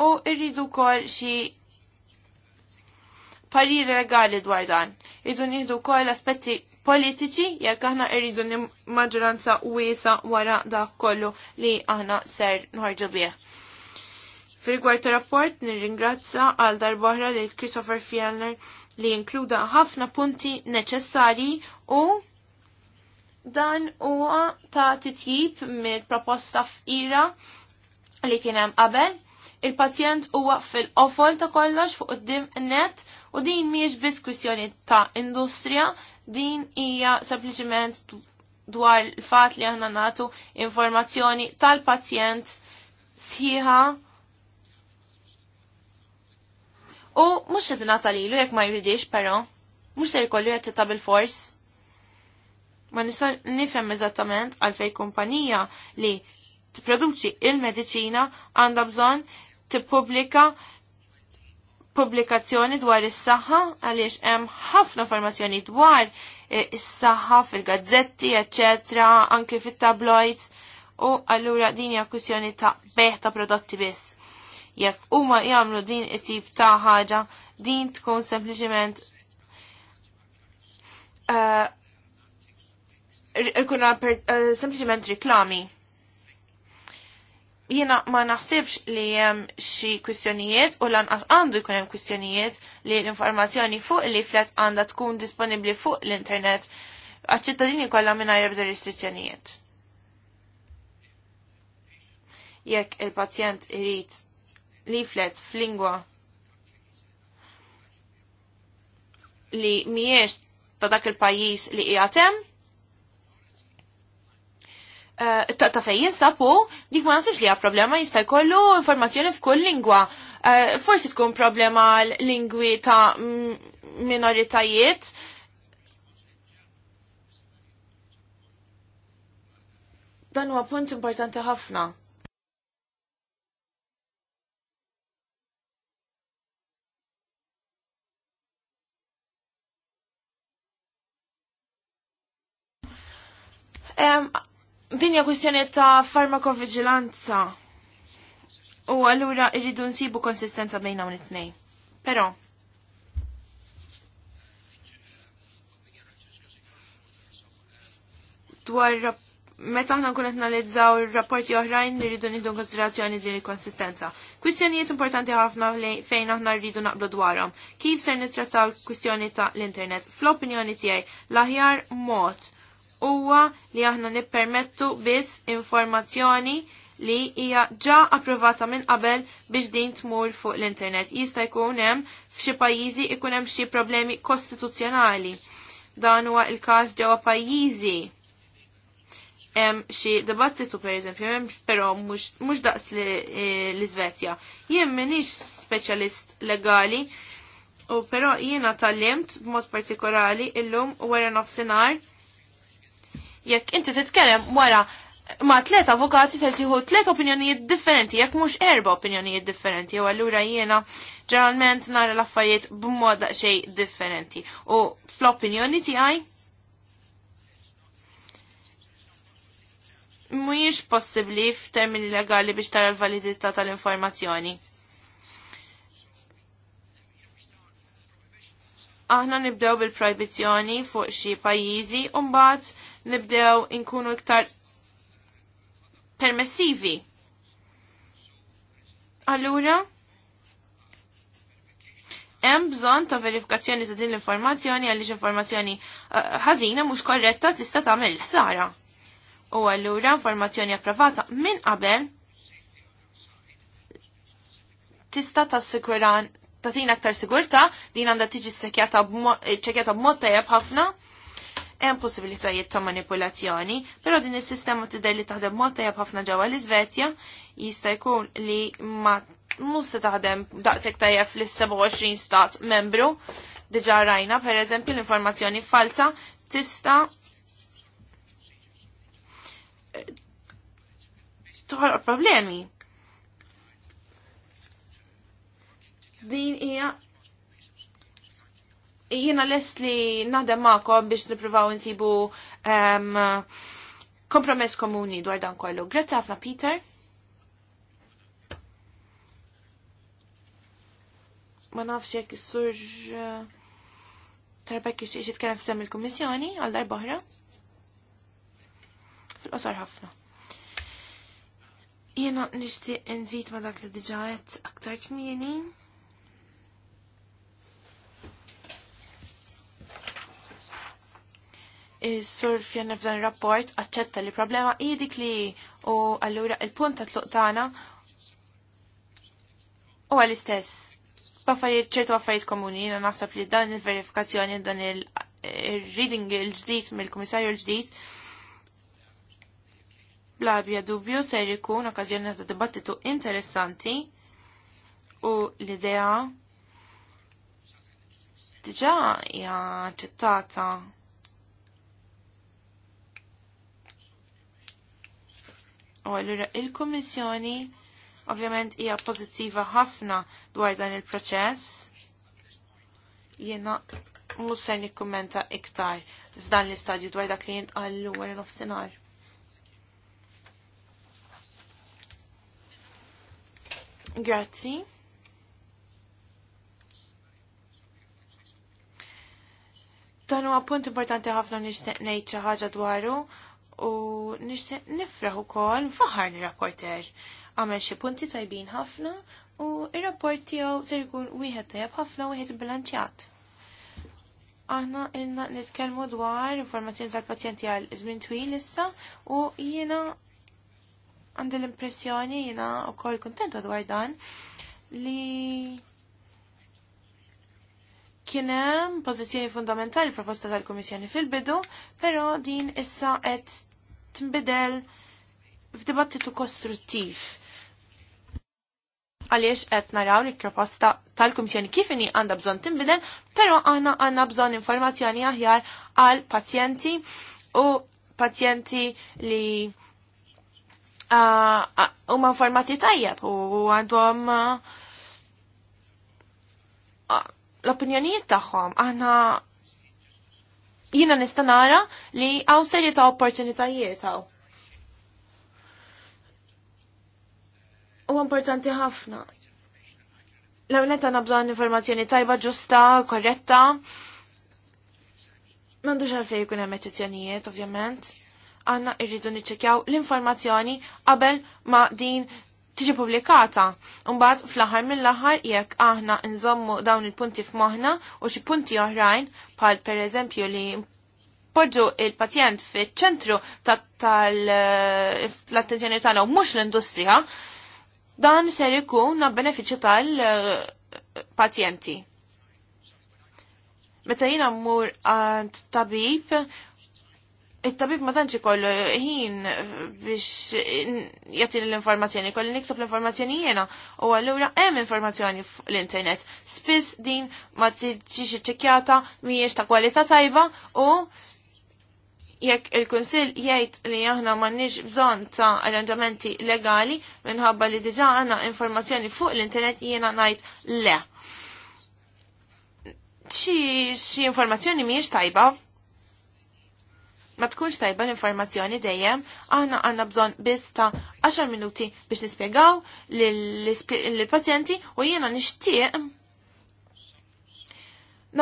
U rridu wkoll xi pariri legali dwar dan. Idu nieħdu wkoll aspetti politiċi jekk aħna ni maġranza wiesa wara da kollu li aħna ser nħarġu bih. Fil-gwar ta' rapport nirringrazza għal darbohra li Christopher Fjellner li inkluda ħafna punti neċessari u dan huwa ta' titjib mill-proposta f'ira li kien hemm qabel. Il-pazjent huwa fil-qofol ta' kollox fuq id-dim net U din miex biss kwistjoni ta' industrija, din hija sempliciment dwar l-fat li aħna natu informazzjoni tal-pazjent sħiħa u mux se li lilu jekk ma jridix però mux se jkollu jekk ta' fors ma nista' nifhem eżattament għalfej kumpanija li tipproduċi il-mediċina għandha bżonn tippubblika pubblikazzjoni dwar is-saħħa għaliex hemm ħafna informazzjoni dwar eh, is-saħħa fil-gazzetti, eċetera, anke fit-tabloids u allura din hija kwistjoni ta' beħ ta' prodotti biss. Jekk huma jagħmlu din it-tip ta' ħaġa, din tkun sempliċiment uh, eh, uh, eh, sempliċement riklami. Jiena ma naħsibx li hemm xi kwistjonijiet u lanqas għandu jkun hemm kwistjonijiet li l-informazzjoni fuq il flet għandha tkun disponibbli fuq l-internet għaċ-ċittadini kollha mingħajr ebda restrizzjonijiet. Jekk il-pazjent irid leaflet f'lingwa li mhijiex ta' dak il-pajjiż li qiegħed hemm, Eh, ta' ta' fejn jinsabu, dik ma nasibx li hija problema jista' jkollu informazzjoni f'kull lingwa. Eh, forsi tkun problema lingwi ta' minoritajiet. Dan huwa punt importanti ħafna. Um, Dinja kwistjoni ta' farmakovigilanza. U allura irridu nsibu konsistenza bejn hawn it-tnejn. Però dwar meta aħna nkun qed analizzaw ir-rapporti oħrajn li rridu nieħdu konsiderazzjoni din il-konsistenza. Kwistjonijiet importanti ħafna fejn aħna rridu naqblu dwarhom. Kif ser nittrattaw kwistjoni ta' l-internet? Fl-opinjoni tiegħi l-aħjar mod huwa li aħna nippermettu biss informazzjoni li hija ġa approvata minn qabel biex din tmur fuq l-internet. Jista' jkun hemm f'xi pajjiżi jkun hemm xi problemi kostituzzjonali. Dan huwa il-każ ġewwa pajjiżi. Hemm xi dibattitu pereżempju, hemm però mhux daqs eh, l-Iżvezja. Jien m'iniex speċjalist legali, u però jiena tallimt b'mod partikolari illum wara nofsinhar jekk inti titkellem wara ma' tlet avokati ser tieħu tlet opinjonijiet differenti, jekk mhux erba' opinjonijiet differenti, u allura jiena ġeneralment nara l-affarijiet b'mod xejn differenti. U fl-opinjoni tiegħi mhijiex possibbli f'termini legali biex tara l-validità tal-informazzjoni. Aħna nibdew bil-proibizjoni fuq xi pajjiżi u mbagħad nibdew inkunu iktar permessivi. Allura, hemm bżonn ta' verifikazzjoni ta' din l-informazzjoni għaliex informazzjoni eh, ħażina mhux korretta tista' tagħmel ħsara. U allura informazzjoni approvata minn qabel tista' tassikuran tatina aktar sigurta din għandha tiġi ċekjata b'mod tajjeb ħafna hemm possibilitajiet ta' manipulazzjoni, però din is-sistema tidher li taħdem mod tajjeb ħafna ġewwa l-Iżvezja jista' jkun li ma mhux se taħdem daqshekk tajjeb fl-27 stat membru. Diġà rajna pereżempju l-informazzjoni falsa tista' toħolq problemi. Din hija jiena lest li nadem ma'kom biex niprivaw nsibu um, kompromess komuni dwar dan kollu. Grazie ħafna Peter. Ma nafx jekk is-sur uh, eh, tarbek ix jitkellem f'sem il-Kummissjoni għal darba oħra. Fil-qosor ħafna. Jiena nixtieq nżid ma dak li diġa aktar kmieni. Is-sur f'dan il rapport aċċetta li problema idik li u allura il-punt ta' tluq tagħna u għal-istess. B'affarijiet ċertu affarijiet komuni, jiena naħseb li dan il-verifikazzjoni dan il-reading il-ġdid mill-kummissarju l-ġdid bla bja dubju ser ikun okkażjoni ta' dibattitu interessanti u l-idea diġa' hija ċittata U allura il-Kummissjoni ovvjament hija pożittiva ħafna dwar dan il-proċess. Jiena mhux se nikkummenta iktar f'dan l-istadju dwar dak li jintqal wara nofsinhar. Grazzi. Dan huwa punt importanti ħafna nixtieq ngħid xi ħaġa dwaru u nishtiq nifraħ ukoll faħar nir-rapporter. Għamel xi punti tajbin ħafna u ir-rapport tiegħu ser ikun wieħed tajjeb ħafna u wieħed bilanċjat. Aħna ilna nitkellmu dwar informazzjoni tal-pazjenti għal żmien twil issa u jiena għandi l-impressjoni jiena wkoll kuntenta dwar dan li Kienem pozizjoni fundamentali proposta tal-Komissjoni fil-bidu, pero din issa qed tinbidel f'dibattitu kostruttiv. Għaliex qed naraw li proposta tal-Komissjoni kif inhi għandha bżonn tinbidel, pero aħna għandna bżonn informazzjoni aħjar għal pazjenti u pazjenti li huma informati tajjeb u għandhom l-opinjonijiet tagħhom aħna jina nista nara li għaw serje ta' opportunitajiet għaw. U importanti ħafna. L-għunet għana bżonn informazzjoni tajba, ġusta, korretta. Mandu xalfej jkun hemm eċezzjonijiet, ovvjament. Għanna irridu niċċekjaw l-informazzjoni qabel ma din tiġi publikata. Mbagħad fl-aħħar mill-aħħar jekk aħna nżommu dawn il-punti f'moħħna u xi punti oħrajn bħal pereżempju li poġġu il-pazjent fiċ-ċentru tal-attenzjoni tagħna u mhux l-industrija, dan ser ikun na benefiċċju tal-pazjenti. Meta jiena mmur għand tabib it-tabib ma tantx kollu ħin biex jattin l-informazzjoni, kolli niksab l-informazzjoni jiena u allura hemm informazzjoni l-internet. Spiss din ma tiġix iċċekkjata mhijiex ta' kwalità tajba u jekk il-Kunsill jgħid li aħna m'għandniex bżonn ta' arranġamenti legali minħabba li diġà għandna informazzjoni fuq l-internet jiena ngħid le. Xi informazzjoni mhijiex tajba ma tkunx tajba l-informazzjoni dejjem, aħna għanna bżon biss ta' 10 minuti biex nispiegaw l-pazjenti u jiena nixtieq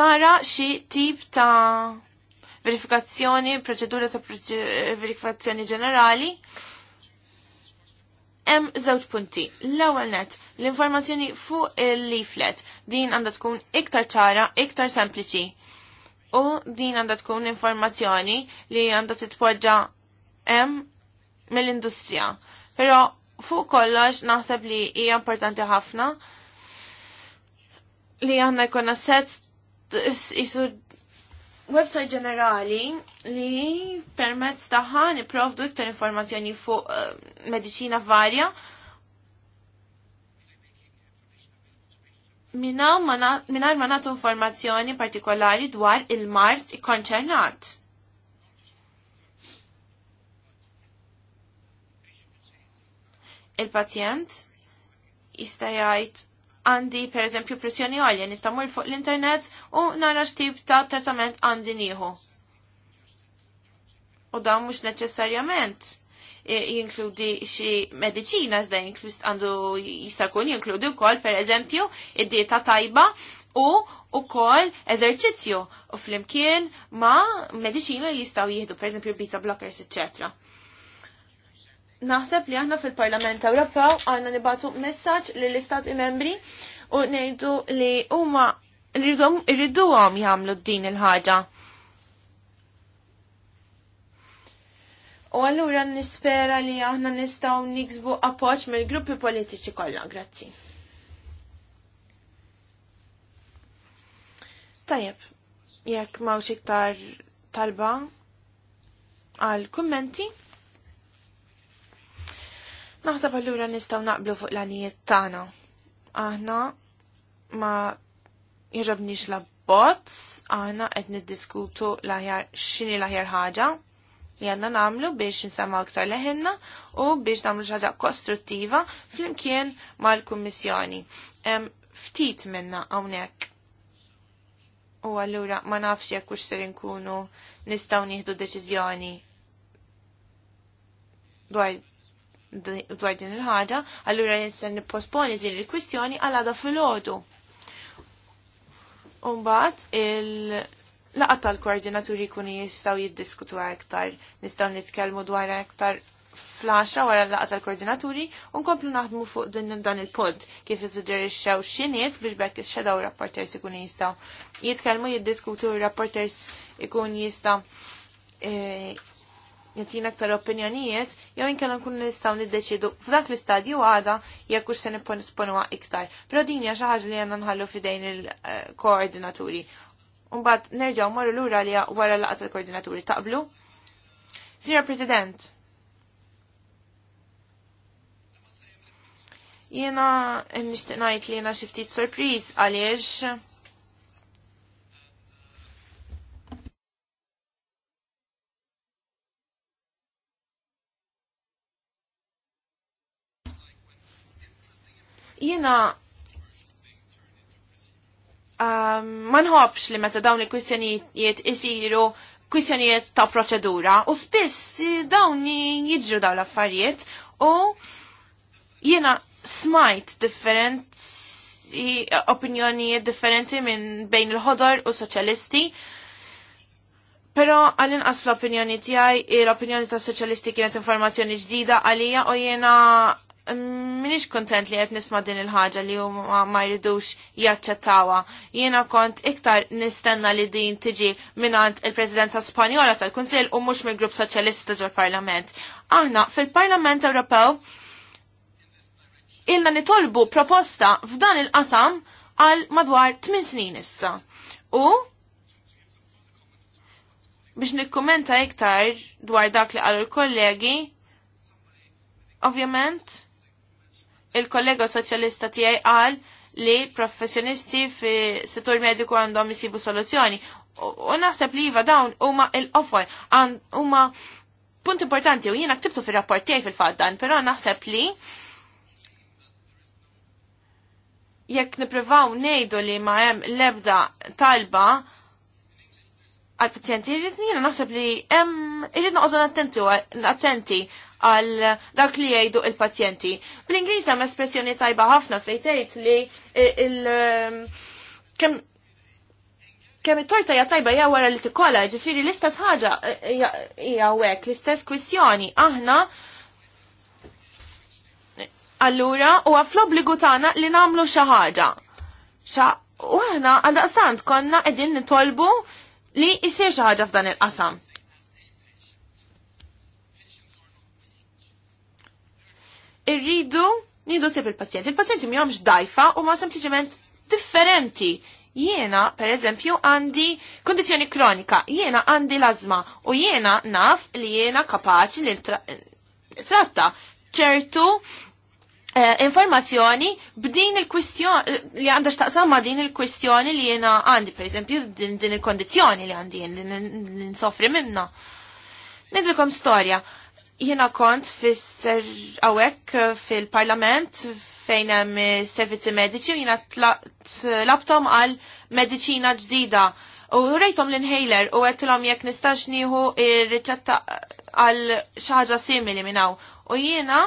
nara xi tip ta' verifikazzjoni, proċedura ta' verifikazzjoni ġenerali. Hemm żewġ punti. L-ewwel net, l-informazzjoni fuq il-leaflet din għandha tkun iktar ċara, iktar sempliċi u din għandha tkun informazzjoni li għandha titpoġġa hemm mill-industrija. Pero fuq kollox naħseb li hija importanti ħafna li għandna jkun set isu website ġenerali li permezz taħħa niprovdu iktar informazzjoni fuq uh, medicina varja minnar ma nagħtu informazzjoni partikolari dwar il-mart konċernat. Il-pazjent jista' jgħid għandi per eżempju pressjoni għalja nista' mur fuq l-internet u nara x'tip ta' trattament għandi nieħu. U dan mhux neċessarjament jinkludi xi medicina iżda għandu jista' jkun jinkludi wkoll pereżempju id-dieta tajba u wkoll eżerċizzju u flimkien ma' medicina li jistgħu jieħdu eżempju beta blockers etc. Naħseb li aħna fil-Parlament Ewropew għandna nibatu messaġġ lill-Istati membri u ngħidu li huma irridu għom jagħmlu din il-ħaġa. U allura nispera li aħna nistgħu niksbu appoġġ mill-gruppi politiċi kollha. Grazzi. Tajjeb, jekk m'hawnx iktar talba għal kummenti. Naħseb allura nistgħu naqblu fuq l-għanijiet tagħna. Aħna ma jġobniex la bot, aħna qed niddiskutu l-aħjar x'inhi l-aħjar ħaġa li għanna namlu biex nsemma aktar leħenna u biex namlu xaġa kostruttiva fl-imkien mal-Kummissjoni. Ftit minna għawnek. U għallura ma nafx jekk ux ser nkunu nistaw nieħdu deċiżjoni dwar din il-ħaġa, allura nista' nipposponi din il-kwistjoni għal għada fil-ħodu. Umbat il- laqa tal-koordinaturi kun jistaw jiddiskutu aktar, nistaw nitkellmu dwar aktar flasha wara laqa tal-koordinaturi u nkomplu naħdmu fuq din dan il-pod kif jissuġġerixxew xi nies biex bekk ix rapporters ikun jistaw jitkellmu jiddiskutu rapporters ikun jistgħu e, jatina aktar opinjonijiet, jew inkella nkun nistgħu niddeċidu f'dak l-istadju għada jekk hux se nipponisponuha iktar. Però din hija xi ħaġa li għandna nħallu f'idejn il-koordinaturi e, Umbat nerġaw marru lura li wara laqat il-koordinaturi taqblu. Signor President, jena nishtiq ngħid li jena xi ftit għaliex jena Um, ma nħobbx li meta dawn il-kwistjonijiet isiru kwistjonijiet ta' proċedura u spiss dawn jiġru dawn l-affarijiet u jiena smajt differenti opinjonijiet differenti minn bejn il-ħodor u soċjalisti. Pero għal-inqas fl-opinjoni tijaj, l-opinjoni ta' soċjalisti kienet informazzjoni ġdida għalija u jena Minix kontent li qed nisma' din il-ħaġa li huma ma jridux jaċċettawa. Jiena kont iktar nistenna li din tiġi mingħand il-Presidenza Spanjola tal kunsil u mhux mill-Grupp Soċjalista tal-Parlament. Aħna fil-Parlament Ewropew ilna nitolbu proposta f'dan il-qasam għal madwar 8 snin issa. U biex nikkumenta iktar dwar dak li għal kollegi ovvjament il-kollega soċjalista tiegħi qal li professjonisti fi settur mediku għandhom isibu soluzzjoni. U naħseb li iva dawn huma l-offer, huma punt importanti u jiena ktibtu fir-rapport tiegħi fil-fatt dan, però naħseb li jekk nippruvaw ngħidu li ma hemm lebda talba għal pazjenti, jiena naħseb li hemm irrid noqogħdu attenti għal dak li jgħidu il-pazjenti. Bl-Ingliż hemm espressjoni tajba ħafna fejn tgħid li il- um, kemm it-torta hija tajba hija wara li tikkola, ġifieri l-istess ħaġa eh, hija hekk, l-istess kwistjoni. Aħna allura huwa fl-obbligu tagħna li nagħmlu xi ħaġa. U aħna għal daqsant konna qegħdin nitolbu li jsir xi ħaġa f'dan il-qasam. irridu nidu sepp il pazienti Il-pazjenti miħomx dajfa u ma sempliciment differenti. Jiena, per eżempju, għandi kondizjoni kronika, jiena għandi lazma u jiena naf li jiena kapaċi li tratta ċertu eh, informazzjoni b'din il-kwistjoni, li għandha xtaqsam ma' din il-kwistjoni li jiena għandi, per eżempju, din, din il-kondizjoni li għandi, li n-sofri minna. Nidrikom storja Jiena kont fis-ser għawek fil-parlament fejn hemm servizzi mediċi u jiena tlabtom għal mediċina ġdida. U rejtom l-inhaler u għettilom jekk nistax nieħu ir-riċetta għal xaħġa simili minnaw. U jiena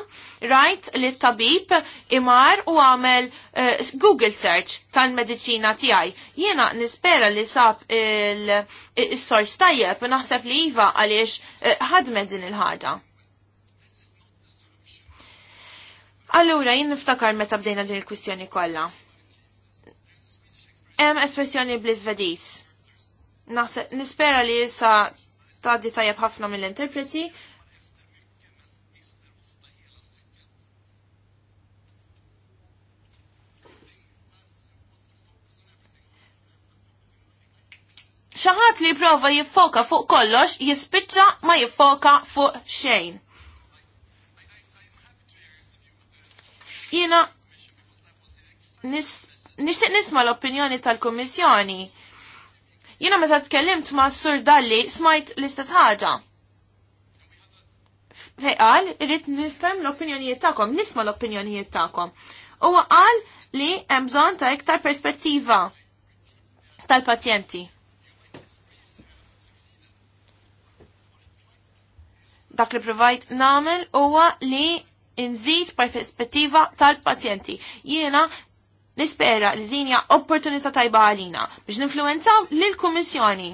rajt li tabib imar u għamel uh, Google search tal-medicina tijaj. Jiena nispera li sab il-sors tajjeb tajjeb naħseb li jiva għaliex ħadmet uh, din il-ħagġa. Allura, jien niftakar meta bdejna din il-kwistjoni kollha. Hemm espressjoni bl Nispera li ta' tgħaddi tajjeb ħafna mill-interpreti. Xaħat li jipprova jiffoka fuq kollox, jispiċċa ma jiffoka fuq xejn. Jiena nixtieq nisma l-opinjoni tal-Kummissjoni. Jiena meta tkellimt ma' Sur Dalli smajt l-istess ħaġa. Fejqal, irrid nifhem l-opinjonijiet ta'kom, nisma l-opinjonijiet tagħkom. Huwa qal li hemm bżonn ta' iktar perspettiva tal-pazjenti. Dak li provajt namel huwa li inżid perspettiva tal-pazjenti. Jiena nispera li din hija opportunità tajba għalina biex ninfluenzaw lill kummissjoni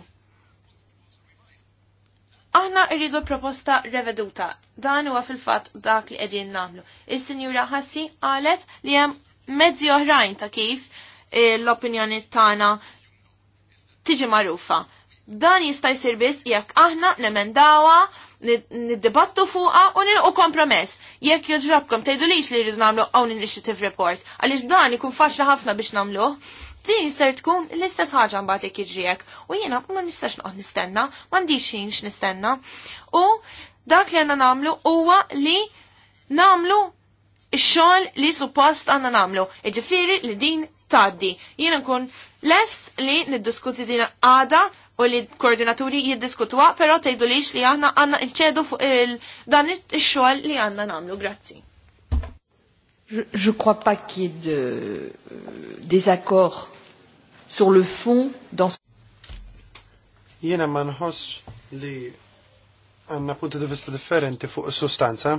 Aħna rridu proposta reveduta. Dan huwa fil-fatt dak li qegħdin nagħmlu. Is-Sinjura Ħassi qalet li hemm mezzi oħrajn ta' kif eh, l-opinjoni tagħna tiġi magħrufa. Dan jista' jsir biss jekk aħna nemendawa niddibattu fuqa u nilqu kompromess. Jekk joġrabkom tgħidulix li jridu nagħmlu hawn initiative report, għaliex dan ikun faċli ħafna biex nagħmluh. Din ser tkun l-istess ħaġa mbagħad jekk jiġriek u jiena ma nistax noqgħod nistenna, m'għandix xinx nistenna. U dak li għandna nagħmlu huwa li nagħmlu x-xogħol li suppost għandna nagħmlu. Iġifieri li din tgħaddi. Jiena nkun lest li niddiskuti din għada u li koordinaturi jiddiskutuha, pero tgħidu lix li għanna għanna nċedu fuq il dan il-xol li għanna namlu, Grazzi. Je, je crois pas qu'il y ait de euh, désaccord sur le fond dans Jiena ma nħoss li għandna punti di vista differenti fuq is-sustanza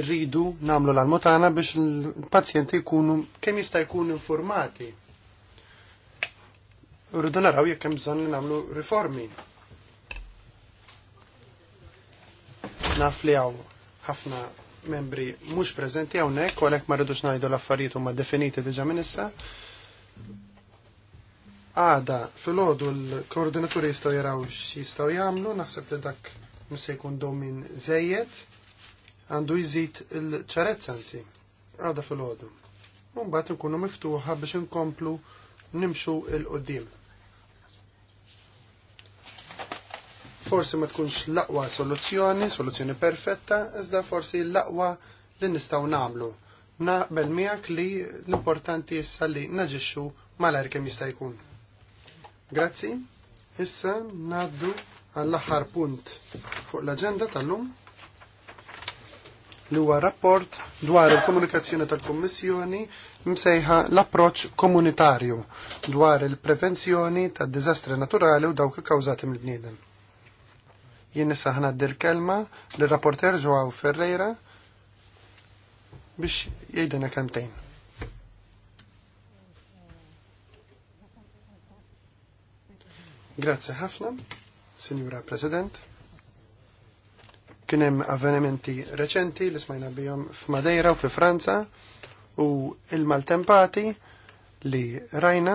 rridu namlu l almotana biex l-pazjenti jkunu kemm jista' jkunu informati. Rridu naraw jekk hemm bżonn li nagħmlu riformi. Naf li hawn ħafna membri mhux preżenti hawnhekk u hekk ma rridux ngħidu l-affarijiet huma definiti diġà minn issa. Għada, fil-ħodu l-koordinaturi jistaw jaraw x-jistaw jamlu, naħseb li dak musa jkun domin zejiet għandu jżid il-ċarezza anzi, għada fil-ħodu. Mumbat nkunu miftuħa biex nkomplu nimxu il-qoddim. Forsi ma tkunx l-aqwa soluzzjoni, soluzzjoni perfetta, iżda forsi l-aqwa li nistaw namlu. Naqbel miegħek li l-importanti issa li naġixxu malajr kemm jista' jkun. Grazzi. Issa naddu għall-aħħar punt fuq l-aġenda tal-lum li huwa rapport dwar il-komunikazzjoni tal-Kummissjoni msejħa l-approċ komunitarju dwar il-prevenzjoni ta' diżastri naturali u dawk ikkawżati mill-bniedem. Jien issa ħna kelma l rapporter Joao Ferreira biex jgħidina kemtejn. Grazie ħafna, Signora President. Kien hemm avvenimenti reċenti li smajna bihom f'Madeira u fi Franza u il-maltempati li rajna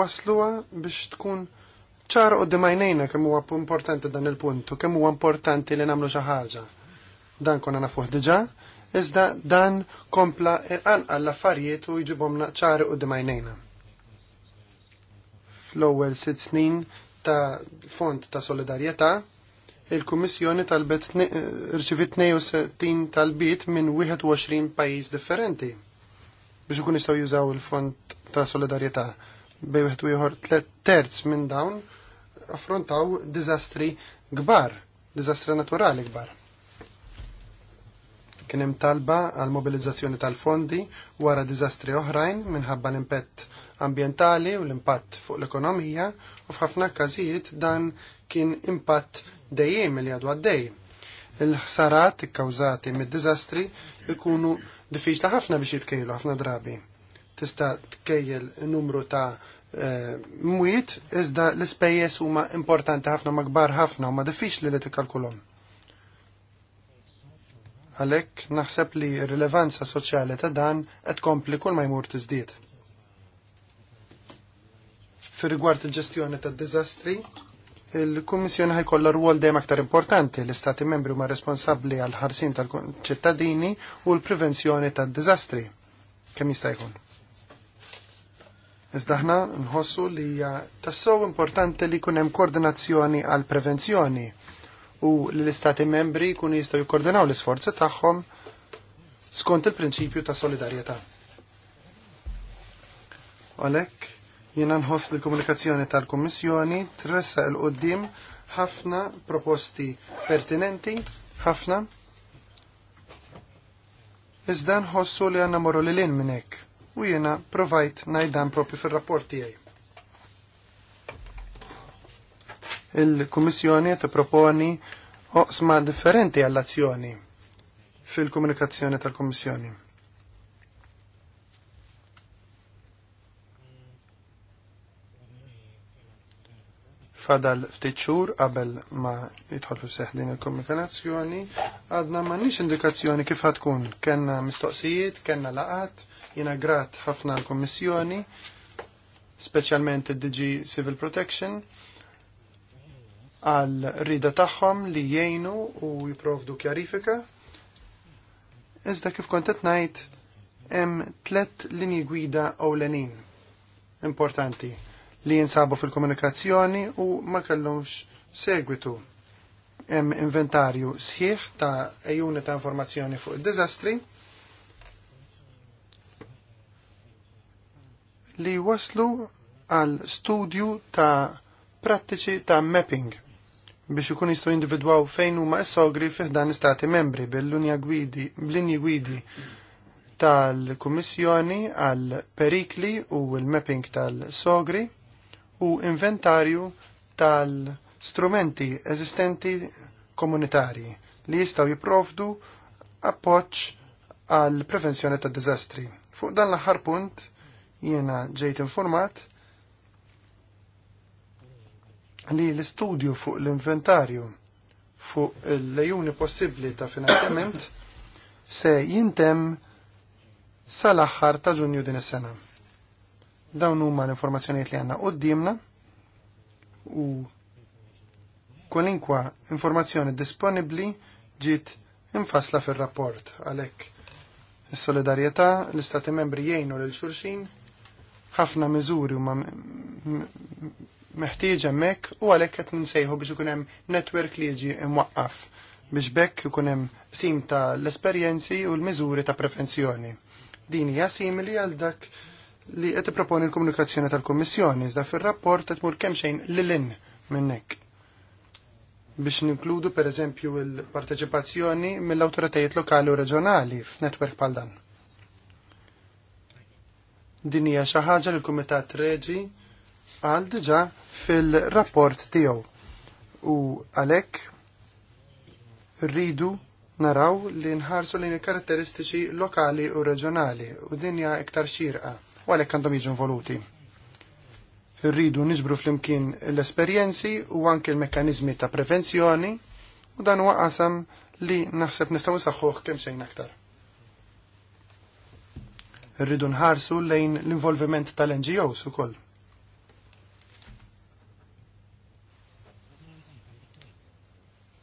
wasluha biex tkun ċar u dimajnejna kemm huwa importanti dan il-punt u kemm huwa importanti li nagħmlu xi ħaġa. Dan konna nafuh diġà, iżda dan kompla anqal l-affarijiet u jġibhom ċari u dimajnejna. Fl-ewwel sitt snin ta' Fond ta' Solidarjetà, il-Kummissjoni talbet eh, rċivit 62 talbit minn 21 pajjiż differenti biex ikun jistgħu jużaw il-Fond ta' Solidarjetà. Bej wieħed ieħor terz minn dawn affrontaw diżastri kbar, diżastri naturali kbar. Kien hemm talba għal mobilizzazzjoni tal-fondi wara diżastri oħrajn minħabba l-impett ambjentali u l-impatt fuq l-ekonomija u f'ħafna każijiet dan kien impatt dejjem li għadu għaddej. Il-ħsarat ikkawżati mid-diżastri ikunu diffiċli ħafna biex jitkejlu ħafna drabi. Tista' tkejjel numru ta' eh, mwiet iżda l-ispejjeż huma importanti ħafna ma kbar ħafna u ma diffiċli li tikkalkulhom. Għalhekk naħseb li r-rilevanza soċjali ta' dan qed kompli kull ma jmur tiżdied. Fir-rigward il-ġestjoni tad-diżastri, il-Kummissjoni ħajkollha rwol dejjem aktar importanti l-Istati membri huma responsabbli għal ħarsin tal-ċittadini u l-prevenzjoni tad-diżastri. Kemm jista' jkun? Iżda ħna nħossu li hija tassew importanti li jkun hemm koordinazzjoni għal prevenzjoni u l-istati membri kun jistgħu jikkoordinaw l-isforzi tagħhom skont il-prinċipju ta' solidarjetà. Għalhekk jiena nħoss lill l-komunikazzjoni tal-Kummissjoni tressa il qoddim ħafna proposti pertinenti, ħafna. Iżda nħossu li għanna morru li l hekk. minnek u jiena provajt najdan propju fil-rapport tiegħi. il-Kummissjoni tipproponi oqsma differenti għall-azzjoni fil-komunikazzjoni tal-Kummissjoni. fadal ftitxur xhur qabel ma jidħol fi seħ din il-komunikazzjoni, għadna m'għandniex indikazzjoni kif tkun. Kenna mistoqsijiet, kena laqat, jiena grat ħafna l-Kummissjoni, speċjalment id-DG Civil Protection, għal rida tagħhom li jgħinu u jiprovdu kjarifika. Iżda kif kontet najt, ngħid hemm tlet linji gwida ewlenin importanti li jinsabu fil-komunikazzjoni u ma kellhomx segwitu. Hemm inventarju sħiħ ta' ejjuni ta' informazzjoni fuq id-diżastri li waslu għal studju ta' prattiċi ta' mapping biex ikun jistgħu individwaw fejn huma s-sogri fiħdan istati membri bil-linja gwidi, bl-linji gwidi tal-Kummissjoni għal perikli u l-mapping tal-sogri u inventarju tal-strumenti eżistenti komunitarji li jistgħu jipprovdu appoġġ għal prevenzjoni tad-diżastri. Fuq dan l-aħħar punt jiena ġejt informat li l-istudju fuq l-inventarju fuq l-lejuni possibbli ta' finanzjament se jintem sal-aħħar ta' ġunju din is-sena. Dawn huma l-informazzjonijiet li għandna qudiemna u kwalinkwa informazzjoni disponibbli ġiet infasla fir-rapport għalhekk is-solidarjetà l-istati membri jgħinu lil xulxin ħafna miżuri huma meħtieġ hemmhekk u għalhekk qed ninsejħu biex ikun hemm netwerk li jiġi imwaqqaf biex bekk ikun hemm sim ta' l-esperjenzi u l-miżuri ta' prevenzjoni. Din hija simili għal dak li qed proponi l-komunikazzjoni tal-Kummissjoni iżda fir-rapport qed mur kemm xejn lilin minnek biex ninkludu per eżempju l parteċipazzjoni mill-awtoritajiet lokali u reġjonali f'netwerk bħal dan. Din hija xi ħaġa li l-Kumitat Reġi għal diġa fil-rapport tiegħu. U għalhekk rridu naraw li nħarsu lejn il-karatteristiċi lokali u reġjonali u dinja iktar xirqa u għalhekk għandhom jiġu voluti. Rridu niġbru flimkien l-esperjenzi u anke l-mekkaniżmi ta' prevenzjoni u dan huwa qasam li naħseb nistgħu nsaħħuh kemm xejn aktar. Rridu nħarsu lejn l-involviment tal-NGOs ukoll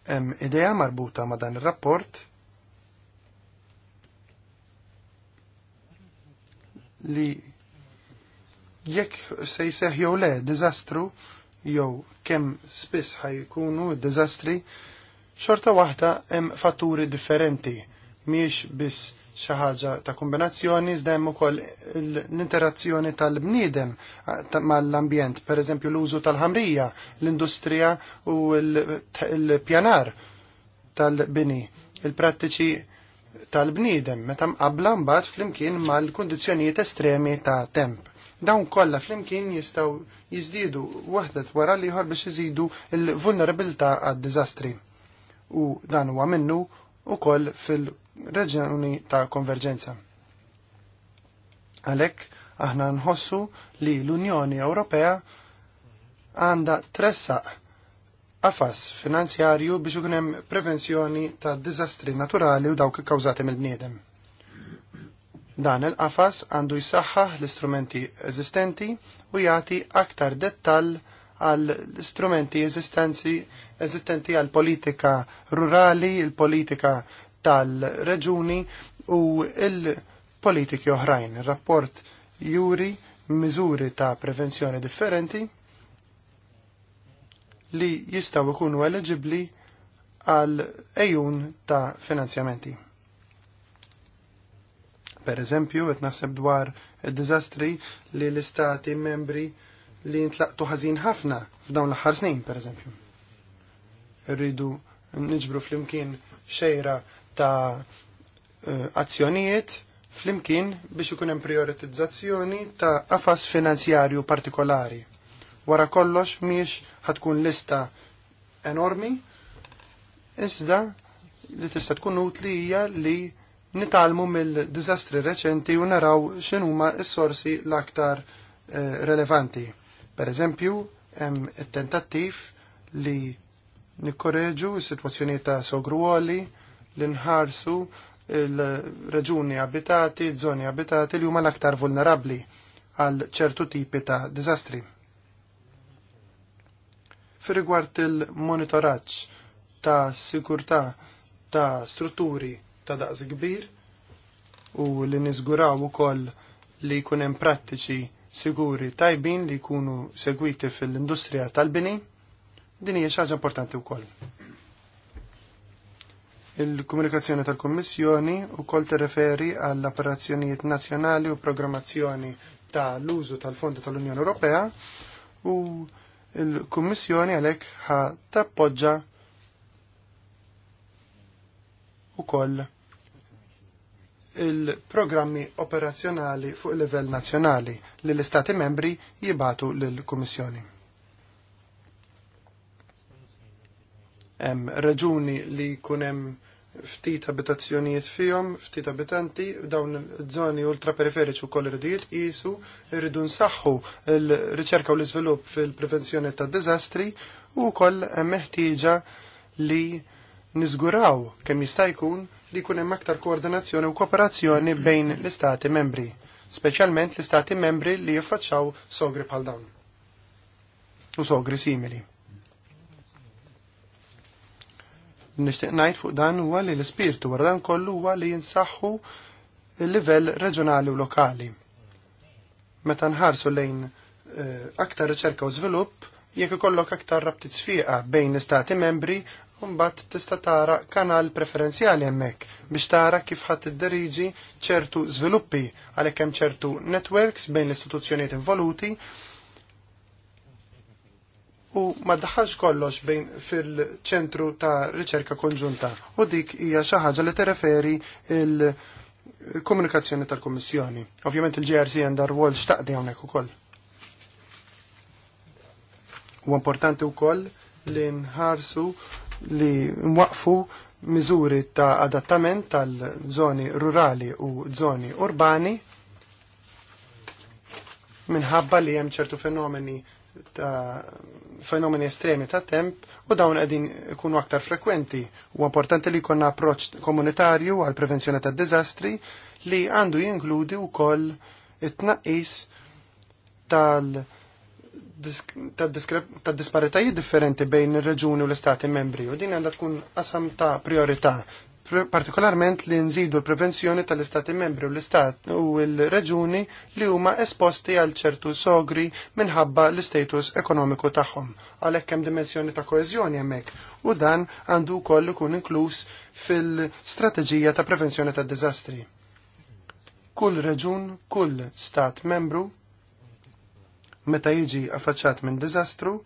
hemm idea marbuta ma' dan ir-rapport li jekk se jseħ jew le diżastru jew kemm spiss ħajkunu d-diżastri xorta waħda hemm fatturi differenti miex biss xi ħaġa ta' kombinazzjoni zdemmu kol ukoll l-interazzjoni tal-bniedem mal-ambjent, pereżempju l-użu tal-ħamrija, l-industrija u l-pjanar tal-bini, il-prattiċi tal-bniedem meta mqabbla mbagħad flimkien mal-kundizzjonijiet estremi ta' temp dawn kollha flimkien jistgħu jiżdiedu waħdet wara liħor biex iżidu l-vulnerabilità għad-diżastri. U dan huwa minnu koll fil reġjoni ta' konverġenza. Għalhekk aħna nħossu li l-Unjoni Ewropea għandha tressa għafas finanzjarju biex ikun hemm prevenzjoni ta' diżastri naturali u dawk kawzati mill-bniedem. Dan il-qafas għandu jsaħħaħ l-istrumenti eżistenti u jagħti aktar dettal għall istrumenti eżistenti eżistenti għal politika rurali, il-politika tal-reġuni u il-politiki oħrajn. Il-rapport juri miżuri ta' prevenzjoni differenti li jistaw ikunu eleġibli għal ejjun ta' finanzjamenti. Per eżempju, qed naħseb dwar id-diżastri li l-istati membri li ntlaqtu ħażin ħafna f'dawn l-aħħar snin, per eżempju rridu niġbru flimkien xejra ta' eh, azzjonijiet flimkien biex ikun hemm prioritizzazzjoni ta' qafas finanzjarju partikolari. Wara kollox miex ħatkun lista enormi, iżda li tista' tkun utli hija li nitalmu mill-diżastri reċenti u naraw x'inhuma s-sorsi l-aktar eh, relevanti. Per eżempju, hemm it-tentattiv li nikkoreġu s-situazzjoni ta' sogruoli, l-inħarsu, il reġuni abitati, zoni abitati li huma l-aktar vulnerabli għal ċertu tipi ta' dizastri. Fir-rigward il-monitoraġġ ta' sigurtà ta' strutturi ta' daqs kbir u li niżguraw ukoll li jkun hemm prattiċi siguri tajbin li jkunu segwiti fil-industrija tal-bini Din hija xi ħaġa importanti wkoll. Il-komunikazzjoni tal-Kommissjoni u tirreferi referi għall operazzjonijiet nazjonali u programmazzjoni tal-użu tal-Fondi tal-Unjoni Ewropea u il-Kommissjoni għalek ħa tappoġġa u koll il-programmi operazzjonali fuq il-livell nazjonali li l-Istati membri jibatu l-Kommissjoni. hemm raġuni li jkun hemm ftit abitazzjonijiet fihom, ftit abitanti, dawn iż-żoni ultraperiferiċi wkoll iridu qisu, irridu nsaħħu l-riċerka u l-iżvilupp fil-prevenzjoni ta' diżastri u wkoll hemm meħtieġa li niżguraw kemm jista' jkun li jkun hemm aktar koordinazzjoni u kooperazzjoni bejn l-istati membri, speċjalment l-istati membri li jiffaċċaw sogri bħal dawn u sogri simili. nixtieq ngħid fuq dan huwa li l-ispirtu wara dan kollu huwa li jinsaħħu l-livell reġjonali u lokali. Meta nħarsu lejn eh, aktar riċerka u żvilupp, jekk ikollok aktar rabti sfiqa bejn l-istati membri, mbagħad tista' tara kanal preferenzjali hemmhekk biex tara kif ħadd iddiriġi ċertu żviluppi għalhekk hemm ċertu networks bejn l-istituzzjonijiet involuti u ma daħħax kollox bejn fil-ċentru ta' riċerka konġunta u dik hija xi ħaġa li tereferi il-komunikazzjoni tal-Kummissjoni. Ovvjament il-GRC għandha rwol x'taqdi hawnhekk ukoll. U importanti wkoll li nħarsu li nwaqfu miżuri ta' adattament tal-żoni rurali u żoni urbani minħabba li hemm ċertu fenomeni ta' fenomeni estremi ta' temp u dawn qegħdin ikunu aktar frekwenti. U importanti li jkollna approċċ komunitarju għal prevenzjoni ta' diżastri li għandu jinkludi wkoll it-tnaqqis tal ta' disparitajiet differenti bejn ir-reġuni u l-istati membri u din għandha tkun qasam ta' priorità partikolarment li nżidu l-prevenzjoni tal-Istati membri u l-Istat u l-Reġuni li huma esposti għal ċertu sogri minħabba l-istatus ekonomiku tagħhom. Għalhekk hemm dimensjoni ta' koeżjoni hemmhekk u dan għandu wkoll ikun inkluż fil-strateġija ta' prevenzjoni tad diżastri. Kull reġun, kull stat membru meta jiġi affaċċat minn diżastru,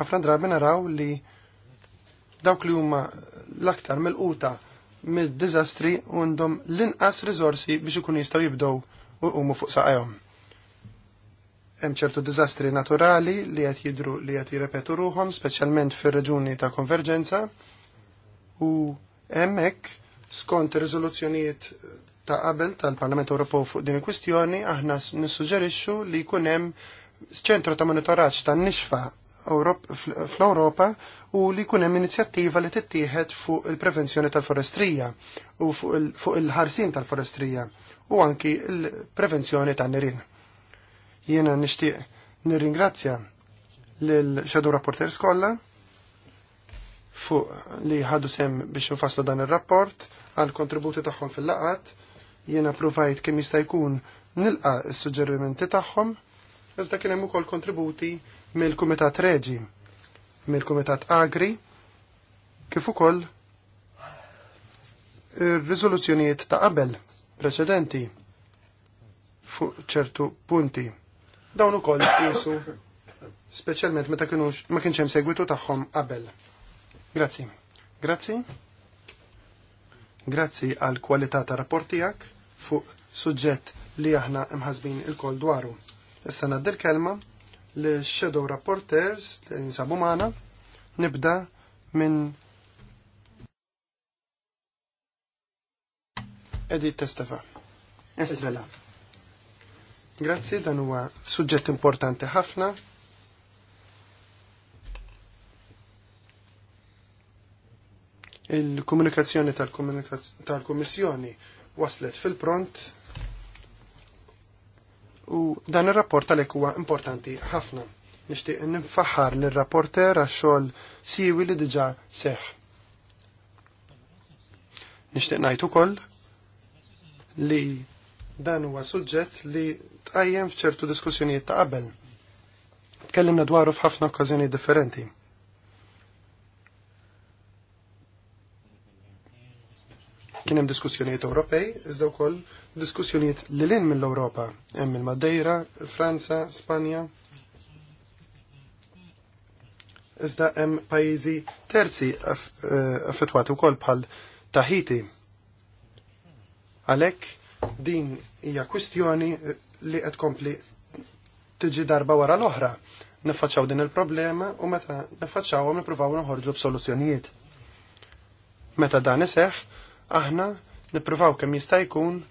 ħafna drabi naraw li dawk li huma l-aktar mill-quta mid-dizastri u għandhom l-inqas rizorsi biex ikun jistgħu jibdew u jqumu fuq saqajhom. Hemm ċertu diżastri naturali li qed jidru li qed jirrepetu ruhom, speċjalment fir-reġuni ta' konverġenza, u hemmhekk skont ir-riżoluzzjonijiet ta' qabel tal-Parlament Ewropew fuq din il-kwistjoni aħna nissuġġerixxu li jkun hemm ċentru ta' monitoraġġ tan-nixfa fl-Ewropa u li jkun hemm inizjattiva li tittieħed fuq il-prevenzjoni tal-forestrija u fuq il-ħarsin tal-forestrija u anki il-prevenzjoni tan-nirien. Jiena nixtieq nirringrazzja lil Shadow Rapporters kollha fuq li ħadu sem biex nfasslu dan ir-rapport għal kontributi tagħhom fil-laqat jiena provajt kemm jista' jkun nilqa' s-suġġerimenti tagħhom, iżda kien hemm ukoll kontributi mill-Kumitat Reġi mill-Kumitat Agri kif ukoll ir-riżoluzzjonijiet ta' qabel preċedenti fuq ċertu punti. Dawn ukoll qisu speċjalment meta kienux ma kienx hemm segwitu tagħhom qabel. Grazzi. Grazzi. Grazzi għal kwalità ta' rapportijak fuq suġġett li aħna imħasbin il-kol dwaru. Issa l kelma l shadow Rapporters li nsabu maħna nibda minn Edith Testafa. Estrela. Grazzi, dan huwa suġġett importanti ħafna. Il-komunikazzjoni tal-Kummissjoni waslet fil-pront u dan ir-rapport għalhekk huwa importanti ħafna. Nixtieq nifaħħar lir-rapporter għax-xogħol siwi li diġà seħħ. Nixtieq ngħid ukoll li dan huwa suġġett li tqajjem f'ċertu diskussjonijiet ta' qabel. Tkellimna dwaru f'ħafna okkażjoni differenti. Kien hemm diskussjonijiet Ewropej iżda wkoll diskussjonijiet li l-in mill-Ewropa, hemm il-Madeira, Franza, Spanja. Iżda hemm pajjiżi terzi eh, affettwati wkoll bħal Tahiti. Għalhekk din hija kwistjoni eh, li qed kompli tiġi darba wara l-oħra. Nifaċċaw din il-problema u meta nifaċċawhom nippruvaw noħorġu b'soluzzjonijiet. Meta dan iseħħ, aħna nippruvaw kemm jista' jkun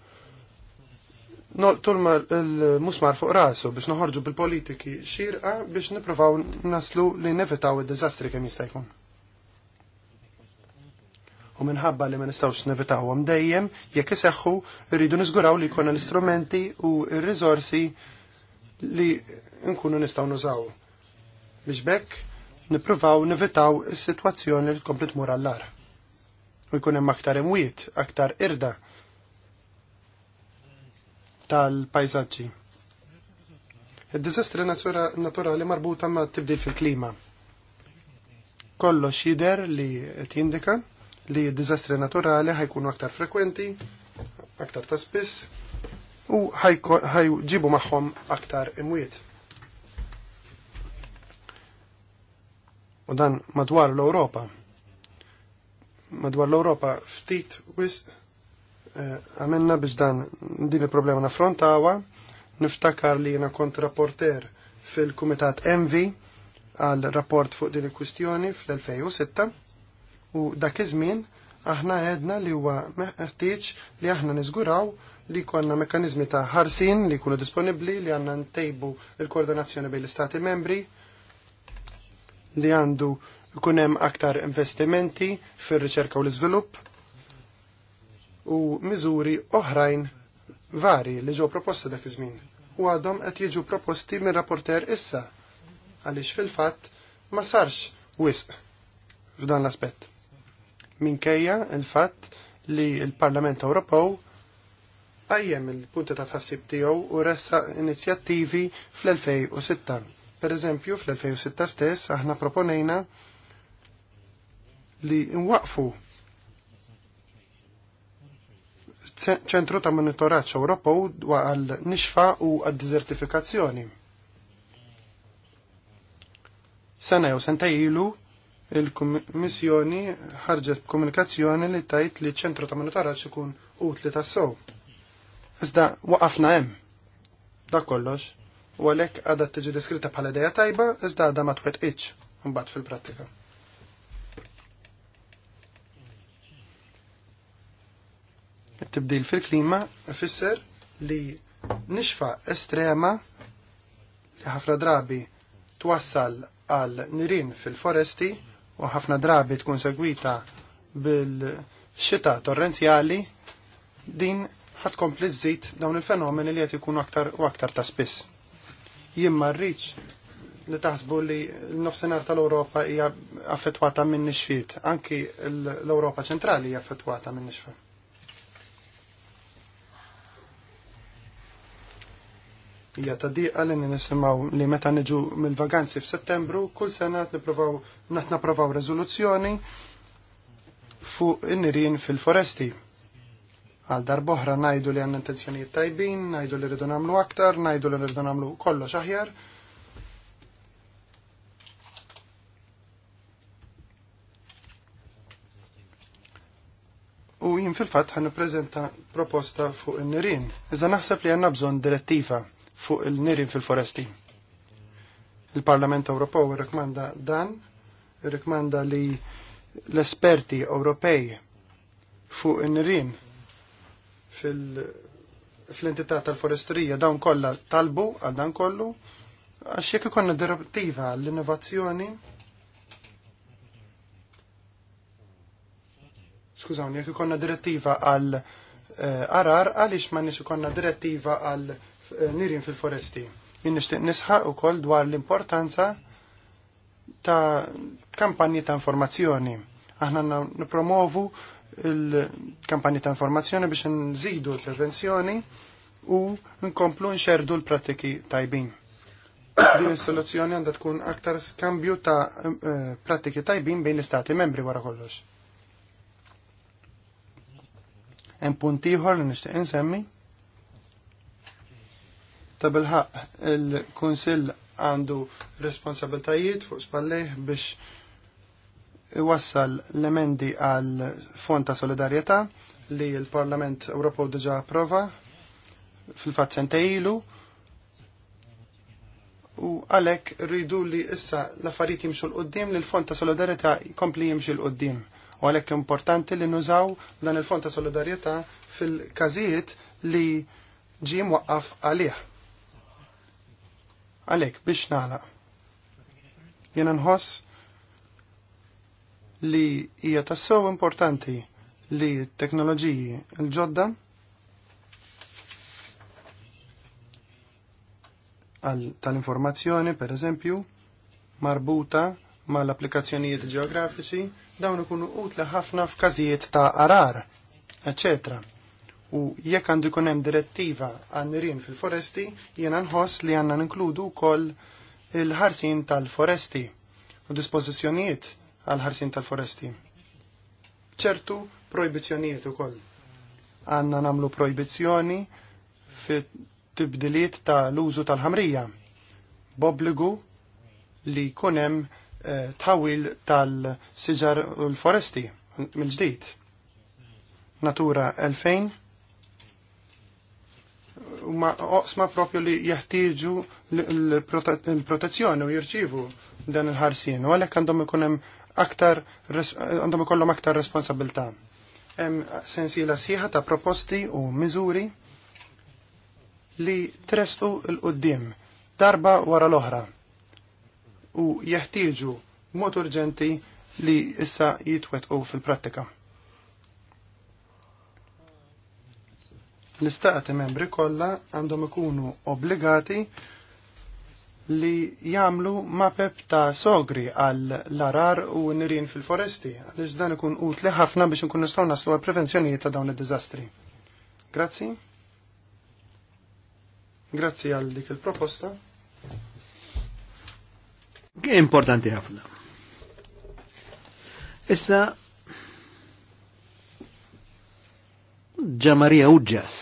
noqtu l-musmar fuq rasu biex noħorġu bil-politiki xirqa biex niprofaw naslu li nevitaw il-dizastri kem jistajkun. U minħabba li ma nistawx nevitaw għam dejjem, jekk iseħħu, rridu nizguraw li jkollna l-istrumenti u r-rizorsi li nkunu nistaw nużaw. Biex bekk niprofaw nevitaw is-sitwazzjoni li komplet mura l lar U jkun hemm aktar imwiet, aktar irda' tal-pajzaġġi. Id-dizastri naturali marbuta ma' tibdil fil-klima. Kollox jider li tindika li d-dizastri naturali ħajkunu aktar frekwenti, aktar taspis, spiss, u ħajġibu maħħom aktar imwiet. U dan madwar l-Europa. Madwar l-Europa ftit wisq Eh, għamenna biex dan din il-problema naffrontawa, niftakar li jena kont rapporter fil-Kumitat MV għal rapport fuq din il-kwistjoni fl-2006 u dak iż-żmien aħna għedna li huwa meħtieġ li aħna niżguraw li konna mekanizmi ta' ħarsin li kunu disponibli li għanna ntejbu il-koordinazzjoni bejn l istati membri li għandu kunem aktar investimenti fir riċerka u l iżvilupp u miżuri oħrajn vari li ġew proposti dak iż-żmien u għadhom qed jiġu proposti minn rapporter issa għaliex fil-fatt ma sarx wisq f'dan l-aspett. Minkejja il-fatt li l-Parlament Ewropew għajjem il-punti ta' tħassib tiegħu u ressa inizjattivi fl-2006. Per eżempju, fl-2006 stess aħna proponejna li nwaqfu ċentru ta' monitoraċ Ewropew għal nixfa u għad-dizertifikazzjoni. Sena jew senta ilu il-Kummissjoni ħarġet komunikazzjoni li tajt li ċentru ta' monitoraċ ikun utli ta' sew. Iżda waqafna hemm. Da kollox, u għalhekk għadha tiġi deskritta bħala idea tajba iżda għadha ma twettqitx imbagħad fil-prattika. Tibdil fil-klima ifisser li nixfa estrema li ħafna drabi twassal għal nirin fil-foresti u ħafna drabi tkun segwita bil-xita torrenzjali din ħatkompli żżid dawn il-fenomeni li qed ikun aktar u aktar ta' spiss. Jien ma li taħsbu li l-nofsenar tal-Europa hija affettwata minn nixfiet, anki l-Europa ċentrali hija affettwata minn nixfa. hija ta' diqa li nisimgħu li meta niġu mill-vaganzi f'Settembru kull sena nippruvaw naħt napprovaw reżoluzzjoni fuq in-nirien fil-foresti. Għal darboħra najdu li għandna intenzjonijiet tajbin, najdu li rridu nagħmlu aktar, najdu li rridu nagħmlu kollox aħjar. u jien fil-fatt ħan prezenta proposta fuq in-nirien. Iżda naħseb li għanna bżon direttiva fuq il niri fil-foresti. Il-Parlament Ewropew rekmanda dan, rekmanda li l-esperti Ewropej fuq in-nirin fil-entità tal-forestrija dawn kollha talbu għal dan kollu għax jekk ikonna direttiva l-innovazzjoni Skużawni, jekk ikonna direttiva għal eh, arar, għaliex ma nix ikonna direttiva għal nirin fil-foresti. Jien nixtieq nisħaq ukoll dwar l-importanza ta' kampanji ta' informazzjoni. Aħna nipromovu il-kampanji ta' informazzjoni biex nżidu l-prevenzjoni u nkomplu nxerdu l-pratiki tajbin. Din is-soluzzjoni għandha tkun aktar skambju ta' eh, pratiki tajbin bejn l-istati membri wara kollox. Hemm punt ieħor li nixtieq insemmi Ta' bilħaq il-Kunsill għandu responsabiltajiet fuq spalleħ biex iwassal l-emendi għal Fond ta' Solidarjetà li l-Parlament Ewropew diġa approva fil-fatt ilu. u għalek rridu li issa l-affarijiet jimxu l-qoddim li l-Fond ta' solidarieta jkompli jimxu l-qoddim. U għalek importanti li nużaw dan il-Fond ta' Solidarjetà fil-każijiet li ġie waqqaf għalih Għalek, biex nala. Jena nħoss li hija tassew importanti li teknoloġiji l-ġodda tal-informazzjoni, per eżempju, marbuta ma l-applikazzjonijiet ġeografiċi dawn ikunu utli ħafna f'każijiet ta' arar, eccetera U jekk għandu jkun hemm direttiva għan fil-foresti, jiena nħoss li għandna ninkludu wkoll il-ħarsin tal-foresti u dispożizzjonijiet għal ħarsin tal-foresti. ċertu projbizzjonijiet ukoll. Għandna nagħmlu projbizzjoni fit tibdiliet tal-użu tal-ħamrija. Bobligu li kunem eh, tawil tal-siġar u l-foresti mill-ġdid. Natura 2000 ma oqsma propju li jeħtieġu l-protezzjoni u jirċivu dan il-ħarsien u għalhekk għandhom ikunem aktar għandhom ikollhom aktar responsabilità. Hemm la sieħa ta' proposti u miżuri li tresqu l-qudiem darba wara l-oħra u jeħtieġu mod urġenti li issa u fil-prattika. l-istati membri kollha għandhom ikunu obbligati li jagħmlu mapep ta' sogri għal larar u nirin fil-foresti, għaliex dan ikun utli ħafna biex nkun nistgħu naslu għal prevenzjoni ta' dawn id-diżastri. Grazzi. Grazzi għal dik il-proposta. Importanti ħafna. Issa Ġamarija Uġġas.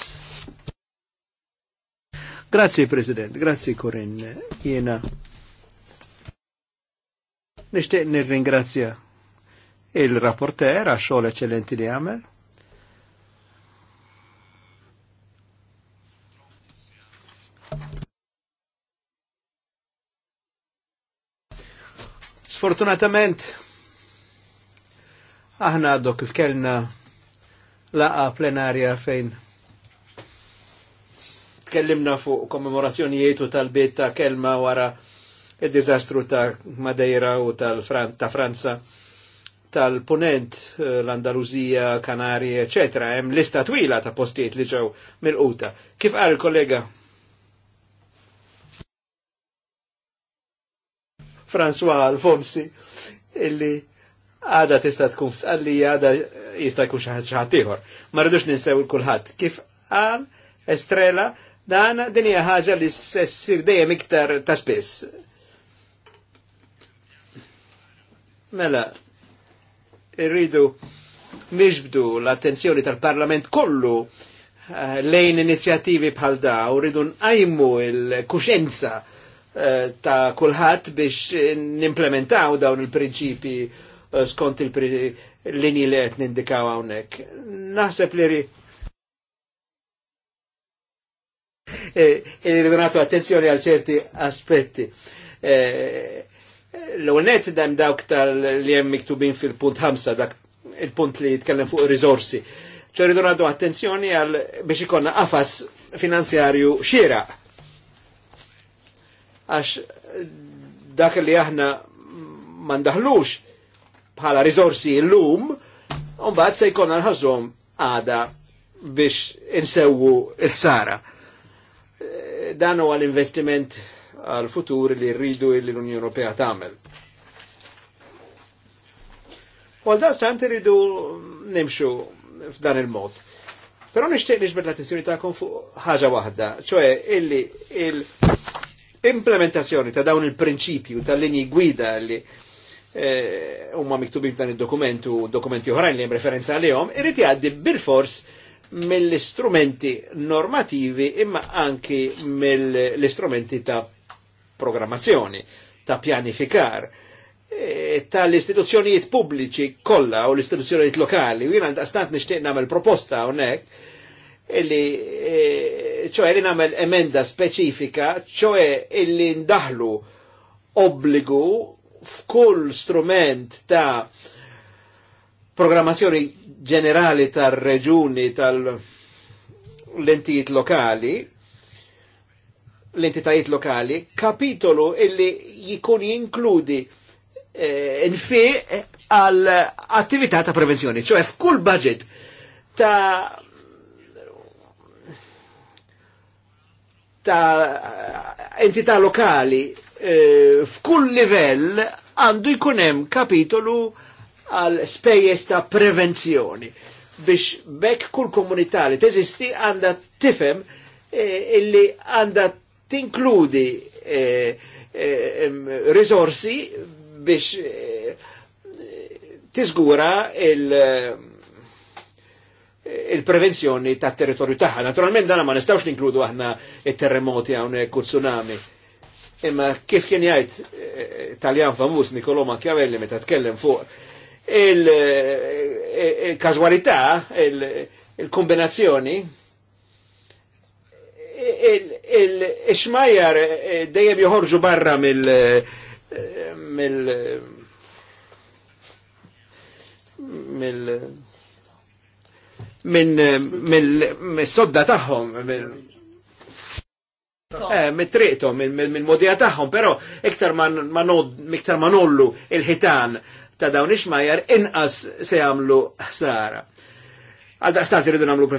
Grazie President, Grazie Korin, jena. Nishtiq nir-ringrazzja il-rapporter għax xogħol eċċellenti li għamel. Sfortunatament, aħna dok kif kellna laqa plenarja fejn tkellimna fuq kommemorazzjonijiet u tal-bit ta' kelma wara il-dizastru ta' Madeira u tal-Fran ta' Franza tal-Punent, eh, l-Andaluzija, Kanari, ecc. Hemm lista twila ta' postijiet li ġew mill-quta. Kif qal il-kollega François Alfonsi illi għada tista tkun f'sqallija għada jista jkun xaħat ħadd ieħor. Ma rridux ninsew kulħadd. Kif għal Estrela dan din hija ħaġa li s-sir dejjem iktar ta' spiss. Mela, irridu niġbdu l-attenzjoni tal-Parlament kollu eh, lejn inizjattivi bħal da u rridu nqajmu il-kuxenza eh, ta' kulħadd biex nimplementaw dawn il-prinċipi Eh, skont il lini li qed nindikaw hawnhekk. Naħseb li il-donatu eh, e attenzjoni għal ċerti aspetti. Eh, L-unet dam dawk tal-li jem miktubin fil-punt 5, dak il-punt li jitkellem fuq risorsi. ċerri donatu attenzjoni għal biex ikonna għafas finanzjarju xira. Għax dak li aħna mandaħlux bħala rizorsi l-lum, un se jkonna nħazzom għada biex insewu il-ħsara. Eh, dan huwa l-investiment għal-futur li rridu l-Unjoni Ewropea tagħmel. Għal dastant rridu nimxu f'dan il-mod. Però nixtieq nixbet l-attenzjoni tagħkom fuq ħaġa waħda, ċoe illi il-implementazzjoni ta' dawn il-prinċipju tal-linji gwida li Eh, huma miktubin dan il-dokumentu u dokumenti oħrajn li jem referenza għalihom, irid jgħaddi bilfors mill-istrumenti normativi imma anki mill-istrumenti ta' programmazzjoni, ta' pjanifikar, eh, l istituzzjonijiet pubbliċi kollha u l-istituzzjonijiet lokali u jiena stant nishtiq nagħmel proposta hawnhekk illi eh, ċoħe li namel emenda specifika, ċoħe illi ndaħlu obbligu f'kull strument ta' programmazzjoni ġenerali tal-reġuni tal-entijiet lokali, l-entitajiet lokali, kapitolu illi jikun jinkludi eh, infi għal attività ta' prevenzjoni, ċoħe f'kull budget ta' ta' entità lokali E, f'kull livell għandu jkun hemm kapitolu għal spejjeż ta' prevenzjoni biex bekk kull komunità li teżisti għandha tifhem e, illi għandha tinkludi e, risorsi biex tiżgura il- il-prevenzjoni ta' territorju tagħha. Naturalment dana ma nistawx ninkludu aħna il terremoti hawnhekk u tsunami Imma kif kien jgħid eh, Taljan famus Nicolò Machiavelli meta tkellem fuq eh, eh, il-każwalità, il-kombinazzjoni, il-xmajjar dejjem joħorġu barra mill mill mill mill mill-sodda tagħhom Eh, mit triqtu mill-modija tagħhom, pero iktar ma nollu il-ħitan ta' dawn ix inqas se jagħmlu ħsara. Għadda daqstant irridu nagħmlu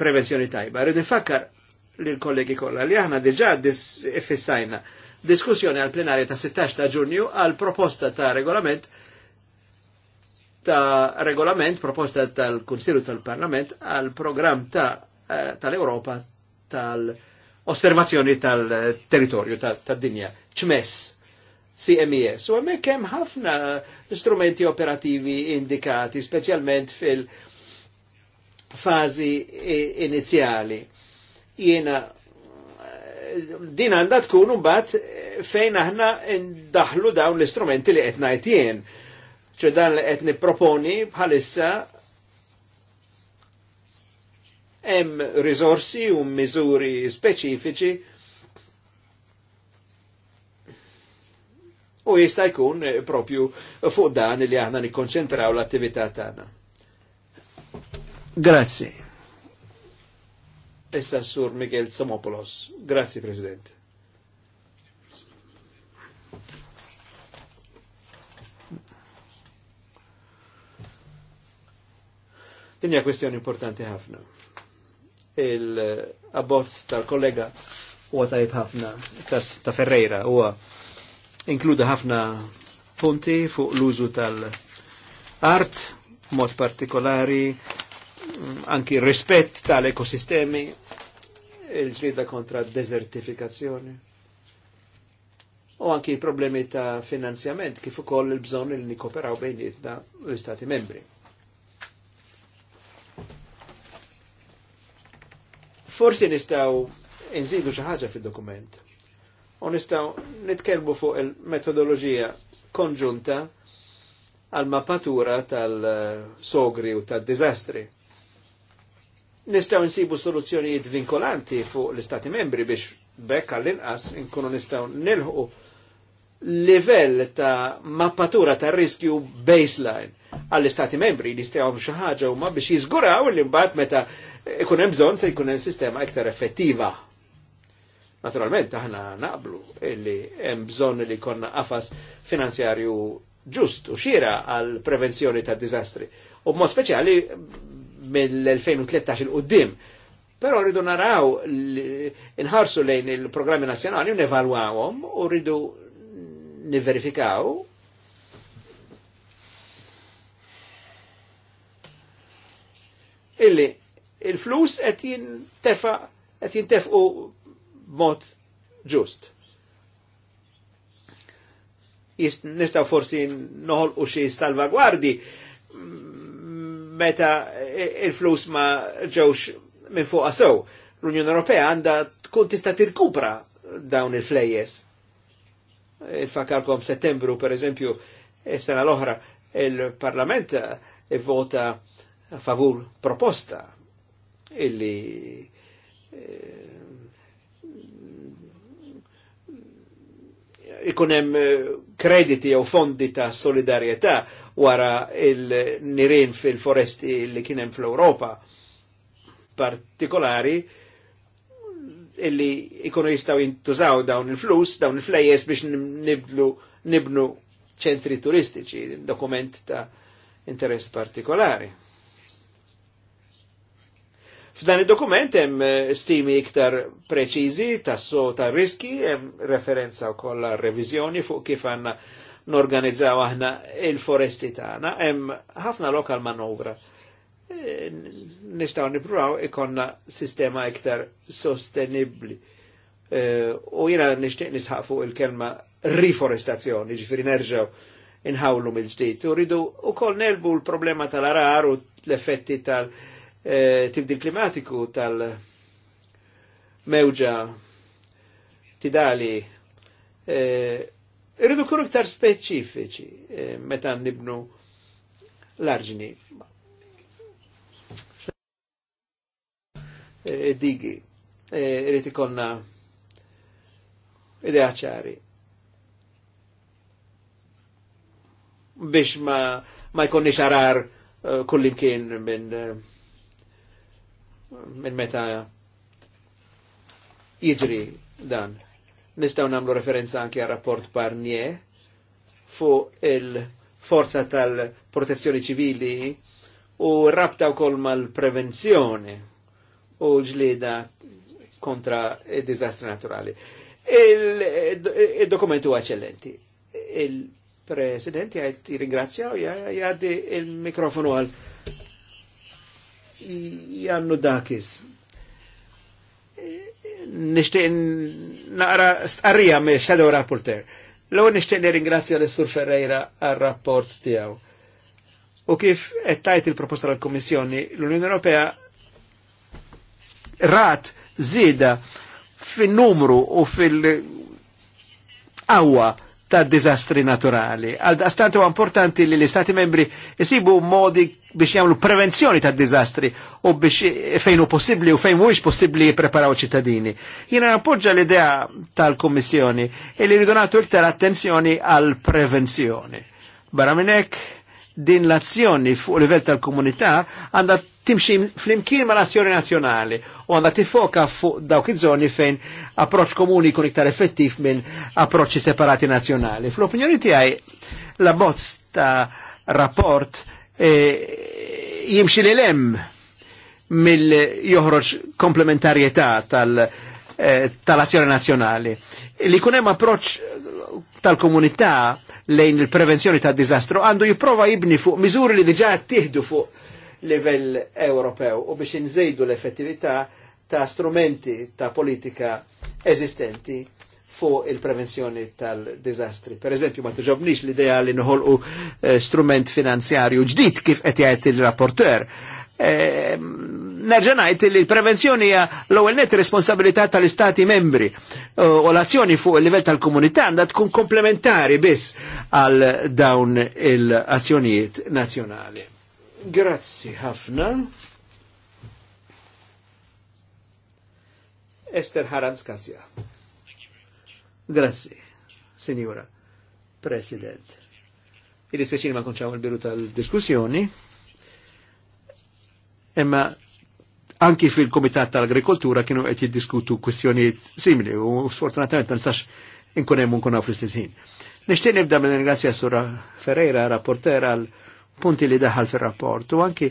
prevenzjoni tajba, rridu nfakkar lill-kollegi kollha li aħna diġà fissajna diskussjoni għal plenarja ta' 16 ta' Ġunju għal proposta ta' regolament ta' regolament proposta tal-Kunsilu tal-Parlament għal programm ta' eh, tal-Europa tal-, -Parlament, tal osservazzjoni tal-territorju, tad-dinja, ċmess, CMES. U għemmek hemm ħafna strumenti operativi indikati, specialment fil-fazi inizjali. Jena din għandha tkun bat fejn aħna ndaħlu dawn l-istrumenti li qed ngħid jien. ċe dan li qed nipproponi bħalissa hemm risorsi u miżuri speċifiċi u jista' jkun propju fuq dan li aħna nikkonċentraw l-attività tagħna. Grazzi. Issa sur Miguel Samopoulos. Grazzi President. Dinja kwestjoni importanti ħafna il-abbozz tal-kollega u għatajt ħafna ta' Ferreira u inkluda ħafna punti fuq l-użu tal-art mod partikolari anki rispett tal-ekosistemi il-ġlida kontra desertifikazzjoni u anki problemi ta' finanzjament kif ukoll il bżon il nikoperaw bejnietna l-Istati membri. Forsi nistaw nżidu xi ħaġa fid-dokument. U nistaw nitkellmu fuq il-metodoloġija konġunta għal mapatura tal-sogri u tal-dizastri. Nistaw nsibu soluzzjonijiet vinkolanti fuq l-Istati membri biex bekk għall-inqas nkunu nistaw nilħu livell ta' mappatura ta' riskju baseline għall-istati membri li stewam xaħġa u ma biex jizguraw li mbagħad meta ikun hemm bżonn se jkun hemm sistema iktar effettiva. Naturalment aħna naqblu illi hemm bżonn li konna qafas finanzjarju ġust u xira għal prevenzjoni ta' dizastri. U mod speċjali mill-2013 il-qoddim. Però rridu naraw, inħarsu lejn il-programmi nazjonali u nevalwawhom u rridu niverifikaw illi il-flus qed jintefa qed jintefqu mod ġust. Nistaw forsi noħolqu xi salvagwardi mm, meta il-flus ma ġewx minn fuq sew. L-Unjoni Ewropea għandha tkun tista' tirkupra dawn il-flejjes il Fakarkom settembru, per eżempju, e sena l-oħra, e il-Parlament eh, vota favur proposta illi e ikunem eh, krediti eh, u fondi ta' solidarieta wara il-nirin fil-foresti li kienem fl-Europa partikolari illi ikonu jistaw jintużaw dawn il-flus, dawn il-flejes biex niblu, nibnu ċentri turistiċi, dokument ta' interess partikolari. F'dan il-dokument hemm eh, stimi iktar preċiżi tas-so ta' riski, hemm referenza wkoll revizjoni fuq kif għanna norganizzaw aħna il-foresti tagħna, hemm ħafna lokal manovra Eh, nistaw nipruaw ikonna sistema iktar sostenibli. Eh, u jena nishtiq nisħaq fuq il-kelma riforestazzjoni, ġifiri nerġaw inħawlu mill-ġdijt. U rridu u kol nelbu l-problema tal-arar u l-effetti tal-tibdil eh, klimatiku tal-mewġa tidali. Rridu kunu iktar speċifiċi metan nibnu l-arġini. Eh, digi. Eh, Irrit ikonna idea ċari. Biex ma, ma jkonni xarar eh, kullimkien minn minn meta jidri dan. Nistaw namlu referenza anki għal rapport Barnier fu il-forza tal-protezzjoni ċivili u rabta u kol mal-prevenzjoni u ġlida kontra il-dizastri naturali. Il-dokumentu il eccellenti. Il-president jgħid ringrazzja u jgħaddi il-mikrofonu għal Jannu Dakis. Nishtiq naqra starrija me Shadow Rapporter. L-għu nishtiq ringrazzja l-Istur Ferreira għal-rapport tijaw. U kif ettajt il-proposta l-Komissjoni, l-Unjoni Ewropea rat zida fin-numru u fil awa ta' dizastri naturali. Għal-dastant u importanti li l-Istati membri jisibu modi biex jamlu prevenzjoni ta' dizastri u biex fejnu possibli u fejn mux possibli jipreparaw ċittadini. Jina nappoġġa l-idea tal komissjoni e li ridonatu iktar attenzjoni għal-prevenzjoni. Baraminek din l-azzjoni fuq livell tal-komunità għandha timxi fl-imkien ma' l-azzjoni nazzjonali u għandha tifoka fuq dawk iż-żoni fejn approċċ komuni jkun iktar effettiv minn approċċi separati nazjonali. Fl-opinjoni tiegħi la bozz ta' rapport e, jimxi li lem mill-joħroġ komplementarjetà eh, tal-azzjoni nazjonali. nazzjonali. Li kunem approċ tal-komunità lejn il-prevenzjoni tad-diżastru għandu jipprova jibni fuq miżuri li diġà ttieħdu fuq livell Ewropew u biex inżejdu l-effettività ta' strumenti ta' politika eżistenti fuq il-prevenzjoni tal-dizastri. Per eżempju, ma tġobnix l-idea li nħolqu eh, strument finanzjarju ġdid kif qed jgħid il-rapporter. Ehm, nerġa' Nerġanajt li l-prevenzjoni hija l-ewwel net responsabilità tal-Istati membri eh, u l-azzjoni fuq il-livell tal-komunità għandha tkun komplementari biss għal dawn il-azzjonijiet nazzjonali. Grazzi ħafna. Ester Haranz Kasia. Grazzi, Signora President. Il dispiacere ma konċaw il-biru tal-diskussjoni, Emma, anki fil-Komitat tal-Agrikoltura kienu qed jiddiskutu kwistjonijiet simili u sfortunatamente ma nistax inkun hemm nkun fl-istess ħin. Nixtieq nibda minn ringrazzja Sura Ferreira, rapporter għal punti li daħal fil-rapport u anki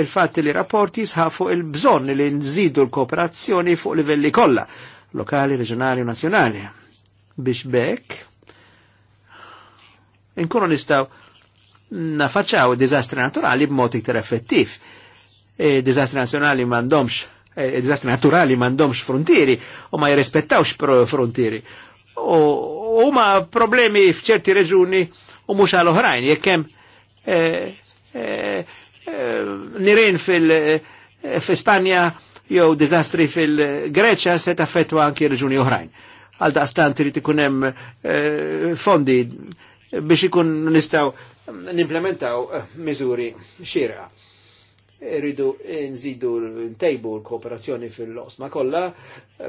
il-fatt li rapport jisħafu il-bżon li nżidu l-kooperazzjoni fuq livelli kolla, lokali, reġjonali u nazjonali. Biex bekk inkunu nistaw nafaċċaw dizastri naturali b'mod iktar effettiv. E, dizastri nazjonali mandomx, e, dizastri naturali mandomx frontieri u ma jirrespettawx frontieri. U ma problemi f'ċerti reġuni u mux għal oħrajn jekkem. hemm Eh, eh, eh, nirin fil-Spanja jew dizastri fil-Greċa se taffetwa anki reġuni oħrajn. Għal daqstan trid ikun hemm fondi biex ikun nistaw nimplementaw miżuri xira. Rridu nżidu ntejbu l-kooperazzjoni fil-osma kollha,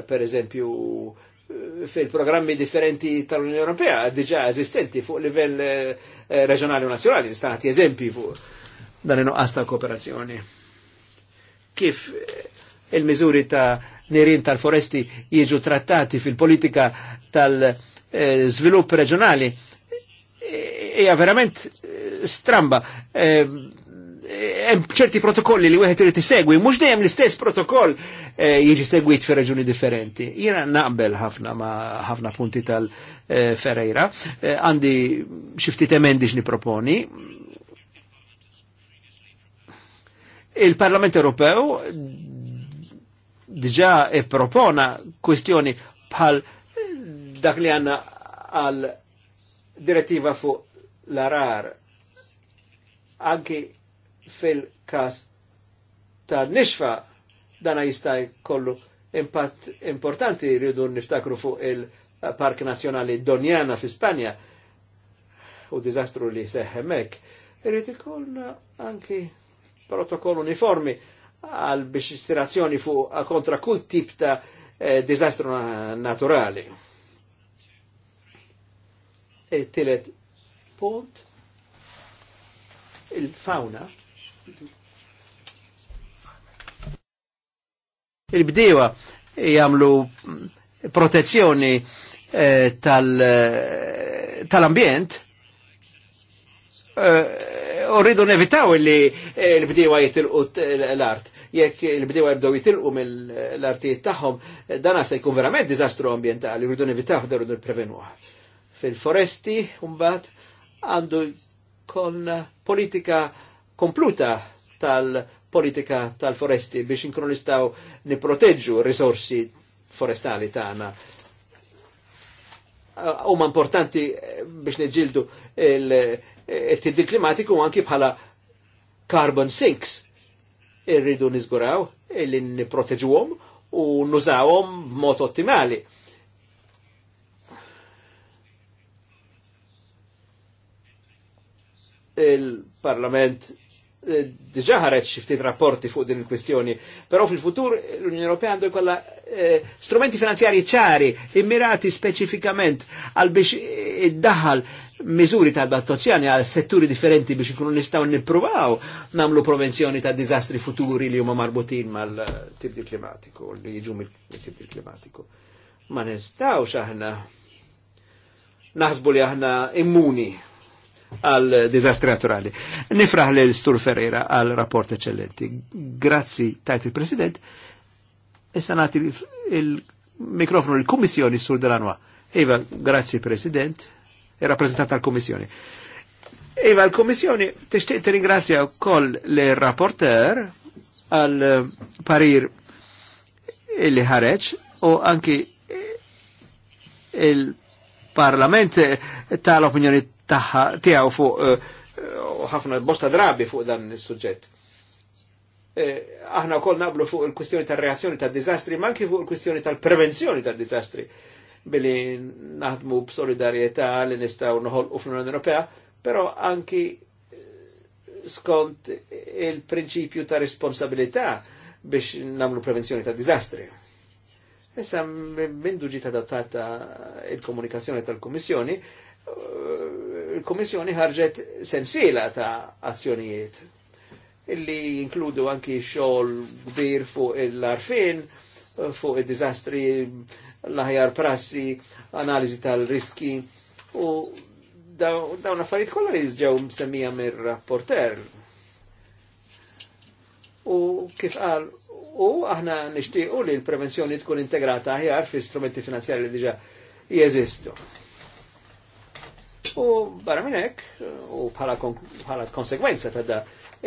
per eżempju fil-programmi differenti tal-Unjoni Ewropea diġà eżistenti fuq livell eh, reġjonali u nazzjonali, nistanati eżempi fuq dan in-nuqqas ta' kooperazzjoni. Kif eh, il-miżuri ta' nirin tal-foresti jiġu trattati fil-politika tal-svilupp eh, reġjonali hija verament stramba hemm ċerti protokolli li wieħed irid isegwi, mhux dejjem l-istess protokoll eh, jiġi segwit fi raġuni differenti. Jiena naqbel ħafna ma ħafna punti tal-Ferreira, eh, eh, għandi xi ftit emendi proponi. Il-Parlament Ewropew diġà propona kwestjoni bħal dak li għanna għal direttiva fuq l-arar anki fil-kas ta' nixfa dana jistaj kollu impatt importanti rridu niftakru fuq il-Park Nazjonali Donjana fi Spanja u dizastru li seħemek. Irrid ikollna anki protokoll uniformi għal biex istirazzjoni fuq kontra kull tip ta' eh, dizastru naturali. E tillet punt il-fauna Il-bdiewa jagħmlu protezzjoni eh, eh tal-ambjent tal eh, u rridu nevitaw li eh, l bdewa jitilqu l-art. Jekk l bdewa jibdew jitilqu mill-artijiet tagħhom, dan se jkun verament diżastru ambjentali, rridu nevitaw da rridu prevenuha. Fil-foresti, mbagħad għandu kon politika kompluta tal-politika tal-foresti biex inkunu nistaw niproteġġu risorsi forestali tagħna. Eh, huma importanti eh, biex neġildu il-tibdil eh, klimatiku anki bħala carbon sinks irridu nizguraw illi niproteġuhom u nużawhom b'mod ottimali. Il-Parlament Eh, diġa ħareċ ftit rapporti fuq din il-kwestjoni, però fil-futur l-Unjoni Ewropea għandu jkollha eh, strumenti finanzjari ċari, immirati specifikament għal biex eh, daħal miżuri tal battozzjani għal setturi differenti biex ikunu nistaw nipruvaw namlu prevenzjoni ta' dizastri futuri li huma marbutin mal-tibdil klimatiku, li jiġu mill-tibdil klimatiku. Ma nistgħux aħna naħsbu li aħna immuni għal dizastri naturali. Nifraħ li l-Stur Ferreira għal rapport eccellenti. Grazzi tajt il-President. Issa nati il-mikrofonu l-Kommissjoni Sur Delanwa. Iva, grazzi President, il-rappresentant tal-Kommissjoni. Iva, l-Kommissjoni t ringrazzja wkoll l-rapporter għal eh, parir illi ħareċ u anki il-Parlament tal-opinjoni taħħa tijaw fuq eh, eh, ħafna bosta drabi fuq dan il suġġett eh, Aħna wkoll nablu fuq il-kwistjoni tal reazzjoni tal dizastri ma anki fuq il-kwistjoni tal-prevenzjoni tal dizastri billi naħdmu b'solidarjetà li nistaw nistgħu u fl-Unjoni Ewropea, però anki skont il-prinċipju ta' responsabilità biex namlu prevenzjoni ta' dizastri. Issa minn duġi ta' datata il-komunikazzjoni tal-Kommissjoni, il-Komissjoni ħarġet sensiela ta' azzjonijiet illi jinkludu anki xogħol kbir fuq il-arfin, fuq il-dizastri, l-aħjar prassi, analiżi tal-riski u dawn affarijiet kollha li ġew msemmija mir-rapporter. U kif qal, u aħna nixtiequ li l-prevenzjoni tkun integrata aħjar fi strumenti finanzjari li diġà jeżistu. U barra minnek, u bħala konsekwenza ta' da,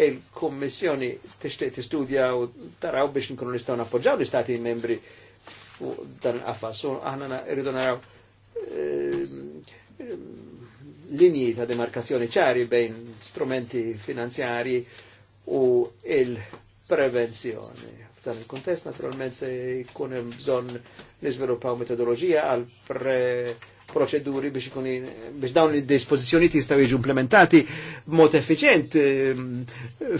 il-Kommissjoni t-ixtiq t-istudja u taraw biex nkunu nistgħu nappoġġaw l-Istati membri u dan affas. U aħna rridu naraw ehm, linji ta' demarkazzjoni ċari bejn strumenti finanzjari u il-prevenzjoni. F'dan il-kontest naturalment se jkun bżon bżonn metodologija għal pre proċeduri biex ikuni, biex dawn id dispożizzjonijiet jistgħu jiġu implementati b'mod efficient eh,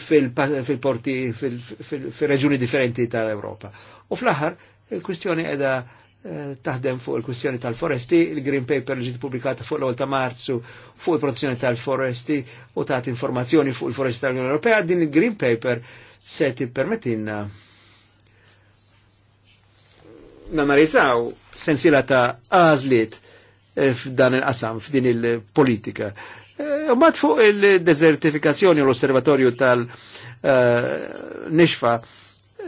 fil-porti fil-reġuni differenti tal-Ewropa. U fl-aħħar il-kwistjoni qiegħda eh, taħdem fuq il-kwistjoni tal-foresti, il-Green Paper li ġiet pubblikata fuq l-1 ta' Marzu fuq il-protezzjoni tal-foresti u tagħti informazzjoni fuq il-foresti tal-Unjoni Ewropea, din il-Green Paper se tippermettinna nanalizzaw sensila ta' għażliet Eh, f'dan il-qasam, f'din il-politika. Eh, mbagħad fuq il-desertifikazzjoni u l-osservatorju tal-nixfa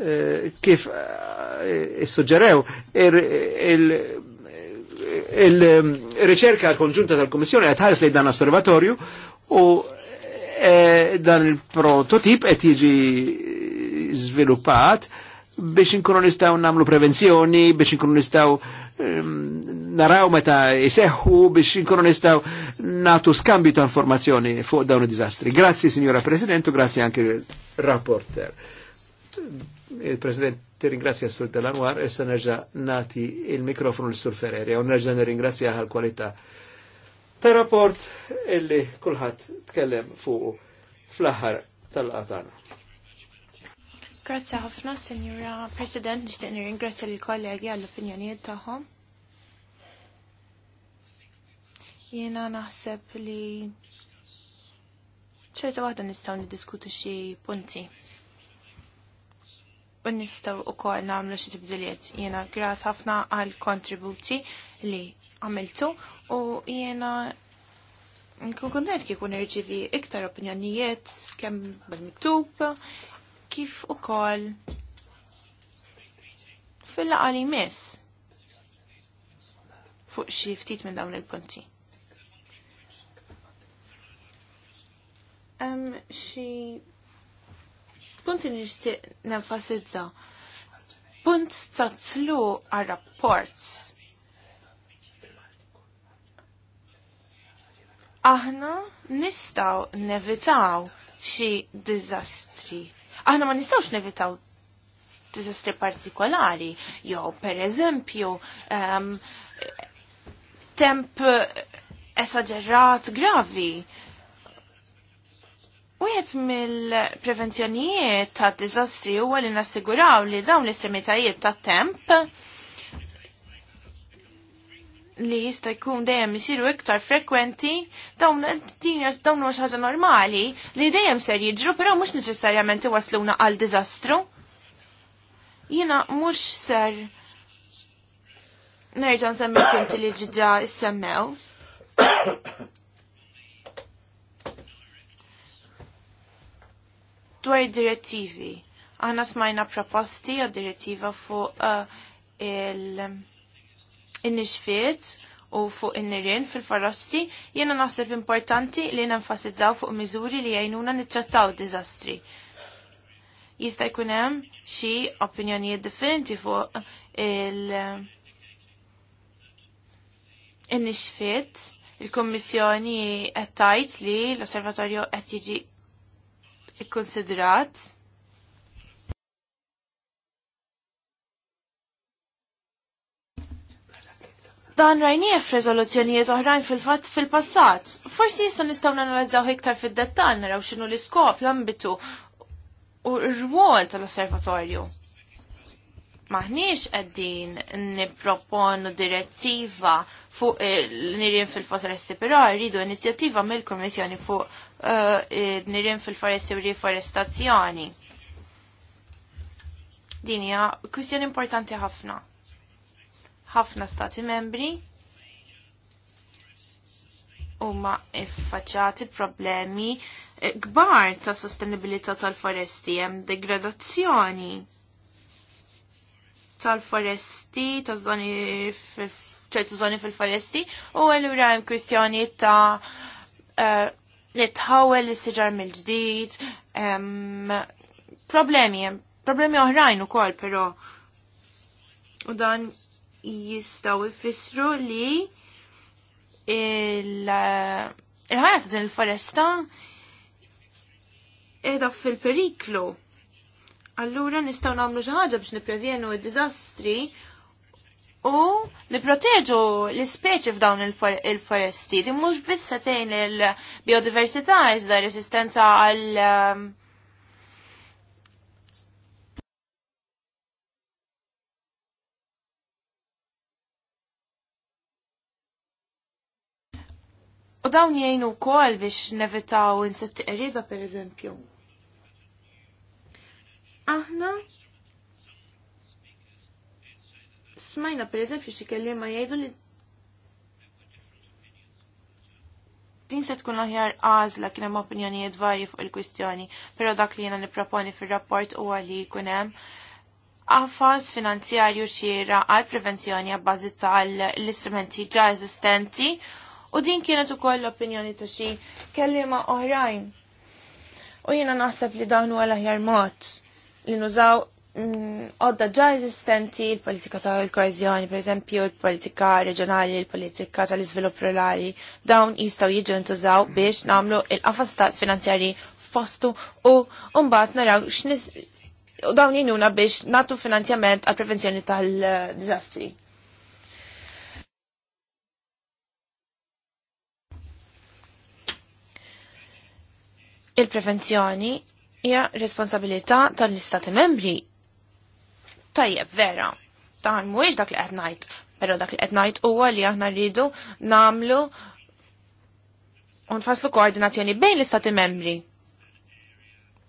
eh, kif suġġerew il-riċerka konġunta tal komissjoni qed ħares li dan l osservatorju u dan il-prototip qed jiġi sviluppat biex inkunu nistgħu nagħmlu prevenzjoni, biex inkunu nistgħu ehm, naraw meta jiseħħu biex inkunu nistgħu natu skambju ta' informazzjoni fuq dawn id diżastri Grazzi, Sinjora President u grazzi anke rapporter Il-President tirringrazzja Sur Delanwar, issa e nerġa nati il-mikrofonu l-Sur Ferreri, u e nerġa nirringrazzja għal-kwalità ta' rapport illi kulħadd tkellem fuq fl-aħħar tal-qatana. Grazzi ħafna, Signora President, nixtieq nirringrazzja lill kollegi għall-opinjonijiet tagħhom. Jiena naħseb li ċerta waħda nistgħu niddiskutu xi punti. U nistgħu wkoll nagħmlu xi tibdiliet. Jiena grat ħafna għal kontributi li għamiltu u jiena nkun kuntent kif nirċivi iktar opinjonijiet kemm bil-miktub kif ukoll fil-laqali miss fuq xi ftit minn dawn il-punti. Um, xi punti nixtieq nenfasizza. Punt tatlu tlu għar-rapport. Aħna nistaw nevitaw xi diżastri. Aħna ma nistawx nevitaw diżastri partikolari, jew per eżempju um, temp esagerat gravi Wieħed mill-prevenzjonijiet ta' diżastri huwa li nassiguraw li dawn l-estremitajiet ta' temp li jista' jkun dejjem isiru iktar frekwenti dawn dawn mhux ħaġa normali li dejjem ser jiġru però mhux neċessarjament iwasluna għal diżastru. Jiena mhux ser nerġa' nsemmi punti li ġidra issemmew. dwar direttivi. Aħna smajna proposti għad direttiva fuq uh, il-nixfiet u fuq in-nirien fil forosti jiena naħseb importanti li nenfasizzaw fuq miżuri li jgħinuna nittrattaw diżastri. Jista' jkun hemm xi opinjonijiet differenti fuq il- nixfiet il-Kommissjoni qed tgħid li l-Osservatorju qed jiġi ikkonsidrat. Dan rajnieh f'reżoluzzjonijiet oħrajn fil-fatt fil-passat. Forsi jissa nistgħu nanalizzaw iktar fid-dettall naraw x'inhu l-iskop, l-ambitu u r-rwol tal-osservatorju maħniex għeddin niproponu direttiva fuq il-nirin eh, fil-foresti, però rridu inizjattiva mill-Komissjoni fuq uh, eh, nirin fil-foresti u riforestazzjoni. Din hija kwistjoni importanti ħafna. Ħafna stati membri huma iffaċċati problemi eh, kbar ta' sostenibilità tal-foresti hemm degradazzjoni tal-foresti, tal-żoni ċertu zoni fil-foresti, u għallura hemm kwistjoni ta' eh, li tħawel li siġar mill-ġdid, problemi, problemi oħrajn ukoll però. U dan jistaw ifissru li il ħajat din il-foresta edha fil-periklu Allura nistgħu nagħmlu xi ħaġa biex niprevjenu id diżastri u niproteġu l-ispeċi f'dawn il-foresti. Di mhux biss tgħin il-biodiversità iżda resistenza għal um, U dawn jgħinu kol biex nevitaw insetti qrida per eżempju. Aħna smajna per eżempju xi kelliema jgħidu li din se tkun aħjar għażla kien hemm opinjonijiet varji fuq il-kwistjoni, però dak li jiena nipproponi fir-rapport huwa li jkun hemm għafas finanzjarju xiera għal prevenzjoni għabbażi tal-istrumenti ġa eżistenti u din kienet ukoll l-opinjoni ta' xi kelliema oħrajn. U jiena naħseb li dawn huwa l-aħjar mod li nużaw għodda mm, ġa esistenti, il-politika tal koezjoni per eżempju, il-politika reġjonali, il-politika tal-izvilupp rurali, dawn jistaw jiġu ntużaw biex namlu il-qafas finanzjari f'postu u mbagħad naraw x'nis u dawn jinuna biex natu finanzjament għal prevenzjoni tal-dizastri. Il-prevenzjoni hija responsabilità tal-Istati membri. Tajjeb vera, dan mhuwiex dak li qed ngħid, però dak li qed ngħid huwa li aħna rridu namlu unfaslu koordinazzjoni bejn l-Istati membri.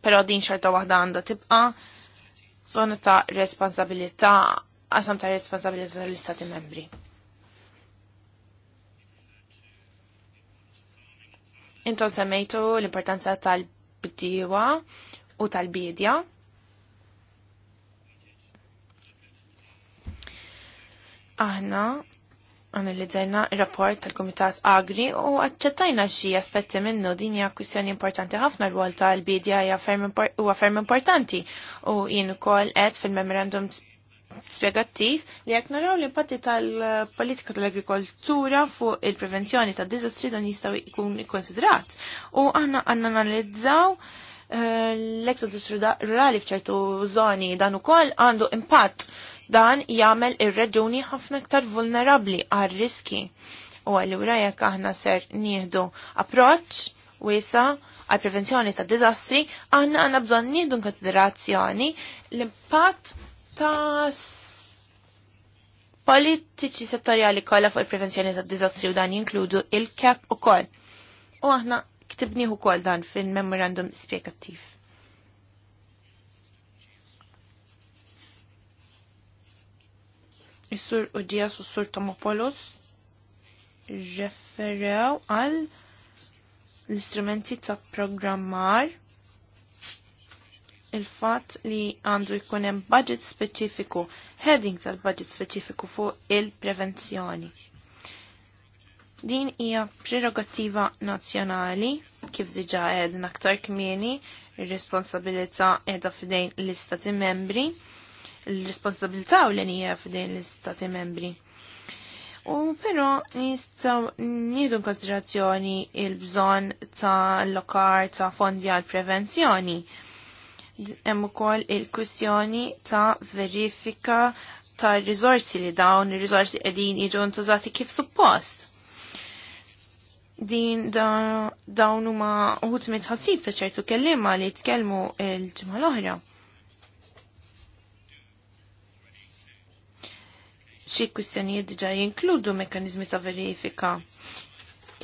Però din xorta waħda għandha tibqa' zona ta' responsabilità qasam ta' responsabilità tal-Istati membri. Intom semmejtu l-importanza tal- tal-bdiewa u tal-bidja. Aħna analizzajna il-rapport tal-Komitat Agri u għadċettajna xi aspetti minnu din hija kwistjoni importanti ħafna rwol tal-bidja huwa ferm importanti u jien kol għed fil-memorandum spjegattiv li jekk naraw l-impatti tal-politika tal-agrikoltura fuq il-prevenzjoni ta' dizastri dan jistgħu ikun konsiderat. U aħna għandna analizzaw eh, l-exodus rurali f'ċertu zoni dan ukoll għandu impatt dan jagħmel ir-reġuni ħafna iktar vulnerabbli għal riski. U għallura jekk aħna ser nieħdu approċċ wiesa għal prevenzjoni ta' dizastri, għanna għandna bżonn nieħdu konsiderazzjoni l-impatt ta' politiċi settorjali kollha fuq il-prevenzjoni ta' diżastri u dan jinkludu il-kep u koll. U aħna ktibniħu koll dan fin memorandum spiegattiv. Is-sur ġijas u s-sur Tomopolos referew għal l-istrumenti ta' programmar il-fat li għandu jkun hemm budget speċifiku, heading tal-budget speċifiku fuq il-prevenzjoni. Din hija prerogattiva nazzjonali kif diġà qegħdin aktar kmieni, ir-responsabilità qiegħda f'idejn l-istati membri, l-responsabilità u l hija f'idejn l-istati membri. U però nistgħu nieħdu konsiderazzjoni il-bżonn ta' lokar ta' fondi għal prevenzjoni hemm ukoll il-kwistjoni ta' verifika ta' riżorsi li dawn ir-riżorsi qegħdin jiġu ntużati kif suppost. Din dawn huma uħut mitħassib ta' ċertu kelliema li tkellmu l-ġimgħa l-oħra. Xi kwistjonijiet diġà jinkludu mekkaniżmi ta' verifika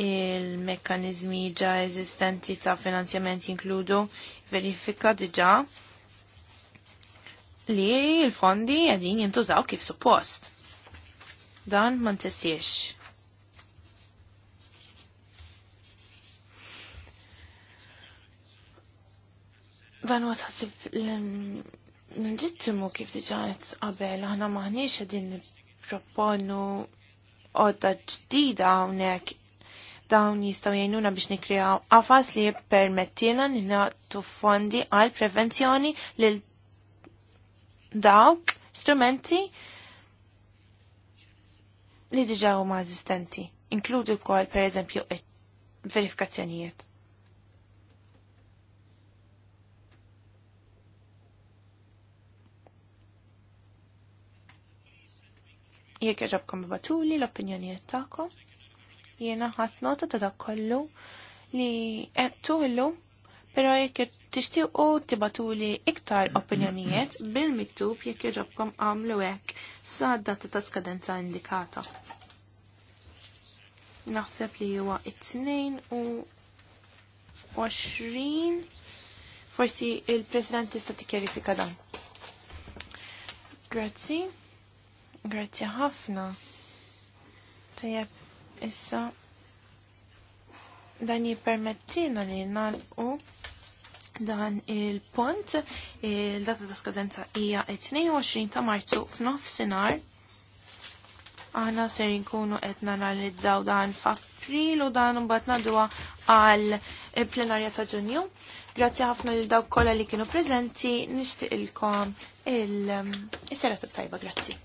il-mekkanizmi ġa eżistenti ta' finanzjament jinkludu verifika diġa li il-fondi għedin jintużaw kif suppost. Dan man tessiex. Dan għat għasib l-ġittimu kif diġa għet qabel, ħana maħniex għedin proponu għodda ġdida għonek Dawn jistaw jajnuna biex nikrijaw għafas li permettina ninaqtu fondi għal prevenzjoni lil dawk strumenti li diġaw huma eżistenti, inkludu wkoll pereżempju e- verifikazzjonijiet. jek jaġabkom bibatuli l-opinjonijiet ta'kom jiena ħadd nota ta' dak kollu li qedtu illu, pero jekk u tibatuli iktar opinjonijiet bil-miktub jekk jġobkom għamlu hekk sa data ta' skadenza indikata. Naħseb li huwa it-tnejn u 20 forsi il-President tista' tikkjerifika dan. Grazzi. Grazzi ħafna. Tajjeb Issa dan jipermettina li nalqu dan il-pont il-data ta' skadenza hija 22 ta' Marzu f'nofsinhar. Aħna ser jinkunu qed nanalizzaw dan f'April u dan imbagħad nadwa għal plenarja ta' Ġunju. Grazzi ħafna lil dawk kollha li kienu preżenti, nixtieq ilkom il-serata tajba, grazzi.